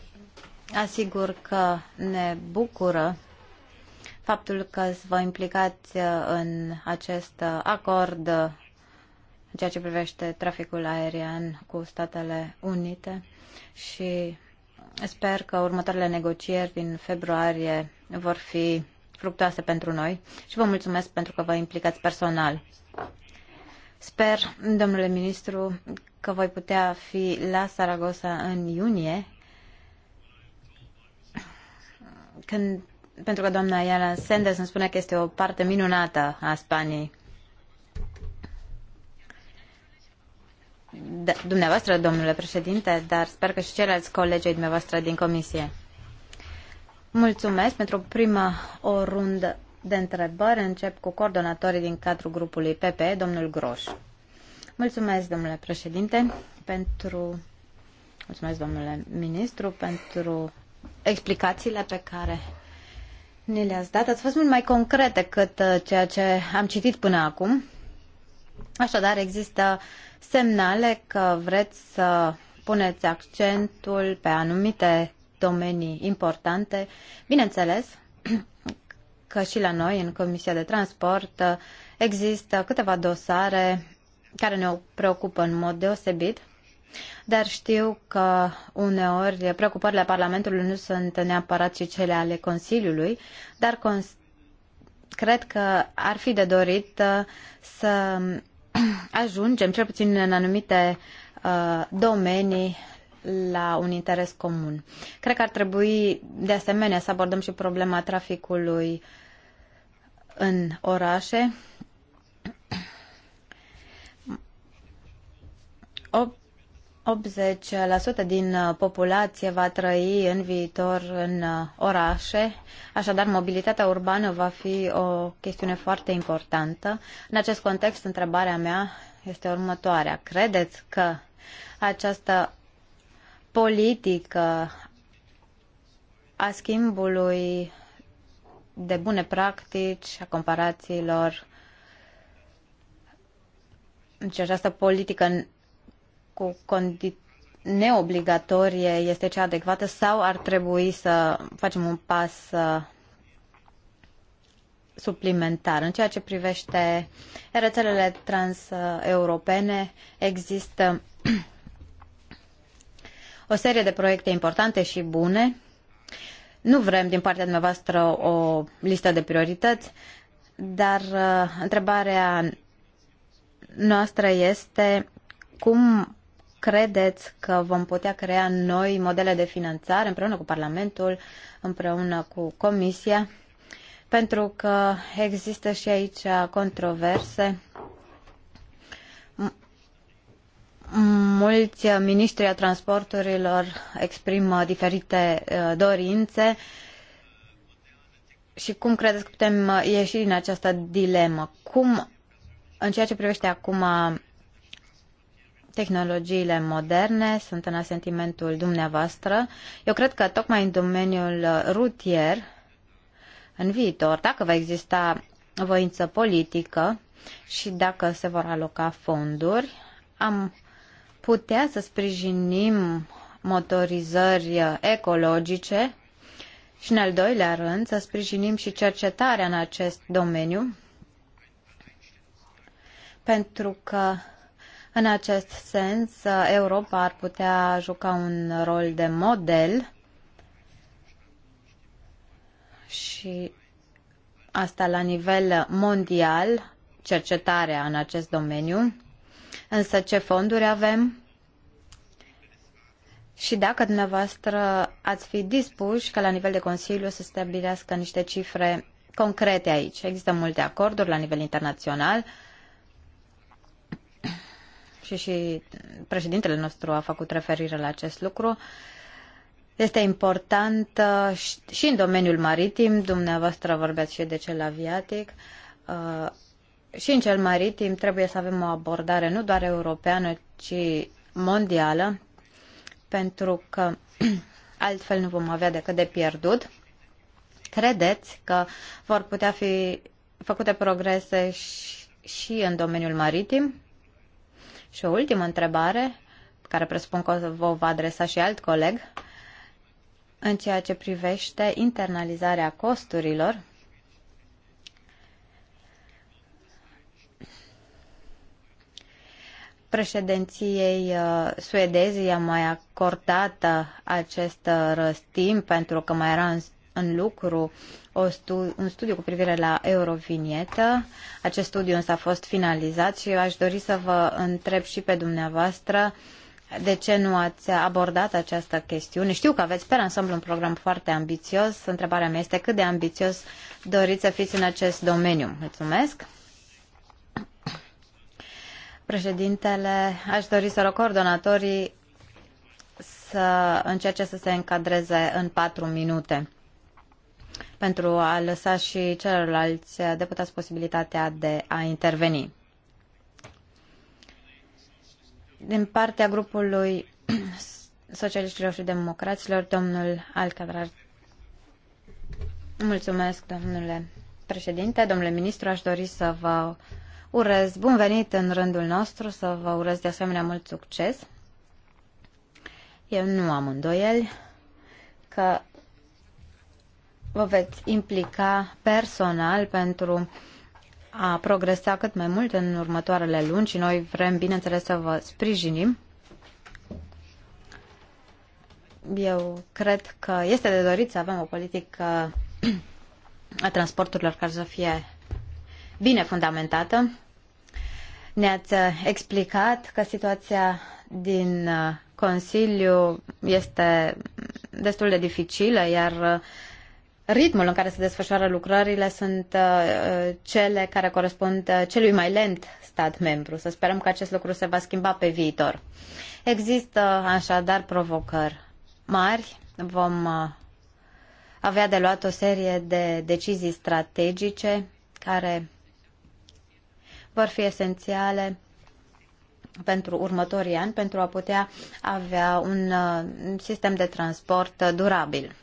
asigur că ne bucură faptul că vă implicați uh, în acest uh, acord uh, în ceea ce privește traficul aerian cu Statele Unite și sper că următoarele negocieri din februarie vor fi fructoase pentru noi și vă mulțumesc pentru că vă implicați personal. Sper, domnule ministru, că voi putea fi la Saragossa în iunie, când pentru că doamna Iala Sanders îmi spune că este o parte minunată a Spaniei. Da, dumneavoastră, domnule președinte, dar sper că și ceilalți colegii dumneavoastră din comisie. Mulțumesc pentru prima o rundă de întrebări. Încep cu coordonatorii din cadrul grupului PP, domnul Groș. Mulțumesc, domnule președinte, pentru... Mulțumesc, domnule ministru, pentru explicațiile pe care ne le-ați dat. Ați fost mult mai concret decât uh, ceea ce am citit până acum. Așadar, există semnale că vreți să puneți accentul pe anumite domenii importante. Bineînțeles că și la noi, în Comisia de Transport, uh, există câteva dosare care ne preocupă în mod deosebit dar știu că uneori preocupările Parlamentului nu sunt neapărat și cele ale Consiliului, dar cred că ar fi de dorit uh, să ajungem, cel puțin în anumite uh, domenii, la un interes comun. Cred că ar trebui, de asemenea, să abordăm și problema traficului în orașe. O 80% din uh, populație va trăi în viitor în uh, orașe, așadar mobilitatea urbană va fi o chestiune foarte importantă. În acest context, întrebarea mea este următoarea. Credeți că această politică a schimbului de bune practici, a comparațiilor, deci această politică cu condiții neobligatorie este cea adecvată sau ar trebui să facem un pas uh, suplimentar. În ceea ce privește rețelele transeuropene, există o serie de proiecte importante și bune. Nu vrem din partea dumneavoastră o listă de priorități, dar uh, întrebarea noastră este cum credeți că vom putea crea noi modele de finanțare împreună cu Parlamentul, împreună cu Comisia? Pentru că există și aici controverse. Mulți ministri a transporturilor exprimă diferite dorințe și cum credeți că putem uh, ieși din această dilemă? Cum, în ceea ce privește acum tehnologiile moderne sunt în asentimentul dumneavoastră. Eu cred că tocmai în domeniul rutier, în viitor, dacă va exista voință politică și dacă se vor aloca fonduri, am putea să sprijinim motorizări ecologice și, în al doilea rând, să sprijinim și cercetarea în acest domeniu, pentru că în acest sens, Europa ar putea juca un rol de model și asta la nivel mondial, cercetarea în acest domeniu. Însă ce fonduri avem? Și dacă dumneavoastră ați fi dispuși ca la nivel de Consiliu să stabilească niște cifre concrete aici. Există multe acorduri la nivel internațional, și și președintele nostru a făcut referire la acest lucru, este important uh, și în domeniul maritim, dumneavoastră vorbeați și de cel aviatic, uh, și în cel maritim trebuie să avem o abordare nu doar europeană, ci mondială, pentru că altfel nu vom avea decât de pierdut. Credeți că vor putea fi făcute progrese și, și în domeniul maritim? Și o ultimă întrebare, care presupun că vă va adresa și alt coleg, în ceea ce privește internalizarea costurilor, președinției uh, suedezii a mai acordat uh, acest uh, răstim pentru că mai era în în lucru o stu- un studiu cu privire la Eurovinietă. Acest studiu însă a fost finalizat și eu aș dori să vă întreb și pe dumneavoastră de ce nu ați abordat această chestiune. Știu că aveți pe ansamblu un program foarte ambițios. Întrebarea mea este cât de ambițios doriți să fiți în acest domeniu. Mulțumesc! Președintele, aș dori să rog coordonatorii să încerce să se încadreze în patru minute pentru a lăsa și celorlalți deputați posibilitatea de a interveni. Din partea grupului socialiștilor și democraților, domnul Alcadrar. Mulțumesc, domnule președinte, domnule ministru, aș dori să vă urez bun venit în rândul nostru, să vă urez de asemenea mult succes. Eu nu am îndoieli că vă veți implica personal pentru a progresa cât mai mult în următoarele luni și noi vrem, bineînțeles, să vă sprijinim. Eu cred că este de dorit să avem o politică a transporturilor care să fie bine fundamentată. Ne-ați explicat că situația din uh, Consiliu este destul de dificilă, iar uh, ritmul în care se desfășoară lucrările sunt uh, cele care corespund uh, celui mai lent stat membru. Să sperăm că acest lucru se va schimba pe viitor. Există așadar provocări mari. Vom uh, avea de luat o serie de decizii strategice care vor fi esențiale pentru următorii ani pentru a putea avea un sistem de transport durabil.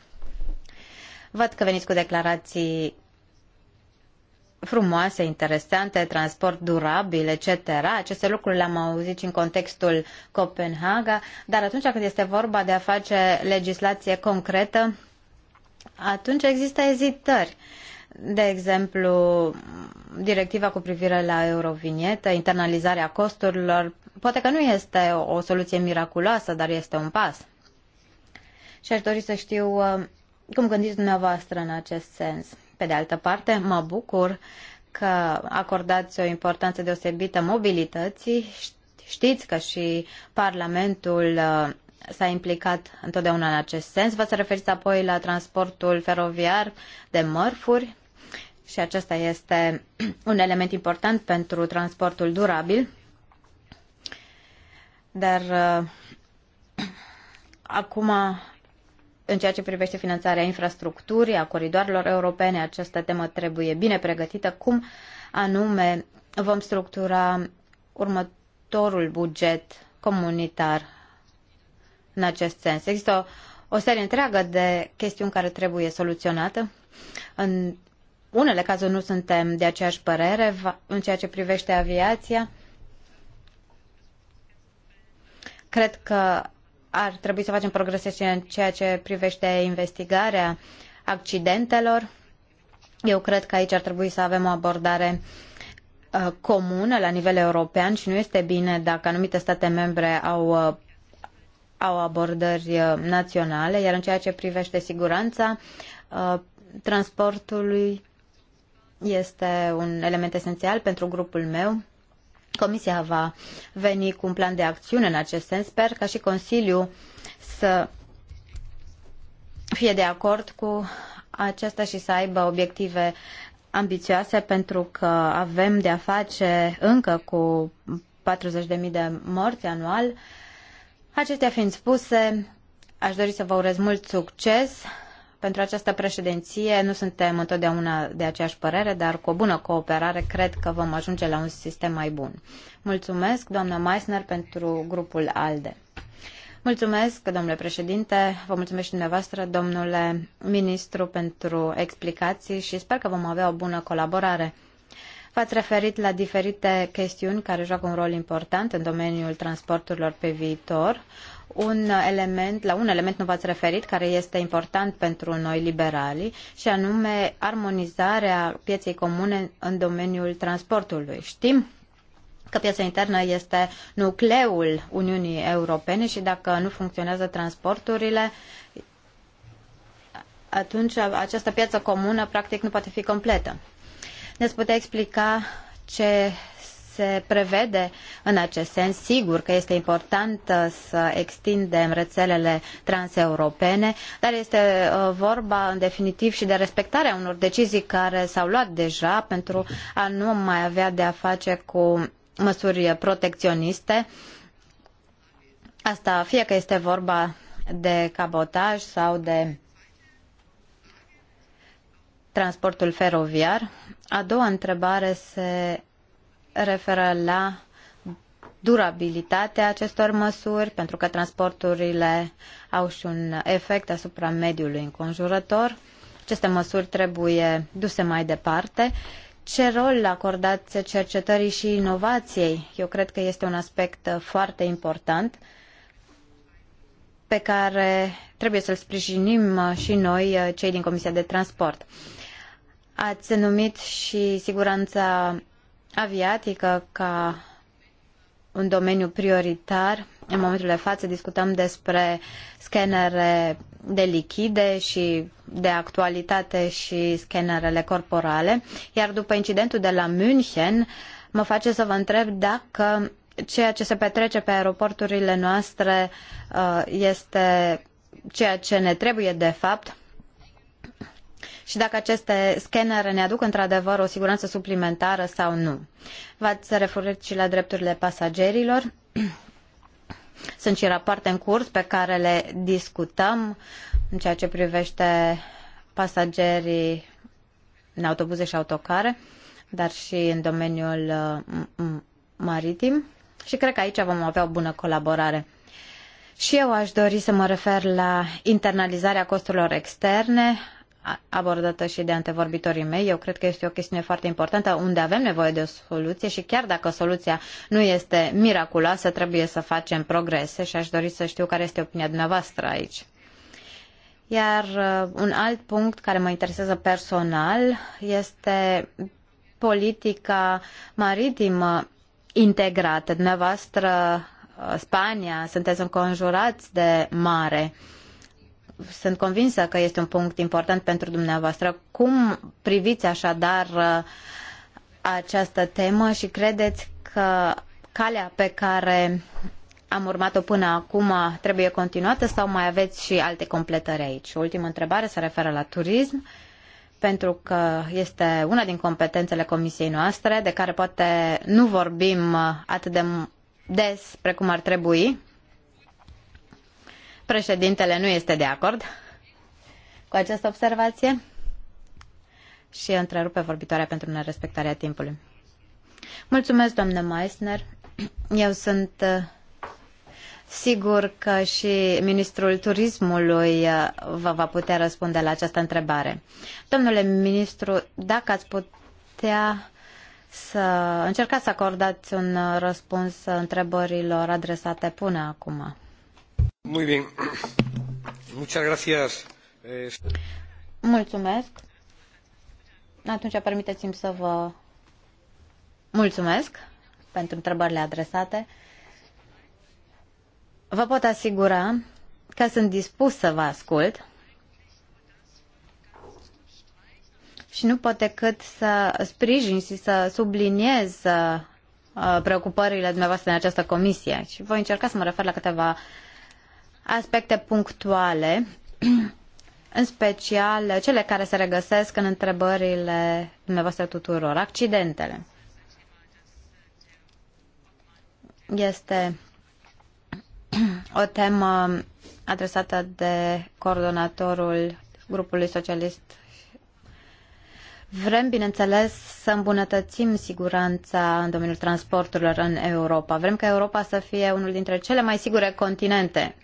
Văd că veniți cu declarații frumoase, interesante, transport durabil, etc. Aceste lucruri le-am auzit și în contextul Copenhaga, dar atunci când este vorba de a face legislație concretă, atunci există ezitări. De exemplu, directiva cu privire la eurovinietă, internalizarea costurilor, poate că nu este o soluție miraculoasă, dar este un pas. Și aș dori să știu uh, cum gândiți dumneavoastră în acest sens? Pe de altă parte, mă bucur că acordați o importanță deosebită mobilității. Știți că și Parlamentul uh, s-a implicat întotdeauna în acest sens. Vă să referiți apoi la transportul feroviar de mărfuri și acesta este un element important pentru transportul durabil. Dar uh, acum în ceea ce privește finanțarea infrastructurii, a coridoarelor europene, această temă trebuie bine pregătită. Cum anume vom structura următorul buget comunitar în acest sens? Există o, o serie întreagă de chestiuni care trebuie soluționată. În unele cazuri nu suntem de aceeași părere în ceea ce privește aviația. Cred că ar trebui să facem progrese și în ceea ce privește investigarea accidentelor. Eu cred că aici ar trebui să avem o abordare uh, comună la nivel european și nu este bine dacă anumite state membre au, uh, au abordări uh, naționale, iar în ceea ce privește siguranța transportului este un element esențial pentru grupul meu. Comisia va veni cu un plan de acțiune în acest sens. Sper ca și Consiliul să fie de acord cu acesta și să aibă obiective ambițioase pentru că avem de a face încă cu 40.000 de morți anual. Acestea fiind spuse, aș dori să vă urez mult succes pentru această președinție nu suntem întotdeauna de aceeași părere, dar cu o bună cooperare cred că vom ajunge la un sistem mai bun. Mulțumesc, doamna Meissner, pentru grupul ALDE. Mulțumesc, domnule președinte, vă mulțumesc și dumneavoastră, domnule ministru, pentru explicații și sper că vom avea o bună colaborare. V-ați referit la diferite chestiuni care joacă un rol important în domeniul transporturilor pe viitor, un element, la un element nu v-ați referit, care este important pentru noi liberali, și anume armonizarea pieței comune în domeniul transportului. Știm că piața internă este nucleul Uniunii Europene și dacă nu funcționează transporturile, atunci această piață comună practic nu poate fi completă. Ne-ați putea explica ce se prevede în acest sens. Sigur că este important uh, să extindem rețelele transeuropene, dar este uh, vorba în definitiv și de respectarea unor decizii care s-au luat deja pentru a nu mai avea de a face cu măsuri protecționiste. Asta fie că este vorba de cabotaj sau de transportul feroviar. A doua întrebare se referă la durabilitatea acestor măsuri, pentru că transporturile au și un efect asupra mediului înconjurător. Aceste măsuri trebuie duse mai departe. Ce rol acordați cercetării și inovației? Eu cred că este un aspect foarte important pe care trebuie să-l sprijinim și noi, cei din Comisia de Transport. Ați numit și siguranța aviatică ca un domeniu prioritar. În momentul de față discutăm despre scanere de lichide și de actualitate și scanerele corporale. Iar după incidentul de la München, mă face să vă întreb dacă ceea ce se petrece pe aeroporturile noastre uh, este ceea ce ne trebuie de fapt și dacă aceste scanere ne aduc într-adevăr o siguranță suplimentară sau nu. V-ați referit și la drepturile pasagerilor. Sunt și rapoarte în curs pe care le discutăm în ceea ce privește pasagerii în autobuze și autocare, dar și în domeniul uh, maritim. Și cred că aici vom avea o bună colaborare. Și eu aș dori să mă refer la internalizarea costurilor externe abordată și de antevorbitorii mei. Eu cred că este o chestiune foarte importantă unde avem nevoie de o soluție și chiar dacă soluția nu este miraculoasă, trebuie să facem progrese și aș dori să știu care este opinia dumneavoastră aici. Iar uh, un alt punct care mă interesează personal este politica maritimă integrată. Dumneavoastră, uh, Spania, sunteți înconjurați de mare sunt convinsă că este un punct important pentru dumneavoastră. Cum priviți așadar uh, această temă și credeți că calea pe care am urmat-o până acum trebuie continuată sau mai aveți și alte completări aici? Ultima întrebare se referă la turism pentru că este una din competențele comisiei noastre de care poate nu vorbim uh, atât de des precum ar trebui preedintele nu este de acord cu această observație și întrerupe vorbitoarea pentru nerespectarea timpului. Mulțumesc, doamnă Meissner. Eu sunt uh, sigur că și ministrul turismului uh, vă va putea răspunde la această întrebare. Domnule ministru, dacă ați putea să încercați să acordați un uh, răspuns întrebărilor adresate până acum. Muy bien. Muchas gracias. Mulțumesc. Atunci permiteți-mi să vă mulțumesc pentru întrebările adresate. Vă pot asigura că sunt dispus să vă ascult și nu pot decât să sprijin și să subliniez uh, preocupările dumneavoastră în această comisie și voi încerca să mă refer la câteva aspecte punctuale, în special cele care se regăsesc în întrebările dumneavoastră tuturor. Accidentele. Este o temă adresată de coordonatorul grupului socialist. Vrem, bineînțeles, să îmbunătățim siguranța în domeniul transporturilor în Europa. Vrem ca Europa să fie unul dintre cele mai sigure continente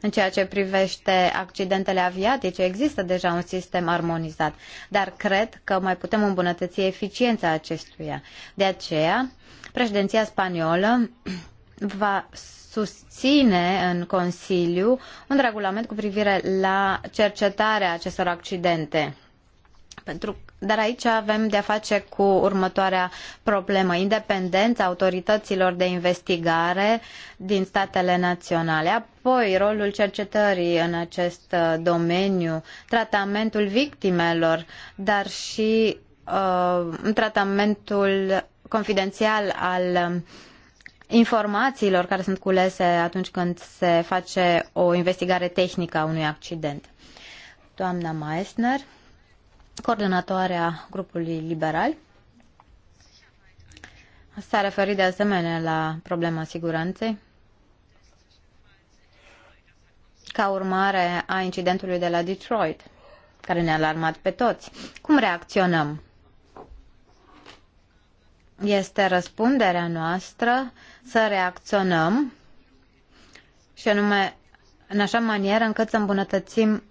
în ceea ce privește accidentele aviatice, există deja un sistem armonizat, dar cred că mai putem îmbunătăți eficiența acestuia. De aceea, președinția spaniolă va susține în Consiliu un regulament cu privire la cercetarea acestor accidente. Pentru dar aici avem de-a face cu următoarea problemă. Independența autorităților de investigare din statele naționale, apoi rolul cercetării în acest uh, domeniu, tratamentul victimelor, dar și uh, tratamentul confidențial al um, informațiilor care sunt culese atunci când se face o investigare tehnică a unui accident. Doamna Meissner coordonatoarea grupului liberal. S-a referit de asemenea la problema siguranței. Ca urmare a incidentului de la Detroit, care ne-a alarmat pe toți, cum reacționăm? Este răspunderea noastră să reacționăm și anume în așa manieră încât să îmbunătățim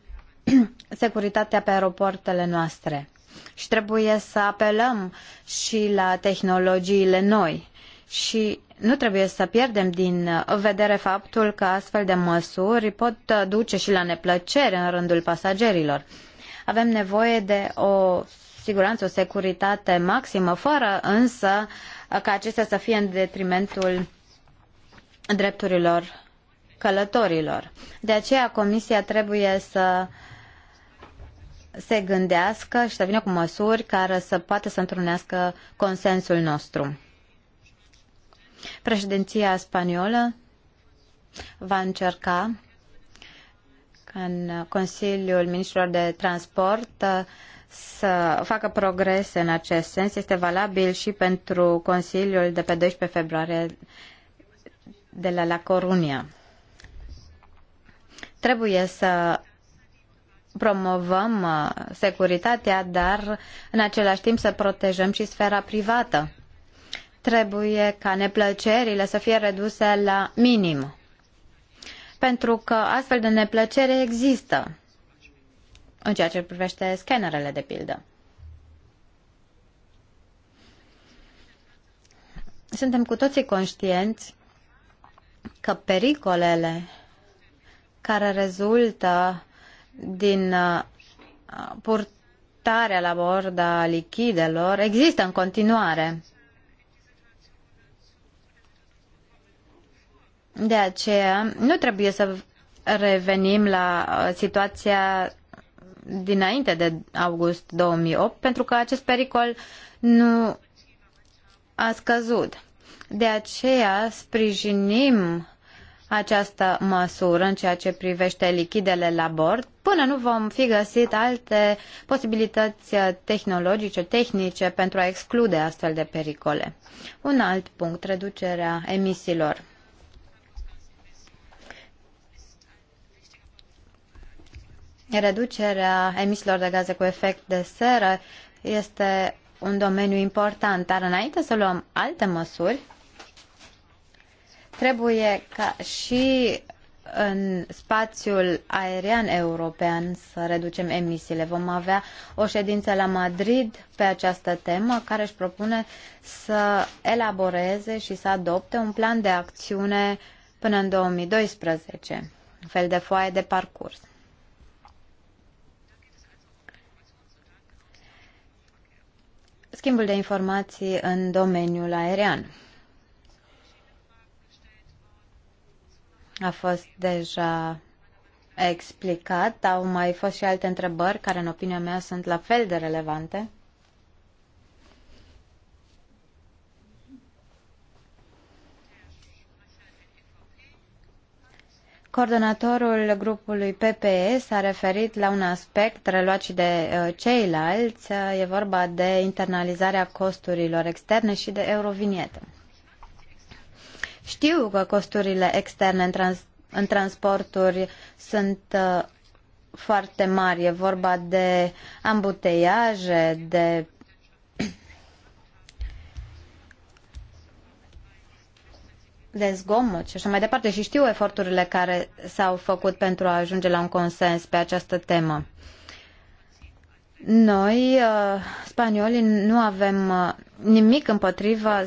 securitatea pe aeroportele noastre. Și trebuie să apelăm și la tehnologiile noi. Și nu trebuie să pierdem din vedere faptul că astfel de măsuri pot duce și la neplăceri în rândul pasagerilor. Avem nevoie de o siguranță, o securitate maximă, fără însă ca acestea să fie în detrimentul drepturilor călătorilor. De aceea Comisia trebuie să se gândească și să vină cu măsuri care să poată să întrunească consensul nostru. Președinția spaniolă va încerca în Consiliul Ministrilor de Transport uh, să facă progrese în acest sens. Este valabil și pentru Consiliul de pe 12 februarie de la La Corunia. Trebuie să promovăm uh, securitatea, dar în același timp să protejăm și sfera privată. Trebuie ca neplăcerile să fie reduse la minim. Pentru că astfel de neplăcere există în ceea ce privește scanerele, de pildă. Suntem cu toții conștienți că pericolele care rezultă din uh, purtarea la bord a lichidelor există în continuare. De aceea, nu trebuie să revenim la uh, situația dinainte de august 2008, pentru că acest pericol nu a scăzut. De aceea sprijinim această măsură în ceea ce privește lichidele la bord, până nu vom fi găsit alte posibilități tehnologice, tehnice pentru a exclude astfel de pericole. Un alt punct, reducerea emisiilor. Reducerea emisiilor de gaze cu efect de seră este un domeniu important, dar înainte să luăm alte măsuri, Trebuie ca și în spațiul aerian european să reducem emisiile. Vom avea o ședință la Madrid pe această temă care își propune să elaboreze și să adopte un plan de acțiune până în 2012, un fel de foaie de parcurs. Schimbul de informații în domeniul aerian. a fost deja explicat. Au mai fost și alte întrebări care, în opinia mea, sunt la fel de relevante. Coordonatorul grupului PPE s-a referit la un aspect reluat și de uh, ceilalți. Uh, e vorba de internalizarea costurilor externe și de eurovinietă. Știu că costurile externe în, trans- în transporturi sunt uh, foarte mari. E vorba de ambuteiaje, de de zgomot și așa mai departe și știu eforturile care s-au făcut pentru a ajunge la un consens pe această temă. Noi, uh, spaniolii, nu avem uh, nimic împotriva,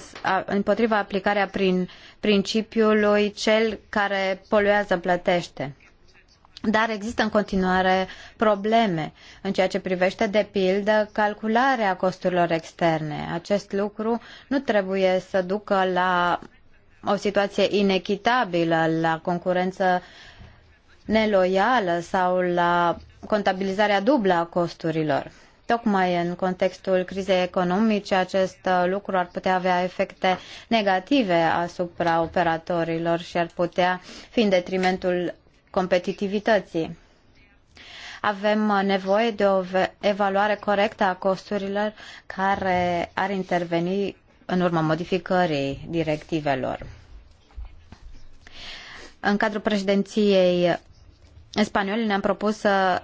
împotriva aplicarea prin principiului cel care poluează plătește. Dar există în continuare probleme în ceea ce privește, de pildă, calcularea costurilor externe. Acest lucru nu trebuie să ducă la o situație inechitabilă, la concurență neloială sau la contabilizarea dublă a costurilor. Tocmai în contextul crizei economice, acest uh, lucru ar putea avea efecte negative asupra operatorilor și ar putea fi în detrimentul competitivității. Avem uh, nevoie de o evaluare corectă a costurilor care ar interveni în urma modificării directivelor. În cadrul președinției spaniole ne-am propus să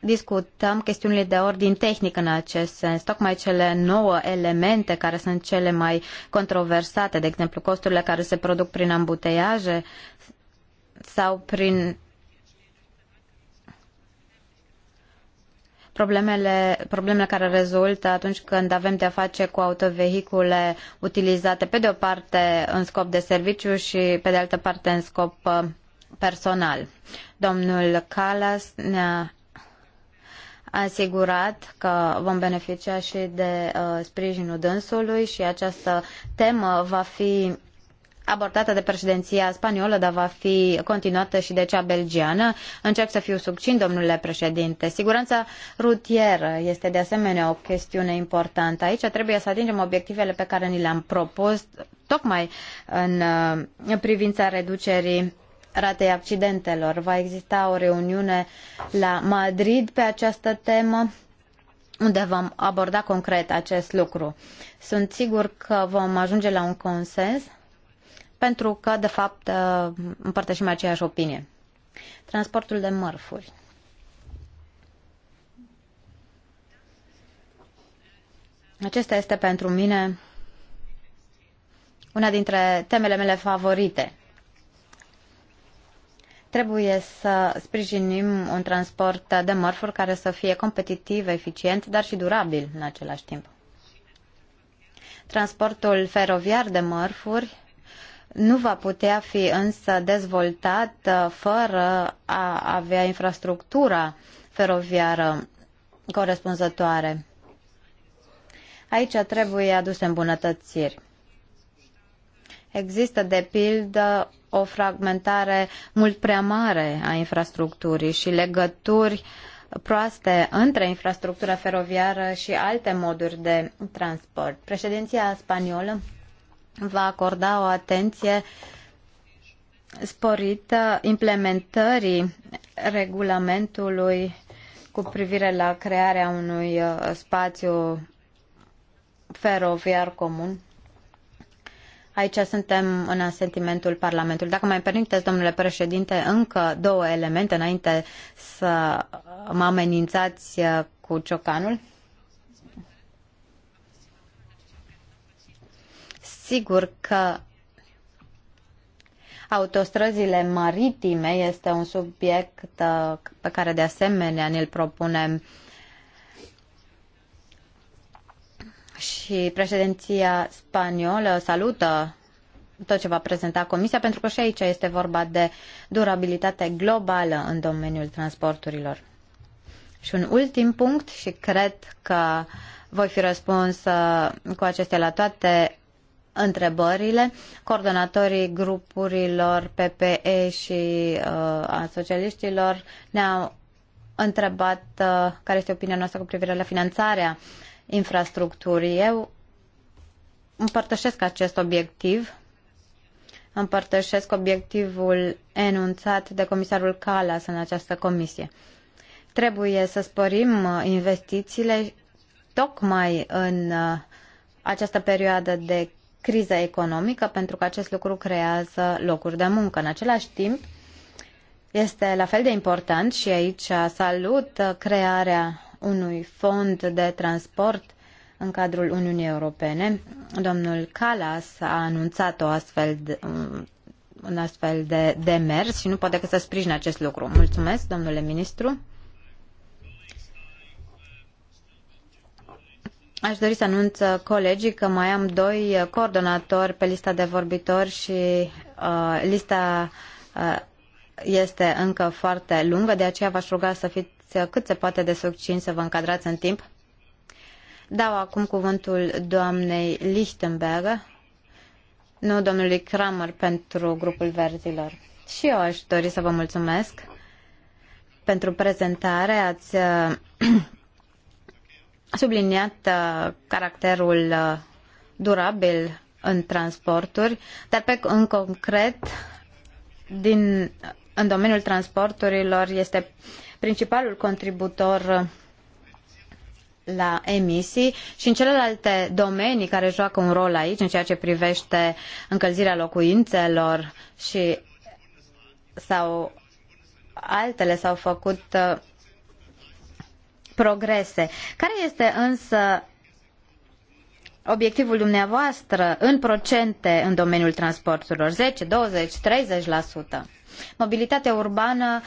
discutăm chestiunile de ordin tehnic în acest sens, tocmai cele nouă elemente care sunt cele mai controversate, de exemplu costurile care se produc prin ambuteiaje sau prin problemele, problemele care rezultă atunci când avem de-a face cu autovehicule utilizate pe de o parte în scop de serviciu și pe de altă parte în scop uh, personal. Domnul Calas ne-a asigurat că vom beneficia și de uh, sprijinul dânsului și această temă va fi abordată de președinția spaniolă, dar va fi continuată și de cea belgiană. Încerc să fiu succint, domnule președinte. Siguranța rutieră este de asemenea o chestiune importantă. Aici trebuie să atingem obiectivele pe care ni le-am propus, tocmai în, uh, în privința reducerii ratei accidentelor. Va exista o reuniune la Madrid pe această temă unde vom aborda concret acest lucru. Sunt sigur că vom ajunge la un consens pentru că, de fapt, ă, împărtășim aceeași opinie. Transportul de mărfuri. Acesta este pentru mine una dintre temele mele favorite. Trebuie să sprijinim un transport de mărfuri care să fie competitiv, eficient, dar și durabil în același timp. Transportul feroviar de mărfuri nu va putea fi însă dezvoltat uh, fără a avea infrastructura feroviară corespunzătoare. Aici trebuie aduse îmbunătățiri. Există, de pildă, o fragmentare mult prea mare a infrastructurii și legături proaste între infrastructura feroviară și alte moduri de transport. Președinția spaniolă va acorda o atenție sporită implementării regulamentului cu privire la crearea unui uh, spațiu feroviar comun Aici suntem în asentimentul Parlamentului. Dacă mai permiteți, domnule președinte, încă două elemente înainte să mă amenințați uh, cu ciocanul. Sigur că autostrăzile maritime este un subiect uh, pe care de asemenea ne-l propunem uh, și președinția spaniolă salută tot ce va prezenta Comisia, pentru că și aici este vorba de durabilitate globală în domeniul transporturilor. Și un ultim punct și cred că voi fi răspuns uh, cu acestea la toate întrebările. Coordonatorii grupurilor PPE și uh, a socialiștilor ne-au întrebat uh, care este opinia noastră cu privire la finanțarea uh, infrastructurii. Eu împărtășesc acest obiectiv, împărtășesc obiectivul enunțat de comisarul Calas în această comisie. Trebuie să spărim uh, investițiile tocmai în uh, această perioadă de criză economică, pentru că acest lucru creează locuri de muncă. În același timp, este la fel de important și aici salut uh, crearea unui fond de transport în cadrul Uniunii Europene. Domnul Calas a anunțat o astfel de, un astfel de demers și nu poate că să sprijine acest lucru. Mulțumesc, domnule ministru. Aș dori să anunț colegii că mai am doi coordonatori pe lista de vorbitori și uh, lista uh, este încă foarte lungă, de aceea v-aș ruga să fiți cât se poate de succint să vă încadrați în timp. Dau acum cuvântul doamnei Lichtenberg, nu domnului Kramer pentru grupul verzilor. Și eu aș dori să vă mulțumesc pentru prezentare. Ați uh, subliniat uh, caracterul uh, durabil în transporturi, dar pe, în concret din, în domeniul transporturilor este uh, principalul contributor la emisii și în celelalte domenii care joacă un rol aici, în ceea ce privește încălzirea locuințelor și sau altele s-au făcut uh, progrese. Care este însă obiectivul dumneavoastră în procente în domeniul transporturilor? 10, 20, 30%? Mobilitatea urbană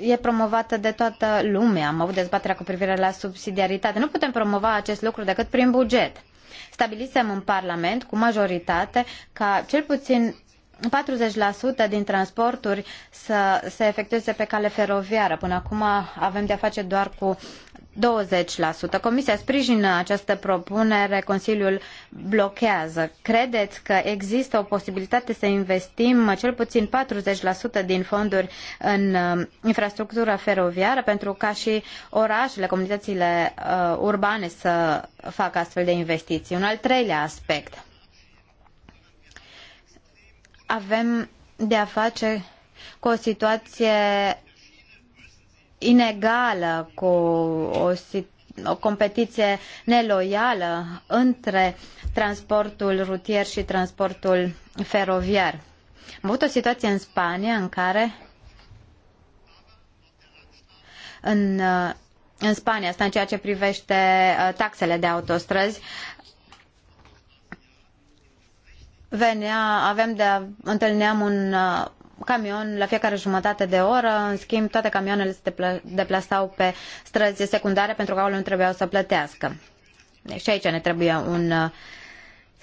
e promovată de toată lumea. Am avut dezbaterea cu privire la subsidiaritate. Nu putem promova acest lucru decât prin buget. Stabilisem în Parlament cu majoritate ca cel puțin 40% din transporturi să se efectueze pe cale feroviară. Până acum avem de-a face doar cu 20%. Comisia sprijină această propunere, Consiliul blochează. Credeți că există o posibilitate să investim cel puțin 40% din fonduri în uh, infrastructura feroviară pentru ca și orașele, comunitățile uh, urbane să facă astfel de investiții? Un al treilea aspect. Avem de a face cu o situație inegală, cu o, o competiție neloială între transportul rutier și transportul feroviar. Am avut o situație în Spania în care în, uh, în Spania, asta în ceea ce privește uh, taxele de autostrăzi, venea, avem de, întâlneam un uh, camion la fiecare jumătate de oră, în schimb toate camioanele se deplasau pe străzi secundare pentru că nu trebuiau să plătească. Deci și aici ne trebuie un uh,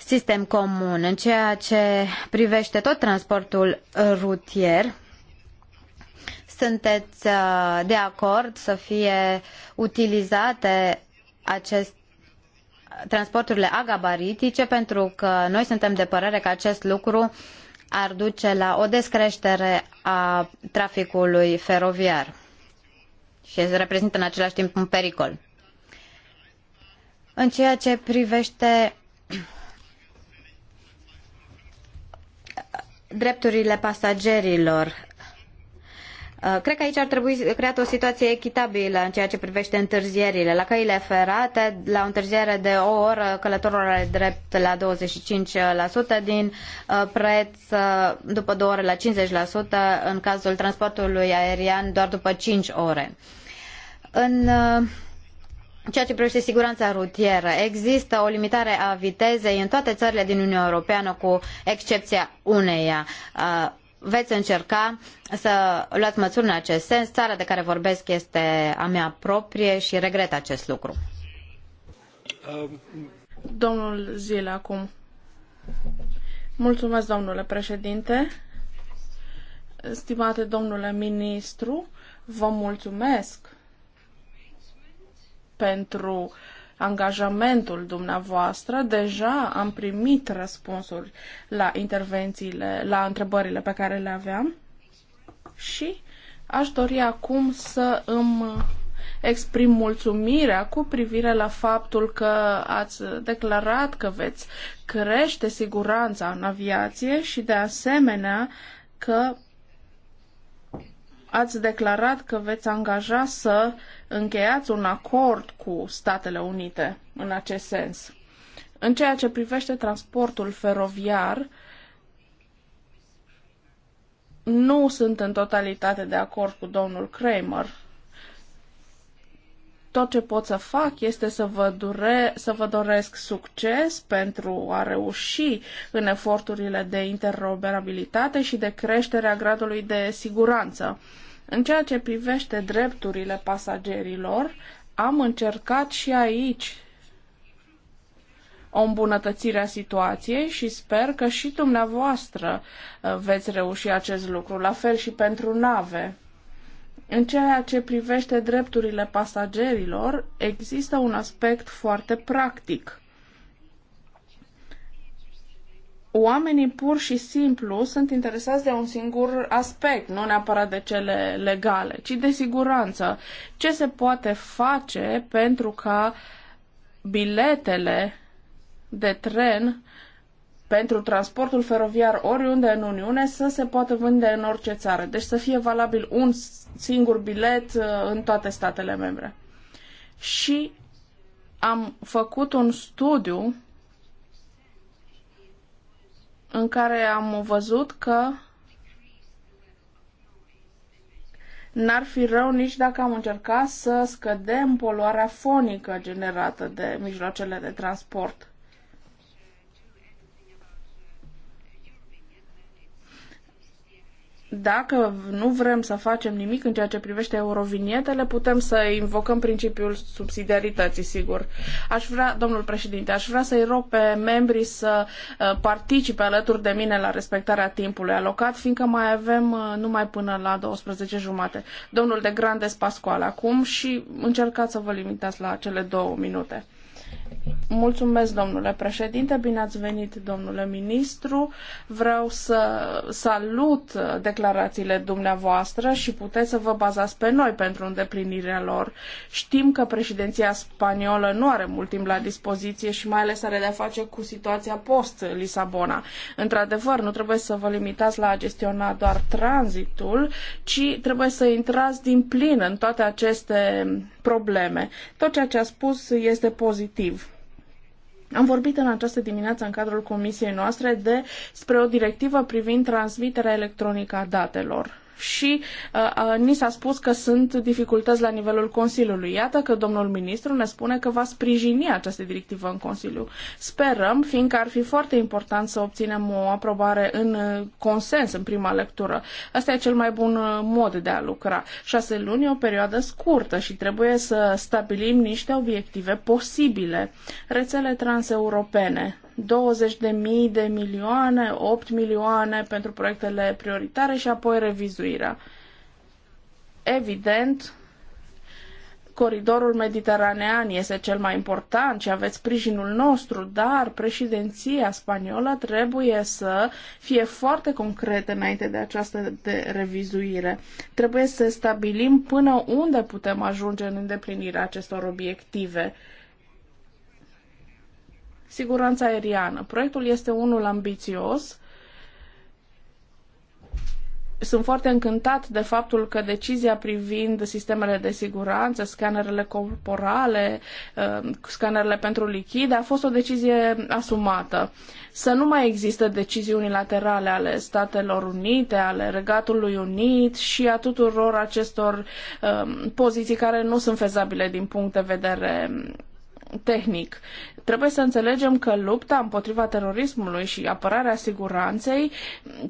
sistem comun. În ceea ce privește tot transportul rutier, sunteți uh, de acord să fie utilizate acest transporturile agabaritice pentru că noi suntem de părere că acest lucru uh, ar duce la o descreștere a traficului feroviar și reprezintă în același timp un pericol. În ceea ce privește drepturile pasagerilor Uh, cred că aici ar trebui creată o situație echitabilă în ceea ce privește întârzierile. La căile ferate, la o întârziere de o oră, călătorul are drept la 25% din uh, preț, uh, după două ore la 50%, în cazul transportului aerian doar după cinci ore. În ceea ce privește siguranța rutieră, există o limitare a vitezei în toate țările din Uniunea Europeană, cu excepția uneia veți încerca să luați măsuri în acest sens. Țara de care vorbesc este a mea proprie și regret acest lucru. Domnul Zile acum. Mulțumesc, domnule președinte. Stimate domnule ministru, vă mulțumesc pentru angajamentul dumneavoastră. Deja am primit răspunsuri la intervențiile, la întrebările pe care le aveam și aș dori acum să îmi exprim mulțumirea cu privire la faptul că ați declarat că veți crește siguranța în aviație și de asemenea că ați declarat că veți angaja să încheiați un acord cu Statele Unite în acest sens. În ceea ce privește transportul feroviar, nu sunt în totalitate de acord cu domnul Kramer. Tot ce pot să fac este să vă, dure, să vă doresc succes pentru a reuși în eforturile de interoperabilitate și de creșterea gradului de siguranță în ceea ce privește drepturile pasagerilor, am încercat și aici o îmbunătățire a situației și sper că și dumneavoastră uh, veți reuși acest lucru, la fel și pentru nave. În ceea ce privește drepturile pasagerilor, există un aspect foarte practic. oamenii pur și simplu sunt interesați de un singur aspect, nu neapărat de cele legale, ci de siguranță. Ce se poate face pentru ca biletele de tren pentru transportul feroviar oriunde în Uniune să se poată vinde în orice țară. Deci să fie valabil un singur bilet uh, în toate statele membre. Și am făcut un studiu în care am văzut că n-ar fi rău nici dacă am încercat să scădem poluarea fonică generată de mijloacele de transport. dacă nu vrem să facem nimic în ceea ce privește eurovinietele, putem să invocăm principiul subsidiarității, sigur. Aș vrea, domnul președinte, aș vrea să-i rog pe membrii să uh, participe alături de mine la respectarea timpului alocat, fiindcă mai avem uh, numai până la 12 jumate. Domnul de Grandes Pascual acum și încercați să vă limitați la cele două minute. Mulțumesc, domnule președinte, bine ați venit, domnule ministru. Vreau să salut declarațiile dumneavoastră și puteți să vă bazați pe noi pentru îndeplinirea lor. Știm că președinția spaniolă nu are mult timp la dispoziție și mai ales are de-a face cu situația post-Lisabona. Într-adevăr, nu trebuie să vă limitați la a gestiona doar tranzitul, ci trebuie să intrați din plin în toate aceste probleme. Tot ceea ce a spus este pozitiv am vorbit în această dimineață în cadrul comisiei noastre despre o directivă privind transmiterea electronică a datelor și uh, uh, ni s-a spus că sunt dificultăți la nivelul Consiliului. Iată că domnul ministru ne spune că va sprijini această directivă în Consiliu. Sperăm, fiindcă ar fi foarte important să obținem o aprobare în uh, consens în prima lectură. Asta e cel mai bun uh, mod de a lucra. Șase luni e o perioadă scurtă și trebuie să stabilim niște obiective posibile. Rețele transeuropene 20 de mii de milioane, 8 milioane pentru proiectele prioritare și apoi revizuirea. Evident, coridorul mediteranean este cel mai important și aveți sprijinul nostru, dar președinția spaniolă trebuie să fie foarte concretă înainte de această de revizuire. Trebuie să stabilim până unde putem ajunge în îndeplinirea acestor obiective. Uh, siguranța aeriană. Proiectul este unul ambițios. Sunt foarte încântat de faptul că decizia privind sistemele de siguranță, scanerele corporale, uh, scanerele pentru lichide, a fost o decizie asumată. Să nu mai există decizii unilaterale ale Statelor Unite, ale Regatului Unit și a tuturor acestor um, poziții care nu sunt fezabile din punct de vedere tehnic. Trebuie să înțelegem că lupta împotriva terorismului și apărarea siguranței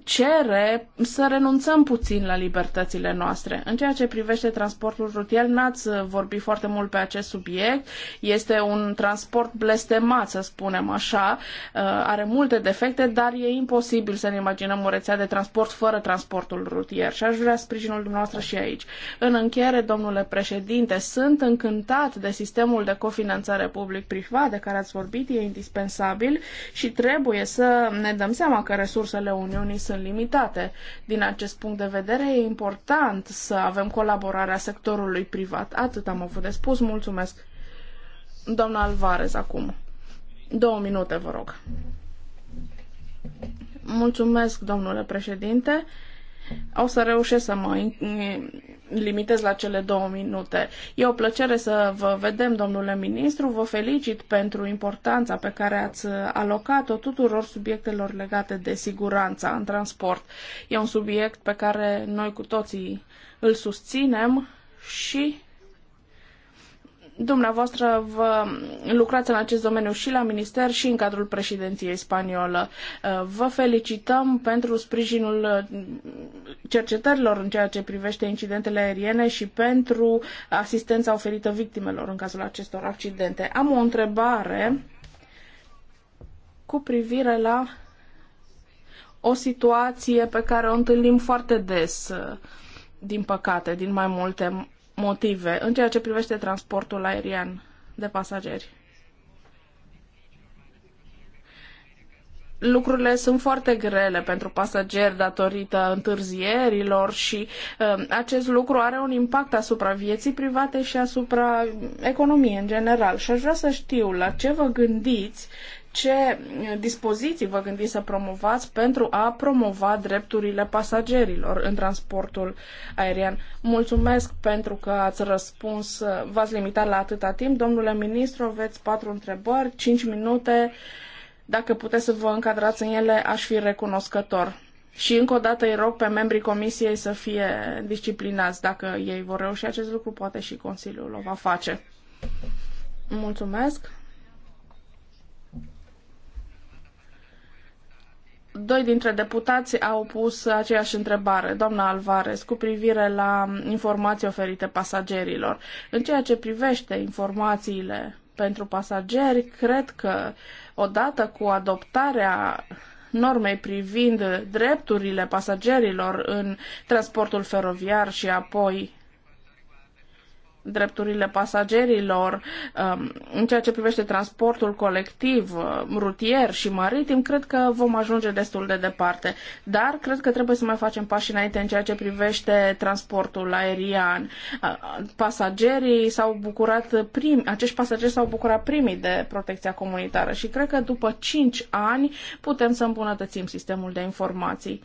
cere să renunțăm puțin la libertățile noastre. În ceea ce privește transportul rutier, n-ați vorbit foarte mult pe acest subiect. Este un transport blestemat, să spunem așa. Uh, are multe defecte, dar e imposibil să ne imaginăm o rețea de transport fără transportul rutier și aș vrea sprijinul dumneavoastră și aici. În încheiere, domnule președinte, sunt încântat de sistemul de cofinanțare public-privat de care ați vorbit e indispensabil și trebuie să ne dăm seama că resursele Uniunii sunt limitate. Din acest punct de vedere e important să avem colaborarea sectorului privat. Atât am avut de spus. Mulțumesc. Doamna Alvarez acum. Două minute, vă rog. Mulțumesc, domnule președinte. O să reușesc să mă limitez la cele două minute. E o plăcere să vă vedem, domnule ministru. Vă felicit pentru importanța pe care ați alocat-o tuturor subiectelor legate de siguranța în transport. E un subiect pe care noi cu toții îl susținem și dumneavoastră vă lucrați în acest domeniu și la minister și în cadrul președinției spaniolă. Uh, vă felicităm pentru sprijinul uh, cercetărilor în ceea ce privește incidentele aeriene și pentru asistența oferită victimelor în cazul acestor accidente. Am o întrebare cu privire la o situație pe care o întâlnim foarte des, uh, din păcate, din mai multe motive în ceea ce privește transportul aerian de pasageri. lucrurile sunt foarte grele pentru pasageri datorită întârzierilor și uh, acest lucru are un impact asupra vieții private și asupra economiei în general. Și aș vrea să știu la ce vă gândiți ce dispoziții vă gândiți să promovați pentru a promova drepturile pasagerilor în transportul aerian. Mulțumesc pentru că ați răspuns, v-ați limitat la atâta timp. Domnule ministru, aveți patru întrebări, cinci minute. Dacă puteți să vă încadrați în ele, aș fi recunoscător. Și încă o dată îi rog pe membrii comisiei să fie disciplinați. Dacă ei vor reuși acest lucru, poate și Consiliul o va face. Mulțumesc. Doi dintre deputați au pus aceeași întrebare, doamna Alvarez, cu privire la informații oferite pasagerilor. În ceea ce privește informațiile pentru pasageri, cred că odată cu adoptarea normei privind drepturile pasagerilor în transportul feroviar și apoi drepturile pasagerilor, um, în ceea ce privește transportul colectiv, uh, rutier și maritim, cred că vom ajunge destul de departe. Dar cred că trebuie să mai facem pași înainte în ceea ce privește transportul aerian. Uh, pasagerii s-au bucurat primi, acești pasageri s-au bucurat primii de protecția comunitară și cred că după 5 ani putem să îmbunătățim sistemul de informații.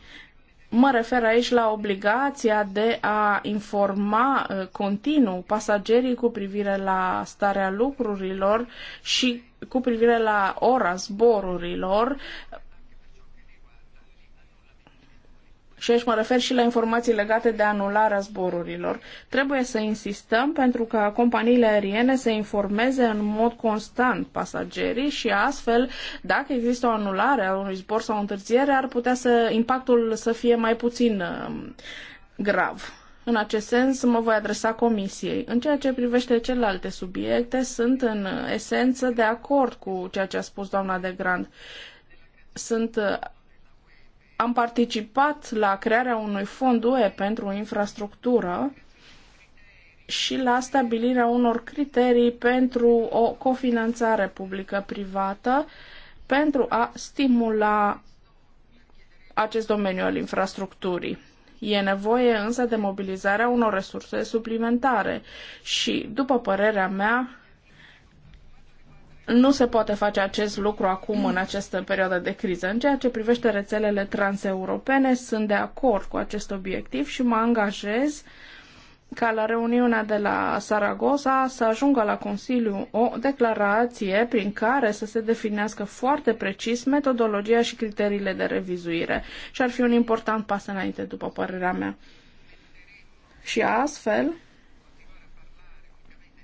Mă refer aici la obligația de a informa uh, continuu pasagerii cu privire la starea lucrurilor și cu privire la ora zborurilor și aici mă refer și la informații legate de anularea zborurilor. Trebuie să insistăm pentru ca companiile aeriene să informeze în mod constant pasagerii și astfel, dacă există o anulare a unui zbor sau o întârziere, ar putea să impactul să fie mai puțin um, grav. În acest sens, mă voi adresa Comisiei. În ceea ce privește celelalte subiecte, sunt în esență de acord cu ceea ce a spus doamna de Grand. Sunt uh, am participat la crearea unui fond UE pentru infrastructură și la stabilirea unor criterii pentru o cofinanțare publică-privată pentru a stimula acest domeniu al infrastructurii. E nevoie însă de mobilizarea unor resurse suplimentare și, după părerea mea, nu se poate face acest lucru acum, în această perioadă de criză. În ceea ce privește rețelele transeuropene, sunt de acord cu acest obiectiv și mă angajez ca la reuniunea de la Saragossa să ajungă la Consiliu o declarație prin care să se definească foarte precis metodologia și criteriile de revizuire. Și ar fi un important pas înainte, după părerea mea. Și astfel,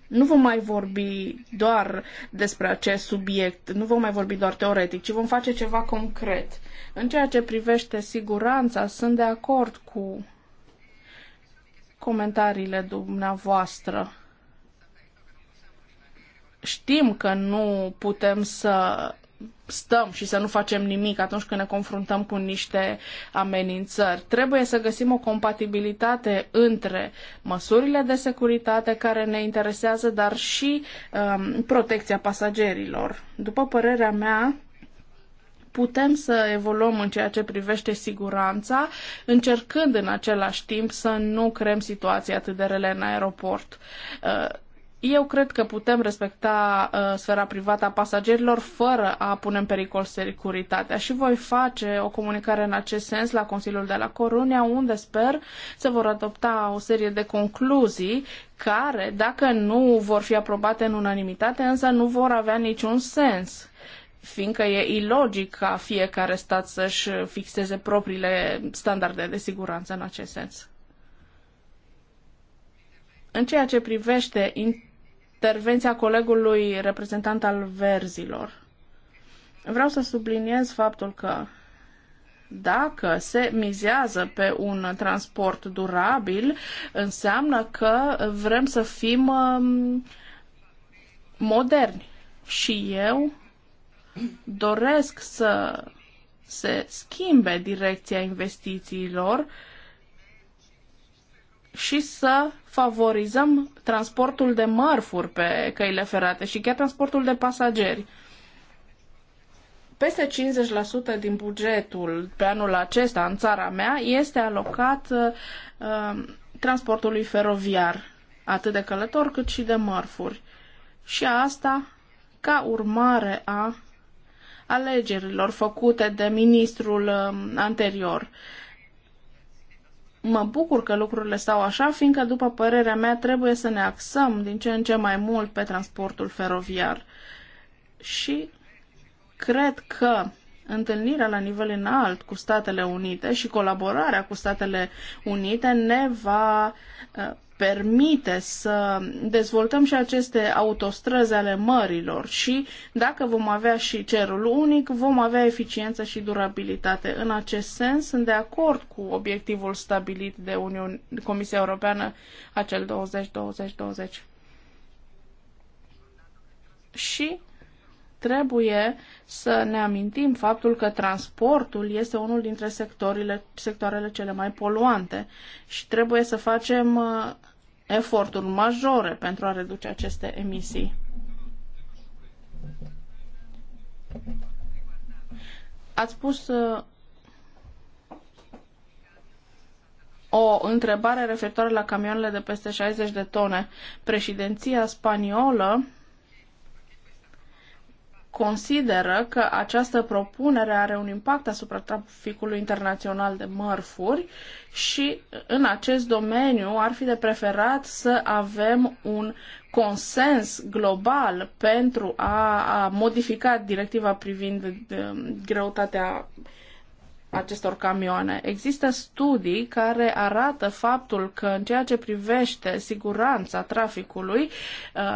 nu vom mai vorbi doar despre acest subiect, nu vom mai vorbi doar teoretic, ci vom face ceva concret. În ceea ce privește siguranța, sunt de acord cu comentariile dumneavoastră. Știm că nu putem să stăm și să nu facem nimic atunci când ne confruntăm cu niște amenințări. Trebuie să găsim o compatibilitate între măsurile de securitate care ne interesează, dar și um, protecția pasagerilor. După părerea mea, putem să evoluăm în ceea ce privește siguranța, încercând în același timp să nu creăm situații atât de rele în aeroport. Uh, eu cred că putem respecta uh, sfera privată a pasagerilor fără a pune în pericol securitatea și voi face o comunicare în acest sens la Consiliul de la Corunia, unde sper să vor adopta o serie de concluzii care, dacă nu vor fi aprobate în unanimitate, însă nu vor avea niciun sens fiindcă e ilogic ca fiecare stat să-și fixeze propriile standarde de siguranță în acest sens. În ceea ce privește intervenția colegului reprezentant al verzilor. Vreau să subliniez faptul că dacă se mizează pe un transport durabil, înseamnă că vrem să fim um, moderni. Și eu doresc să se schimbe direcția investițiilor și să favorizăm transportul de mărfuri pe căile ferate și chiar transportul de pasageri. Peste 50% din bugetul pe anul acesta în țara mea este alocat uh, uh, transportului feroviar, atât de călător cât și de mărfuri. Și asta ca urmare a alegerilor făcute de ministrul um, anterior. Uh, Mă bucur că lucrurile stau așa, fiindcă, după părerea mea, trebuie să ne axăm din ce în ce mai mult pe transportul feroviar. Și cred că întâlnirea la nivel înalt cu Statele Unite și colaborarea cu Statele Unite ne va uh, permite să dezvoltăm și aceste autostrăzi ale mărilor și dacă vom avea și cerul unic, vom avea eficiență și durabilitate. În acest sens, sunt de acord cu obiectivul stabilit de Uniune, Comisia Europeană, acel 20-20-20. Și trebuie să ne amintim faptul că transportul este unul dintre sectorile, sectoarele cele mai poluante și trebuie să facem uh, eforturi majore pentru a reduce aceste emisii. Ați pus uh, o întrebare referitoare la camioanele de peste 60 de tone. Președinția spaniolă consideră că această propunere are un impact asupra traficului internațional de mărfuri și în acest domeniu ar fi de preferat să avem un consens global pentru a, modifica directiva privind greutatea acestor camioane. Există studii care arată faptul că în ceea ce privește siguranța traficului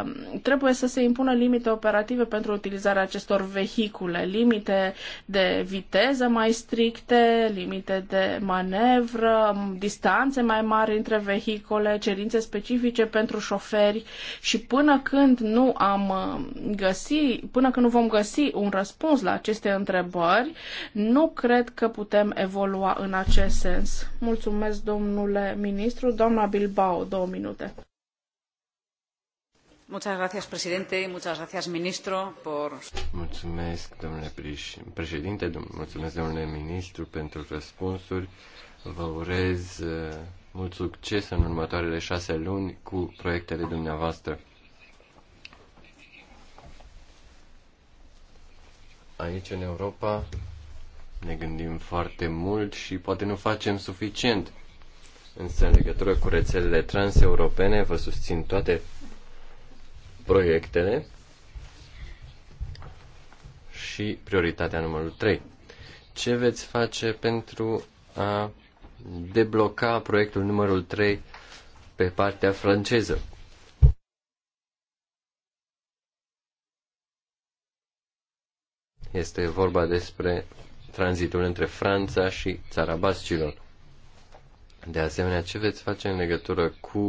um, trebuie să se impună limite operative pentru utilizarea acestor vehicule, limite de viteză mai stricte, limite de manevră, distanțe mai mari între vehicule, cerințe specifice pentru șoferi și până când nu am um, găsi, până când nu vom găsi un răspuns la aceste întrebări, nu cred că putem putem evolua în acest sens. Mulțumesc, domnule ministru. Doamna Bilbao, două minute. Muchas gracias, presidente. Muchas gracias, ministro, por... Mulțumesc, domnule președinte, mulțumesc, domnule ministru, pentru răspunsuri. Vă urez uh, mult succes în următoarele șase luni cu proiectele dumneavoastră. Aici, în Europa, ne gândim foarte mult și poate nu facem suficient. Însă, în legătură cu rețelele transeuropene, vă susțin toate proiectele și prioritatea numărul 3. Ce veți face pentru a debloca proiectul numărul 3 pe partea franceză? Este vorba despre tranzitul între Franța și țara Bascilor. De asemenea, ce veți face în legătură cu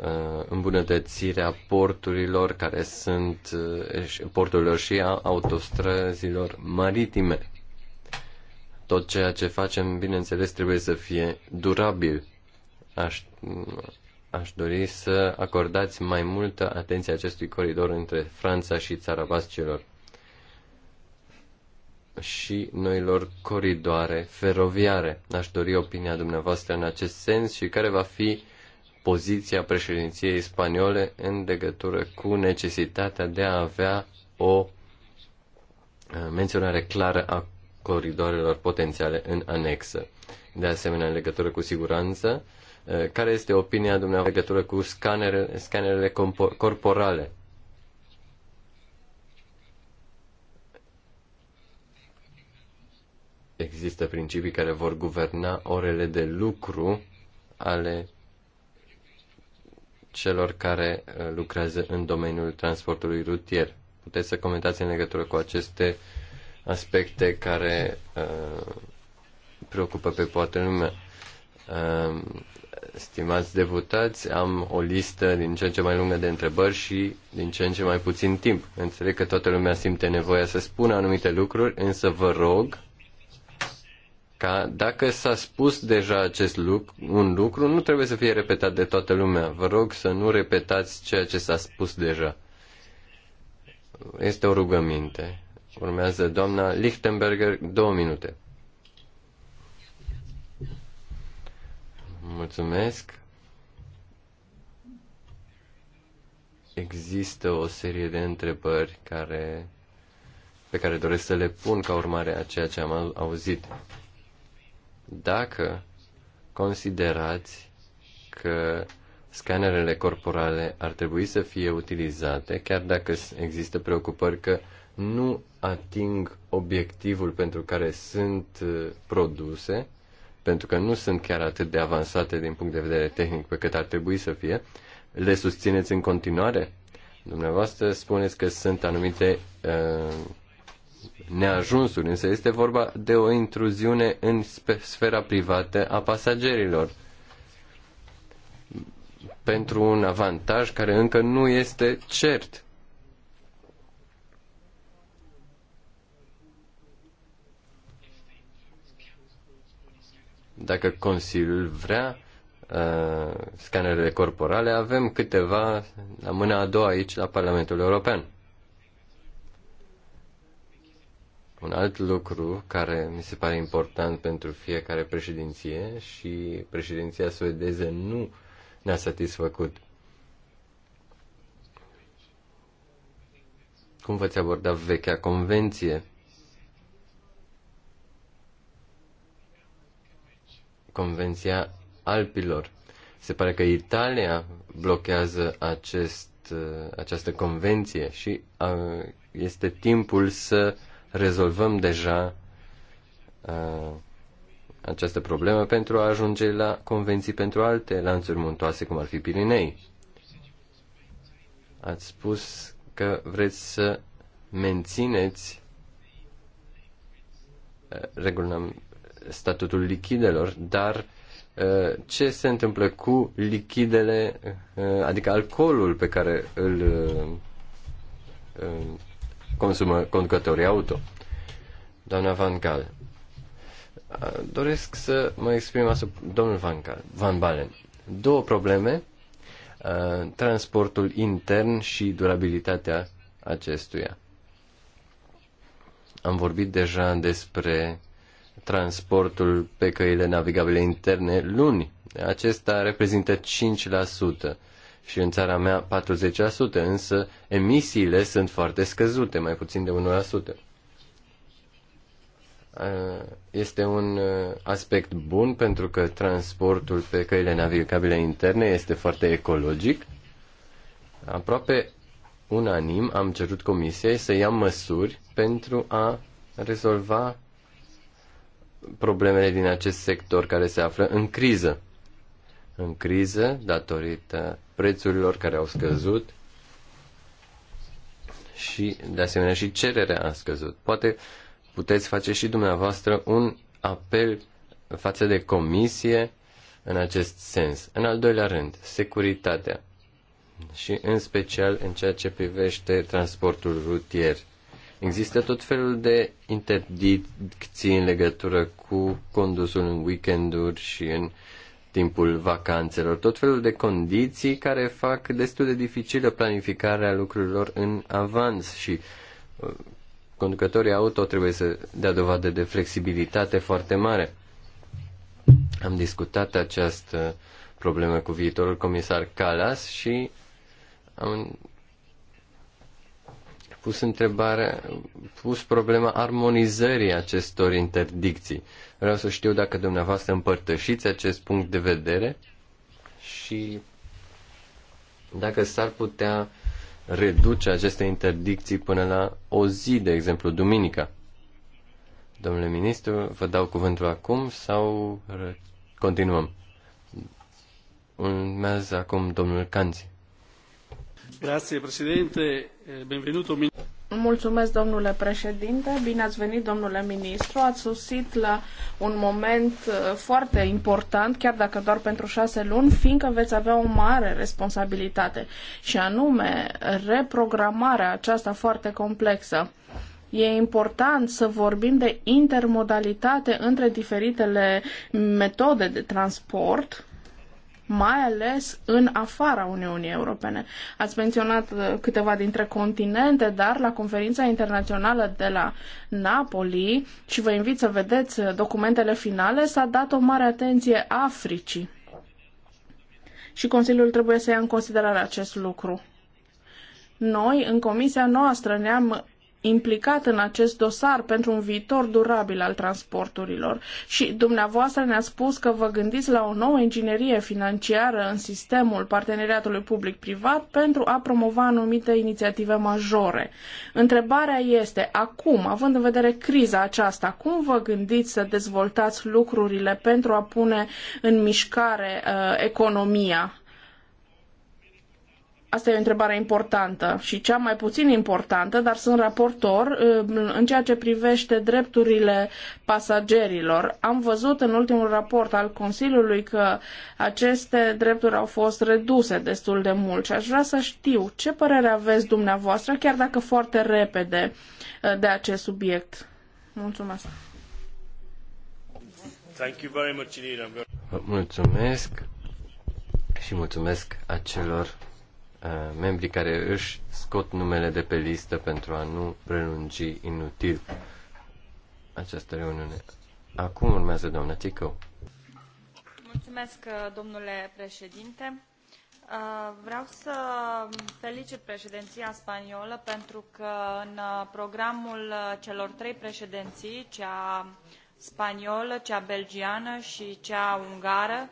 uh, îmbunătățirea porturilor care sunt uh, porturilor și a autostrăzilor maritime? Tot ceea ce facem, bineînțeles, trebuie să fie durabil. Aș, aș dori să acordați mai multă atenție acestui coridor între Franța și țara Bascilor și noilor coridoare feroviare. Aș dori opinia dumneavoastră în acest sens și care va fi poziția președinției spaniole în legătură cu necesitatea de a avea o uh, menționare clară a coridoarelor potențiale în anexă. De asemenea, în legătură cu siguranță, uh, care este opinia dumneavoastră în legătură cu scanerele, scanerele corporale? există principii care vor guverna orele de lucru ale celor care uh, lucrează în domeniul transportului rutier. Puteți să comentați în legătură cu aceste aspecte care uh, preocupă pe poate lumea. Uh, stimați deputați, am o listă din ce în ce mai lungă de întrebări și din ce în ce mai puțin timp. Înțeleg că toată lumea simte nevoia să spună anumite lucruri, însă vă rog ca dacă s-a spus deja acest lucru, un lucru, nu trebuie să fie repetat de toată lumea. Vă rog să nu repetați ceea ce s-a spus deja. Este o rugăminte. Urmează doamna Lichtenberger, două minute. Mulțumesc. Există o serie de întrebări care, pe care doresc să le pun ca urmare a ceea ce am auzit dacă considerați că scanerele corporale ar trebui să fie utilizate, chiar dacă există preocupări că nu ating obiectivul pentru care sunt uh, produse, pentru că nu sunt chiar atât de avansate din punct de vedere tehnic pe cât ar trebui să fie, le susțineți în continuare? Dumneavoastră spuneți că sunt anumite uh, neajunsuri, însă este vorba de o intruziune în sfera privată a pasagerilor pentru un avantaj care încă nu este cert. Dacă Consiliul vrea uh, scanerele corporale, avem câteva la mâna a doua aici la Parlamentul European. Un alt lucru care mi se pare important pentru fiecare președinție și președinția suedeză nu ne-a satisfăcut. Cum veți aborda vechea convenție? Convenția Alpilor. Se pare că Italia blochează acest, această convenție și este timpul să uh, rezolvăm deja uh, această problemă pentru a ajunge la convenții pentru alte lanțuri muntoase, cum ar fi Pirinei. Ați spus că vreți să mențineți uh, regulăm statutul lichidelor, dar uh, ce se întâmplă cu lichidele, uh, adică alcoolul pe care îl consumă conducătorii auto. Doamna Van Gaal, doresc să mă exprim asupra... Domnul Van, Gaal, Van Balen, două probleme, uh, transportul intern și durabilitatea acestuia. Am vorbit deja despre transportul pe căile navigabile interne luni. Acesta reprezintă 5% și în țara mea 40%, însă emisiile sunt foarte scăzute, mai puțin de 1%. Este un aspect bun pentru că transportul pe căile navigabile interne este foarte ecologic. Aproape unanim am cerut comisiei să ia măsuri pentru a rezolva problemele din acest sector care se află în criză. În criză datorită prețurilor care au scăzut și, de asemenea, și cererea a scăzut. Poate puteți face și dumneavoastră un apel față de comisie în acest sens. În al doilea rând, securitatea și în special în ceea ce privește transportul rutier. Există tot felul de interdicții în legătură cu condusul în weekenduri și în timpul vacanțelor, tot felul de condiții care fac destul de dificilă planificarea lucrurilor în avans și uh, conducătorii auto trebuie să dea dovadă de flexibilitate foarte mare. Am discutat această problemă cu viitorul comisar Calas și am pus întrebarea, pus problema armonizării acestor interdicții. Vreau să știu dacă dumneavoastră împărtășiți acest punct de vedere și dacă s-ar putea reduce aceste interdicții până la o zi, de exemplu, duminica. Domnule ministru, vă dau cuvântul acum sau continuăm? Urmează acum domnul Canzi. Eh, Mulțumesc, domnule președinte. Bine ați venit, domnule ministru. Ați sosit la un moment eh, foarte important, chiar dacă doar pentru șase luni, fiindcă veți avea o mare responsabilitate, și anume reprogramarea aceasta foarte complexă. E important să vorbim de intermodalitate între diferitele metode de transport, mai ales în afara Uniunii Europene. Ați menționat uh, câteva dintre continente, dar la conferința internațională de la Napoli, și vă invit să vedeți uh, documentele finale, s-a dat o mare atenție Africii. Și Consiliul trebuie să ia în considerare acest lucru. Noi, în comisia noastră, ne-am implicat în acest dosar pentru un viitor durabil al transporturilor și dumneavoastră ne-a spus că vă gândiți la o nouă inginerie financiară în sistemul parteneriatului public-privat pentru a promova anumite inițiative majore. Întrebarea este, acum, având în vedere criza aceasta, cum vă gândiți să dezvoltați lucrurile pentru a pune în mișcare uh, economia Asta e o întrebare importantă și cea mai puțin importantă, dar sunt raportor ă, în ceea ce privește drepturile pasagerilor. Am văzut în ultimul raport al Consiliului că aceste drepturi au fost reduse destul de mult și aș vrea să știu ce părere aveți dumneavoastră, chiar dacă foarte repede, ă, de acest subiect. Mulțumesc! Mulțumesc și mulțumesc acelor Uh, membrii care își scot numele de pe listă pentru a nu prelungi inutil această reuniune. Acum urmează doamna Ticău. Mulțumesc, uh, domnule președinte. Uh, vreau să felicit președinția spaniolă pentru că în programul celor trei președinții, cea spaniolă, cea belgiană și cea ungară,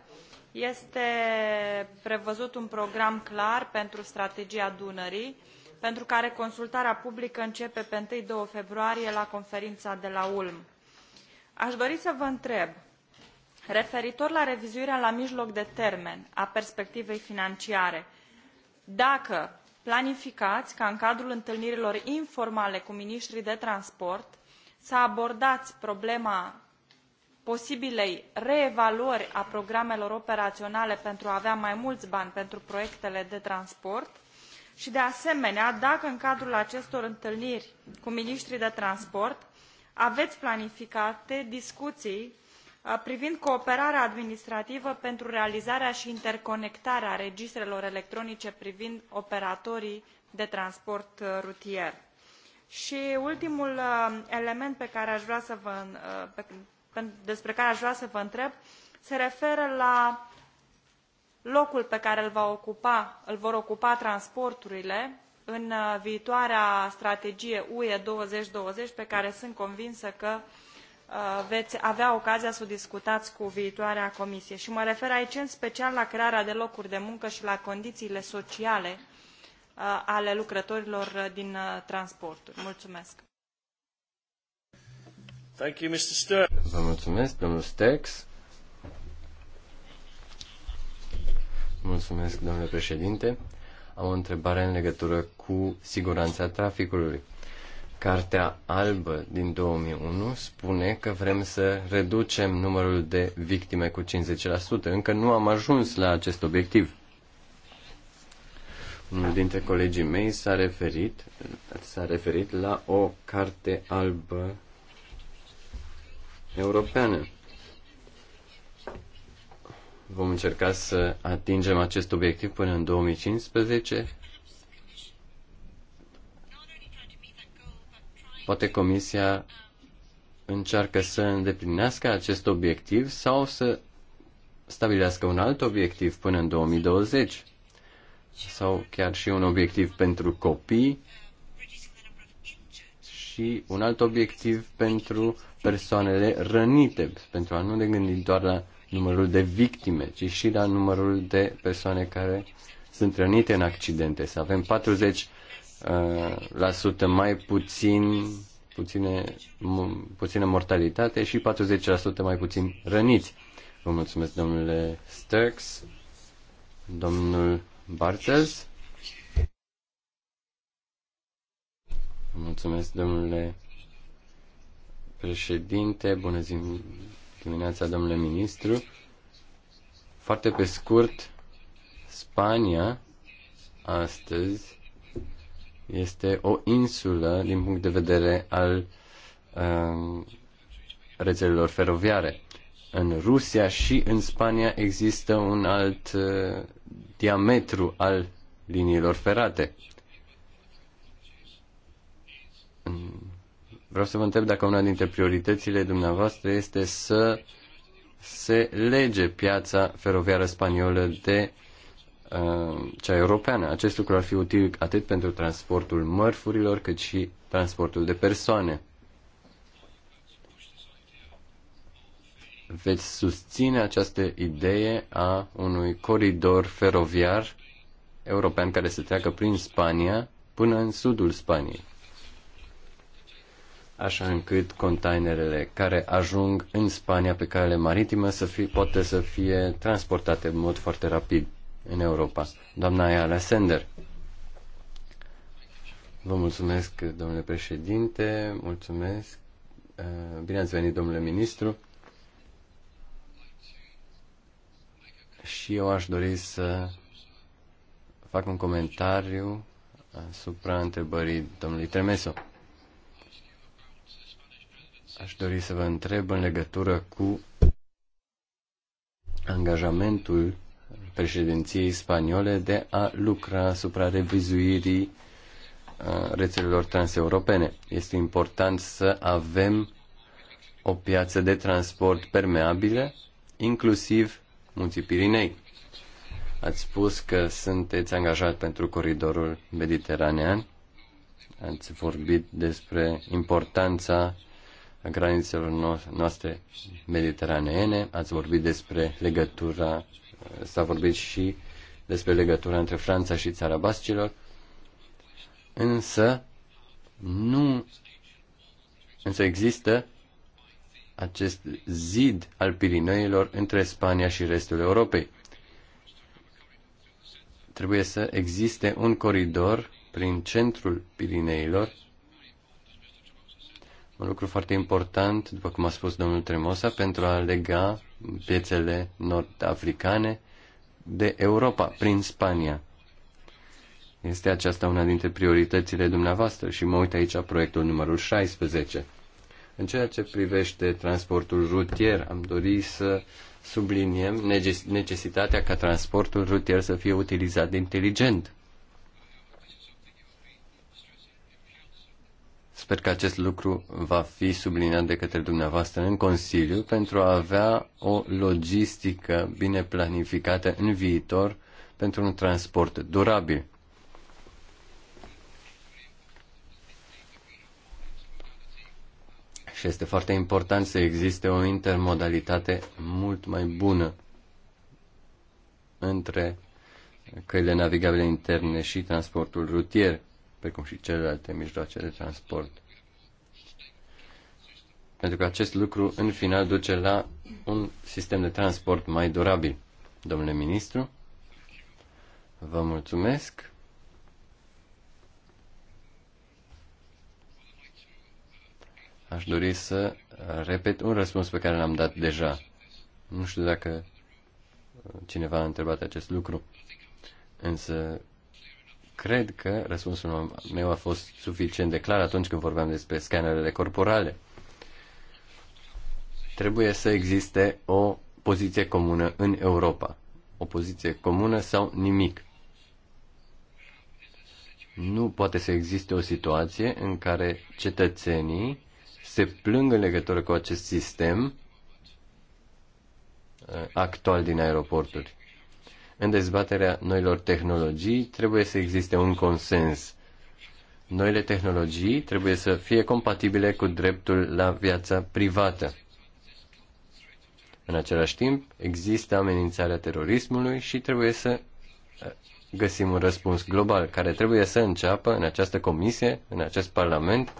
este prevăzut un program clar pentru strategia Dunării, pentru care consultarea publică începe pe 1-2 februarie la conferința de la Ulm. Aș dori să vă întreb, referitor la revizuirea la mijloc de termen a perspectivei financiare, dacă planificați ca în cadrul întâlnirilor informale cu miniștrii de transport să abordați problema posibilei reevaluări a programelor operaționale pentru a avea mai mulți bani pentru proiectele de transport și, de asemenea, dacă în cadrul acestor întâlniri cu ministrii de transport aveți planificate discuții uh, privind cooperarea administrativă pentru realizarea și interconectarea registrelor electronice privind operatorii de transport uh, rutier. Și ultimul uh, element pe care aș vrea să vă, despre care aș vrea să vă întreb se referă la locul pe care îl, ocupa, îl vor ocupa transporturile în uh, viitoarea strategie UE 2020 pe care sunt convinsă că uh, veți avea ocazia să o discutați cu viitoarea comisie. Și mă refer aici în special la crearea de locuri de muncă și la condițiile sociale uh, ale lucrătorilor din transporturi. Mulțumesc! Thank you, Mr. Vă mulțumesc, domnul Stex. Mulțumesc, domnule președinte. Am o întrebare în legătură cu siguranța traficului. Cartea albă din 2001 spune că vrem să reducem numărul de victime cu 50%. Încă nu am ajuns la acest obiectiv. Unul dintre colegii mei s-a referit, s-a referit la o carte albă Europeană. Vom încerca să atingem acest obiectiv până în 2015. Poate Comisia încearcă să îndeplinească acest obiectiv sau să stabilească un alt obiectiv până în 2020 sau chiar și un obiectiv pentru copii și un alt obiectiv pentru persoanele rănite, pentru a nu ne gândi doar la numărul de victime, ci și la numărul de persoane care sunt rănite în accidente. Să avem 40 uh, la sută mai puțin puține, puțină mortalitate și 40% mai puțin răniți. Vă mulțumesc, domnule Sturks, domnul Bartels. Mulțumesc, domnule președinte. Bună zi, dimineața, domnule ministru. Foarte pe scurt, Spania astăzi este o insulă din punct de vedere al uh, rețelelor feroviare. În Rusia și în Spania există un alt uh, diametru al liniilor ferate vreau să vă întreb dacă una dintre prioritățile dumneavoastră este să se lege piața feroviară spaniolă de uh, cea europeană. Acest lucru ar fi util atât pentru transportul mărfurilor, cât și transportul de persoane. Veți susține această idee a unui coridor feroviar european care să treacă prin Spania până în sudul Spaniei așa încât containerele care ajung în Spania pe cale maritimă să fie, poate să fie transportate în mod foarte rapid în Europa. Doamna Ayala Sender. Vă mulțumesc, domnule președinte, mulțumesc. Eh, bine ați venit, domnule ministru. Și eu aș dori să fac un comentariu asupra întrebării domnului Tremeso. Aș dori să vă întreb în legătură cu angajamentul președinției spaniole de a lucra asupra revizuirii uh, rețelelor transeuropene. Este important să avem o piață de transport permeabilă, inclusiv Munții Pirinei. Ați spus că sunteți angajat pentru coridorul mediteranean. Ați vorbit despre importanța granițelor noastre mediteraneene, ați vorbit despre legătura, s-a vorbit și despre legătura între Franța și țara Bascilor, însă nu, însă există acest zid al Pirineilor între Spania și restul Europei. Trebuie să existe un coridor prin centrul Pirineilor un lucru foarte important, după cum a spus domnul Tremosa, pentru a lega piețele nord-africane de Europa, prin Spania. Este aceasta una dintre prioritățile dumneavoastră și mă uit aici proiectul numărul 16. În ceea ce privește transportul rutier, am dorit să subliniem necesitatea ca transportul rutier să fie utilizat inteligent Sper că acest lucru va fi subliniat de către dumneavoastră în Consiliu pentru a avea o logistică bine planificată în viitor pentru un transport durabil. Și este foarte important să existe o intermodalitate mult mai bună între căile navigabile interne și transportul rutier precum și celelalte mijloace de transport. Pentru că acest lucru, în final, duce la un sistem de transport mai durabil. Domnule ministru, vă mulțumesc. Aș dori să repet un răspuns pe care l-am dat deja. Nu știu dacă cineva a întrebat acest lucru, însă Cred că răspunsul meu a fost suficient de clar atunci când vorbeam despre scanerele corporale. Trebuie să existe o poziție comună în Europa. O poziție comună sau nimic. Nu poate să existe o situație în care cetățenii se plâng în legătură cu acest sistem uh, actual din aeroporturi. În dezbaterea noilor tehnologii trebuie să existe un consens. Noile tehnologii trebuie să fie compatibile cu dreptul la viața privată. În același timp, există amenințarea terorismului și trebuie să uh, găsim un răspuns global care trebuie să înceapă în această comisie, în acest parlament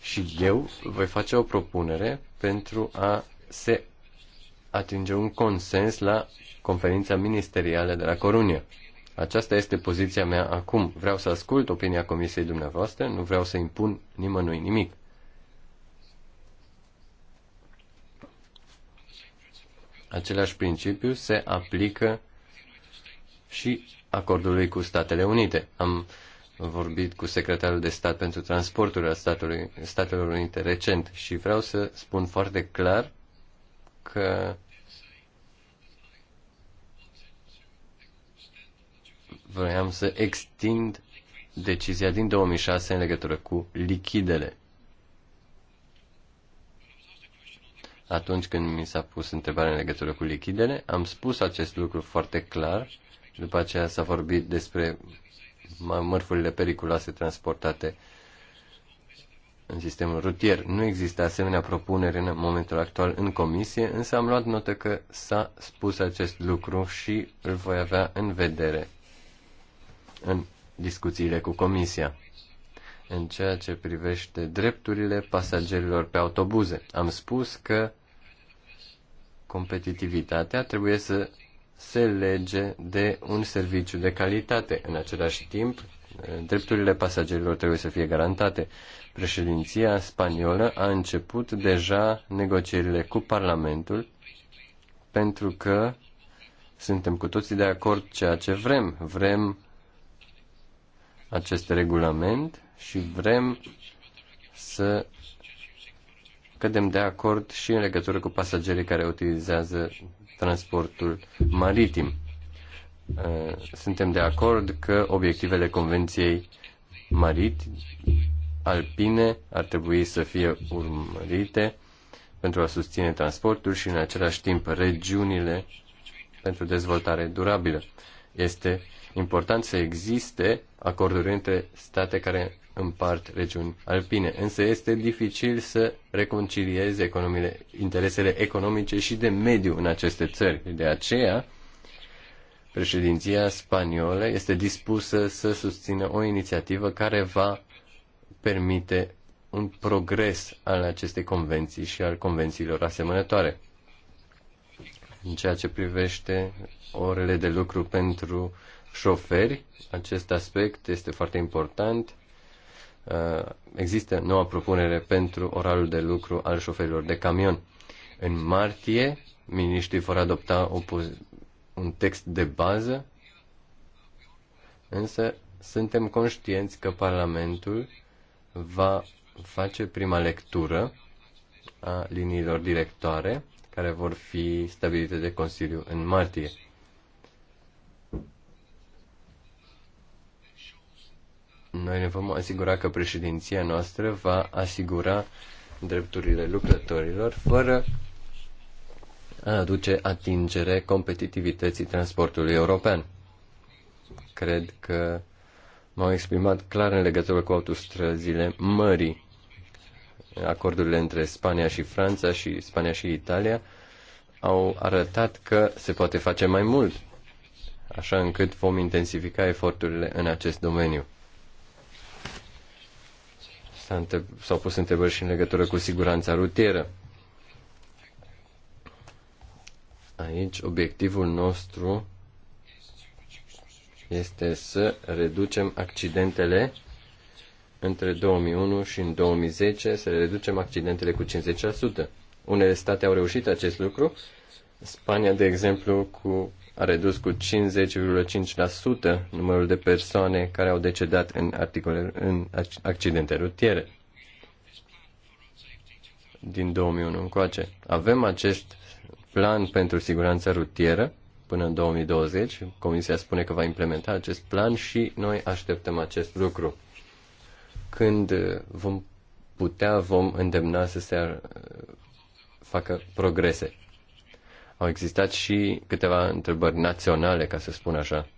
și eu voi face o propunere pentru a se atinge un consens la conferința ministerială de la Corunia. Aceasta este poziția mea acum. Vreau să ascult opinia comisiei dumneavoastră, nu vreau să impun nimănui nimic. Același principiu se aplică și acordului cu Statele Unite. Am vorbit cu secretarul de stat pentru transporturile Statelor Unite recent și vreau să spun foarte clar că vroiam să extind decizia din 2006 în legătură cu lichidele. Atunci când mi s-a pus întrebarea în legătură cu lichidele, am spus acest lucru foarte clar. După aceea s-a vorbit despre mărfurile periculoase transportate în sistemul rutier. Nu există asemenea propunere în momentul actual în comisie, însă am luat notă că s-a spus acest lucru și îl voi avea în vedere în discuțiile cu Comisia. În ceea ce privește drepturile pasagerilor pe autobuze, am spus că competitivitatea trebuie să se lege de un serviciu de calitate. În același timp, drepturile pasagerilor trebuie să fie garantate. Președinția spaniolă a început deja negocierile cu Parlamentul pentru că suntem cu toții de acord ceea ce vrem. Vrem acest regulament și vrem să cădem de acord și în legătură cu pasagerii care utilizează transportul maritim. Uh, suntem de acord că obiectivele Convenției Marit alpine ar trebui să fie urmărite pentru a susține transportul și în același timp regiunile pentru dezvoltare durabilă. Este important să existe acorduri între state care împart regiuni alpine, însă este dificil să reconcilieze economiile, interesele economice și de mediu în aceste țări. De aceea, președinția spaniolă este dispusă să susțină o inițiativă care va permite un progres al acestei convenții și al convențiilor asemănătoare. În ceea ce privește orele de lucru pentru șoferi. Acest aspect este foarte important. Uh, există noua propunere pentru oralul de lucru al șoferilor de camion. În martie, miniștrii vor adopta un text de bază, însă suntem conștienți că Parlamentul va face prima lectură a liniilor directoare care vor fi stabilite de Consiliu în martie. Noi ne vom asigura că președinția noastră va asigura drepturile lucrătorilor fără a aduce atingere competitivității transportului european. Cred că m-au exprimat clar în legătură cu autostrăzile mării. Acordurile între Spania și Franța și Spania și Italia au arătat că se poate face mai mult, așa încât vom intensifica eforturile în acest domeniu s-au pus întrebări și în legătură cu siguranța rutieră. Aici obiectivul nostru este să reducem accidentele între 2001 și în 2010, să reducem accidentele cu 50%. Unele state au reușit acest lucru, Spania, de exemplu, cu a redus cu 50,5% numărul de persoane care au decedat în, articole, în accidente rutiere din 2001 încoace. Avem acest plan pentru siguranța rutieră până în 2020. Comisia spune că va implementa acest plan și noi așteptăm acest lucru. Când vom putea, vom îndemna să se facă progrese. Au existat și câteva întrebări naționale, ca să spun așa,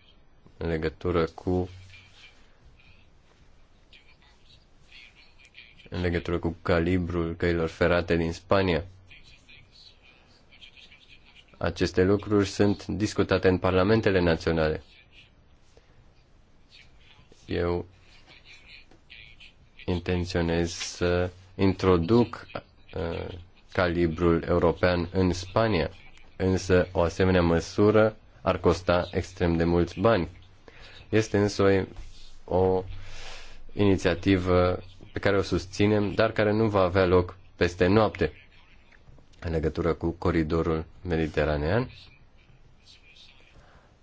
în legătură cu în legătură cu calibrul căilor ferate din Spania. Aceste lucruri sunt discutate în parlamentele naționale. Eu intenționez să introduc uh, calibrul european în Spania însă o asemenea măsură ar costa extrem de mulți bani. Este însă o, o inițiativă pe care o susținem, dar care nu va avea loc peste noapte în legătură cu coridorul mediteranean.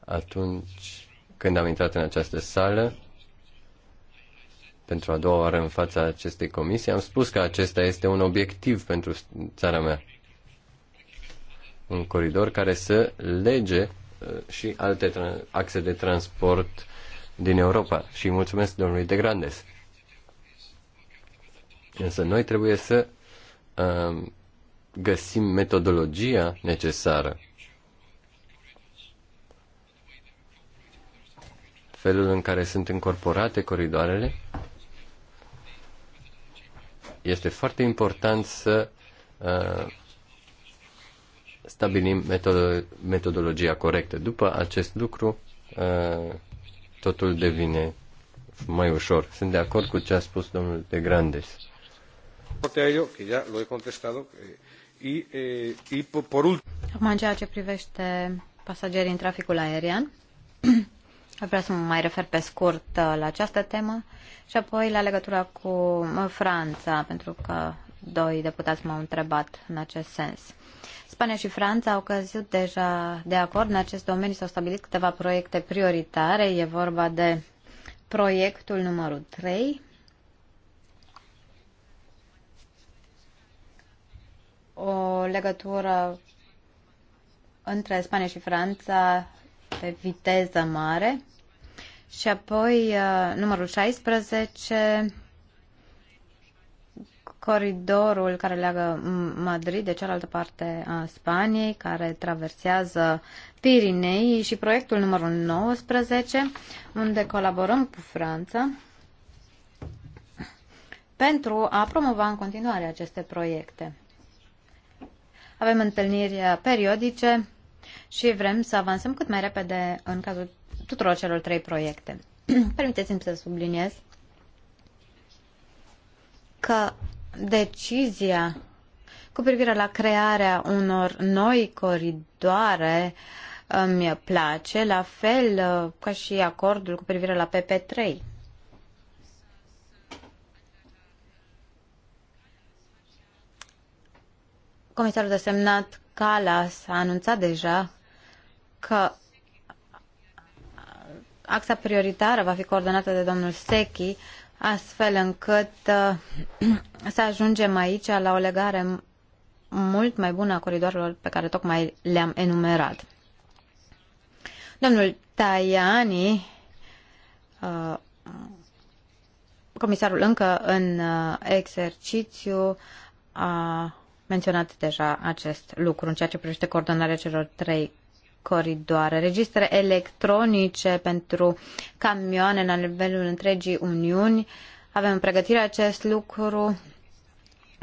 Atunci când am intrat în această sală, pentru a doua oară în fața acestei comisii, am spus că acesta este un obiectiv pentru țara mea un coridor care să lege uh, și alte axe de transport din Europa. Și mulțumesc domnului De Grandes. Însă noi trebuie să um, găsim metodologia necesară. Felul în care sunt incorporate coridoarele este foarte important să uh, stabilim metodologia corectă. După acest lucru, totul devine mai ușor. Sunt de acord cu ce a spus domnul de Grandes. Acum, în ceea ce privește pasagerii în traficul aerian, vreau să mă mai refer pe scurt uh, la această temă și apoi la legătura cu uh, Franța, pentru că doi deputați m-au întrebat în acest sens. Spania și Franța au căzut deja de acord în acest domeniu, s-au stabilit câteva proiecte prioritare. E vorba de proiectul numărul 3, o legătură între Spania și Franța pe viteză mare și apoi uh, numărul 16 coridorul care leagă Madrid de cealaltă parte a Spaniei, care traversează Pirinei și proiectul numărul 19, unde colaborăm cu Franța pentru a promova în continuare aceste proiecte. Avem întâlniri periodice și vrem să avansăm cât mai repede în cazul tuturor celor trei proiecte. Permiteți-mi să subliniez că decizia cu privire la crearea unor noi coridoare îmi place, la fel uh, ca și acordul cu privire la PP3. Comisarul de semnat Calas a anunțat deja că axa prioritară va fi coordonată de domnul Sechi astfel încât uh, să ajungem aici la o legare mult mai bună a coridoarelor pe care tocmai le-am enumerat. Domnul Tajani, uh, comisarul încă în uh, exercițiu, a menționat deja acest lucru în ceea ce privește coordonarea celor trei coridoare, registre electronice pentru camioane la nivelul întregii Uniuni. Avem în pregătire acest lucru.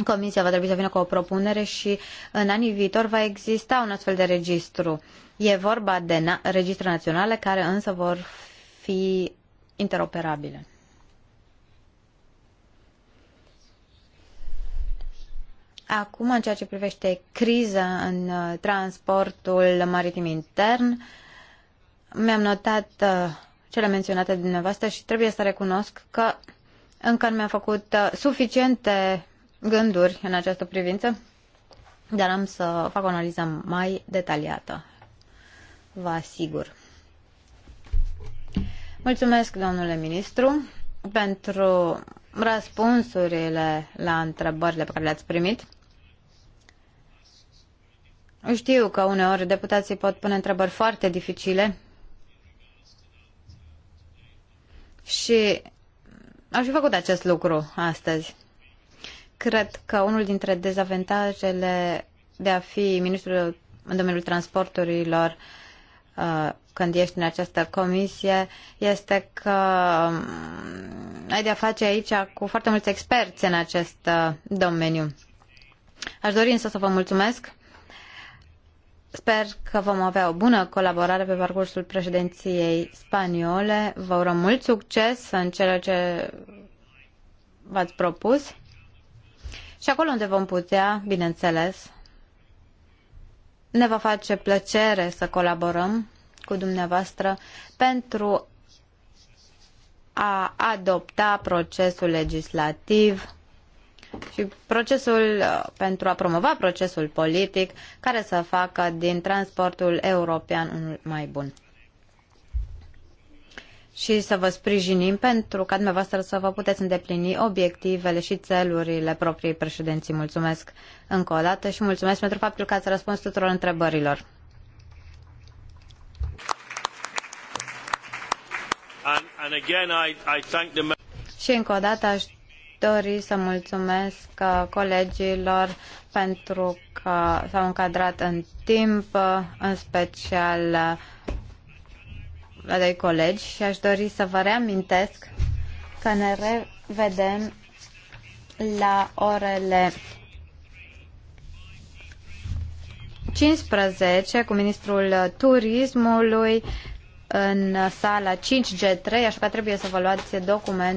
Comisia va trebui să vină cu o propunere și în anii viitor va exista un astfel de registru. E vorba de na- registre naționale care însă vor fi interoperabile. Acum, în ceea ce privește criza în uh, transportul maritim intern, mi-am notat uh, cele menționate de dumneavoastră și trebuie să recunosc că încă nu mi-am făcut uh, suficiente gânduri în această privință, dar am să fac o analiză mai detaliată. Vă asigur. Mulțumesc, domnule ministru, pentru răspunsurile la întrebările pe care le-ați primit. Știu că uneori deputații pot pune întrebări foarte dificile și am și făcut acest lucru astăzi. Cred că unul dintre dezavantajele de a fi ministrul în domeniul transporturilor uh, când ești în această comisie este că um, ai de-a face aici cu foarte mulți experți în acest uh, domeniu. Aș dori însă să vă mulțumesc Sper că vom avea o bună colaborare pe parcursul președinției spaniole. Vă urăm mult succes în ceea ce v-ați propus și acolo unde vom putea, bineînțeles, ne va face plăcere să colaborăm cu dumneavoastră pentru a adopta procesul legislativ și procesul uh, pentru a promova procesul politic care să facă din transportul european unul mai bun. Și să vă sprijinim pentru ca dumneavoastră să vă puteți îndeplini obiectivele și țelurile propriei președinții. Mulțumesc încă o dată și mulțumesc pentru faptul că ați răspuns tuturor întrebărilor. And, and again I, I thank the... Și încă o dată aș dori să mulțumesc uh, colegilor pentru că s-au încadrat în timp, uh, în special la uh, doi colegi și aș dori să vă reamintesc că ne revedem la orele 15 cu ministrul turismului în sala 5G3, așa că trebuie să vă luați documente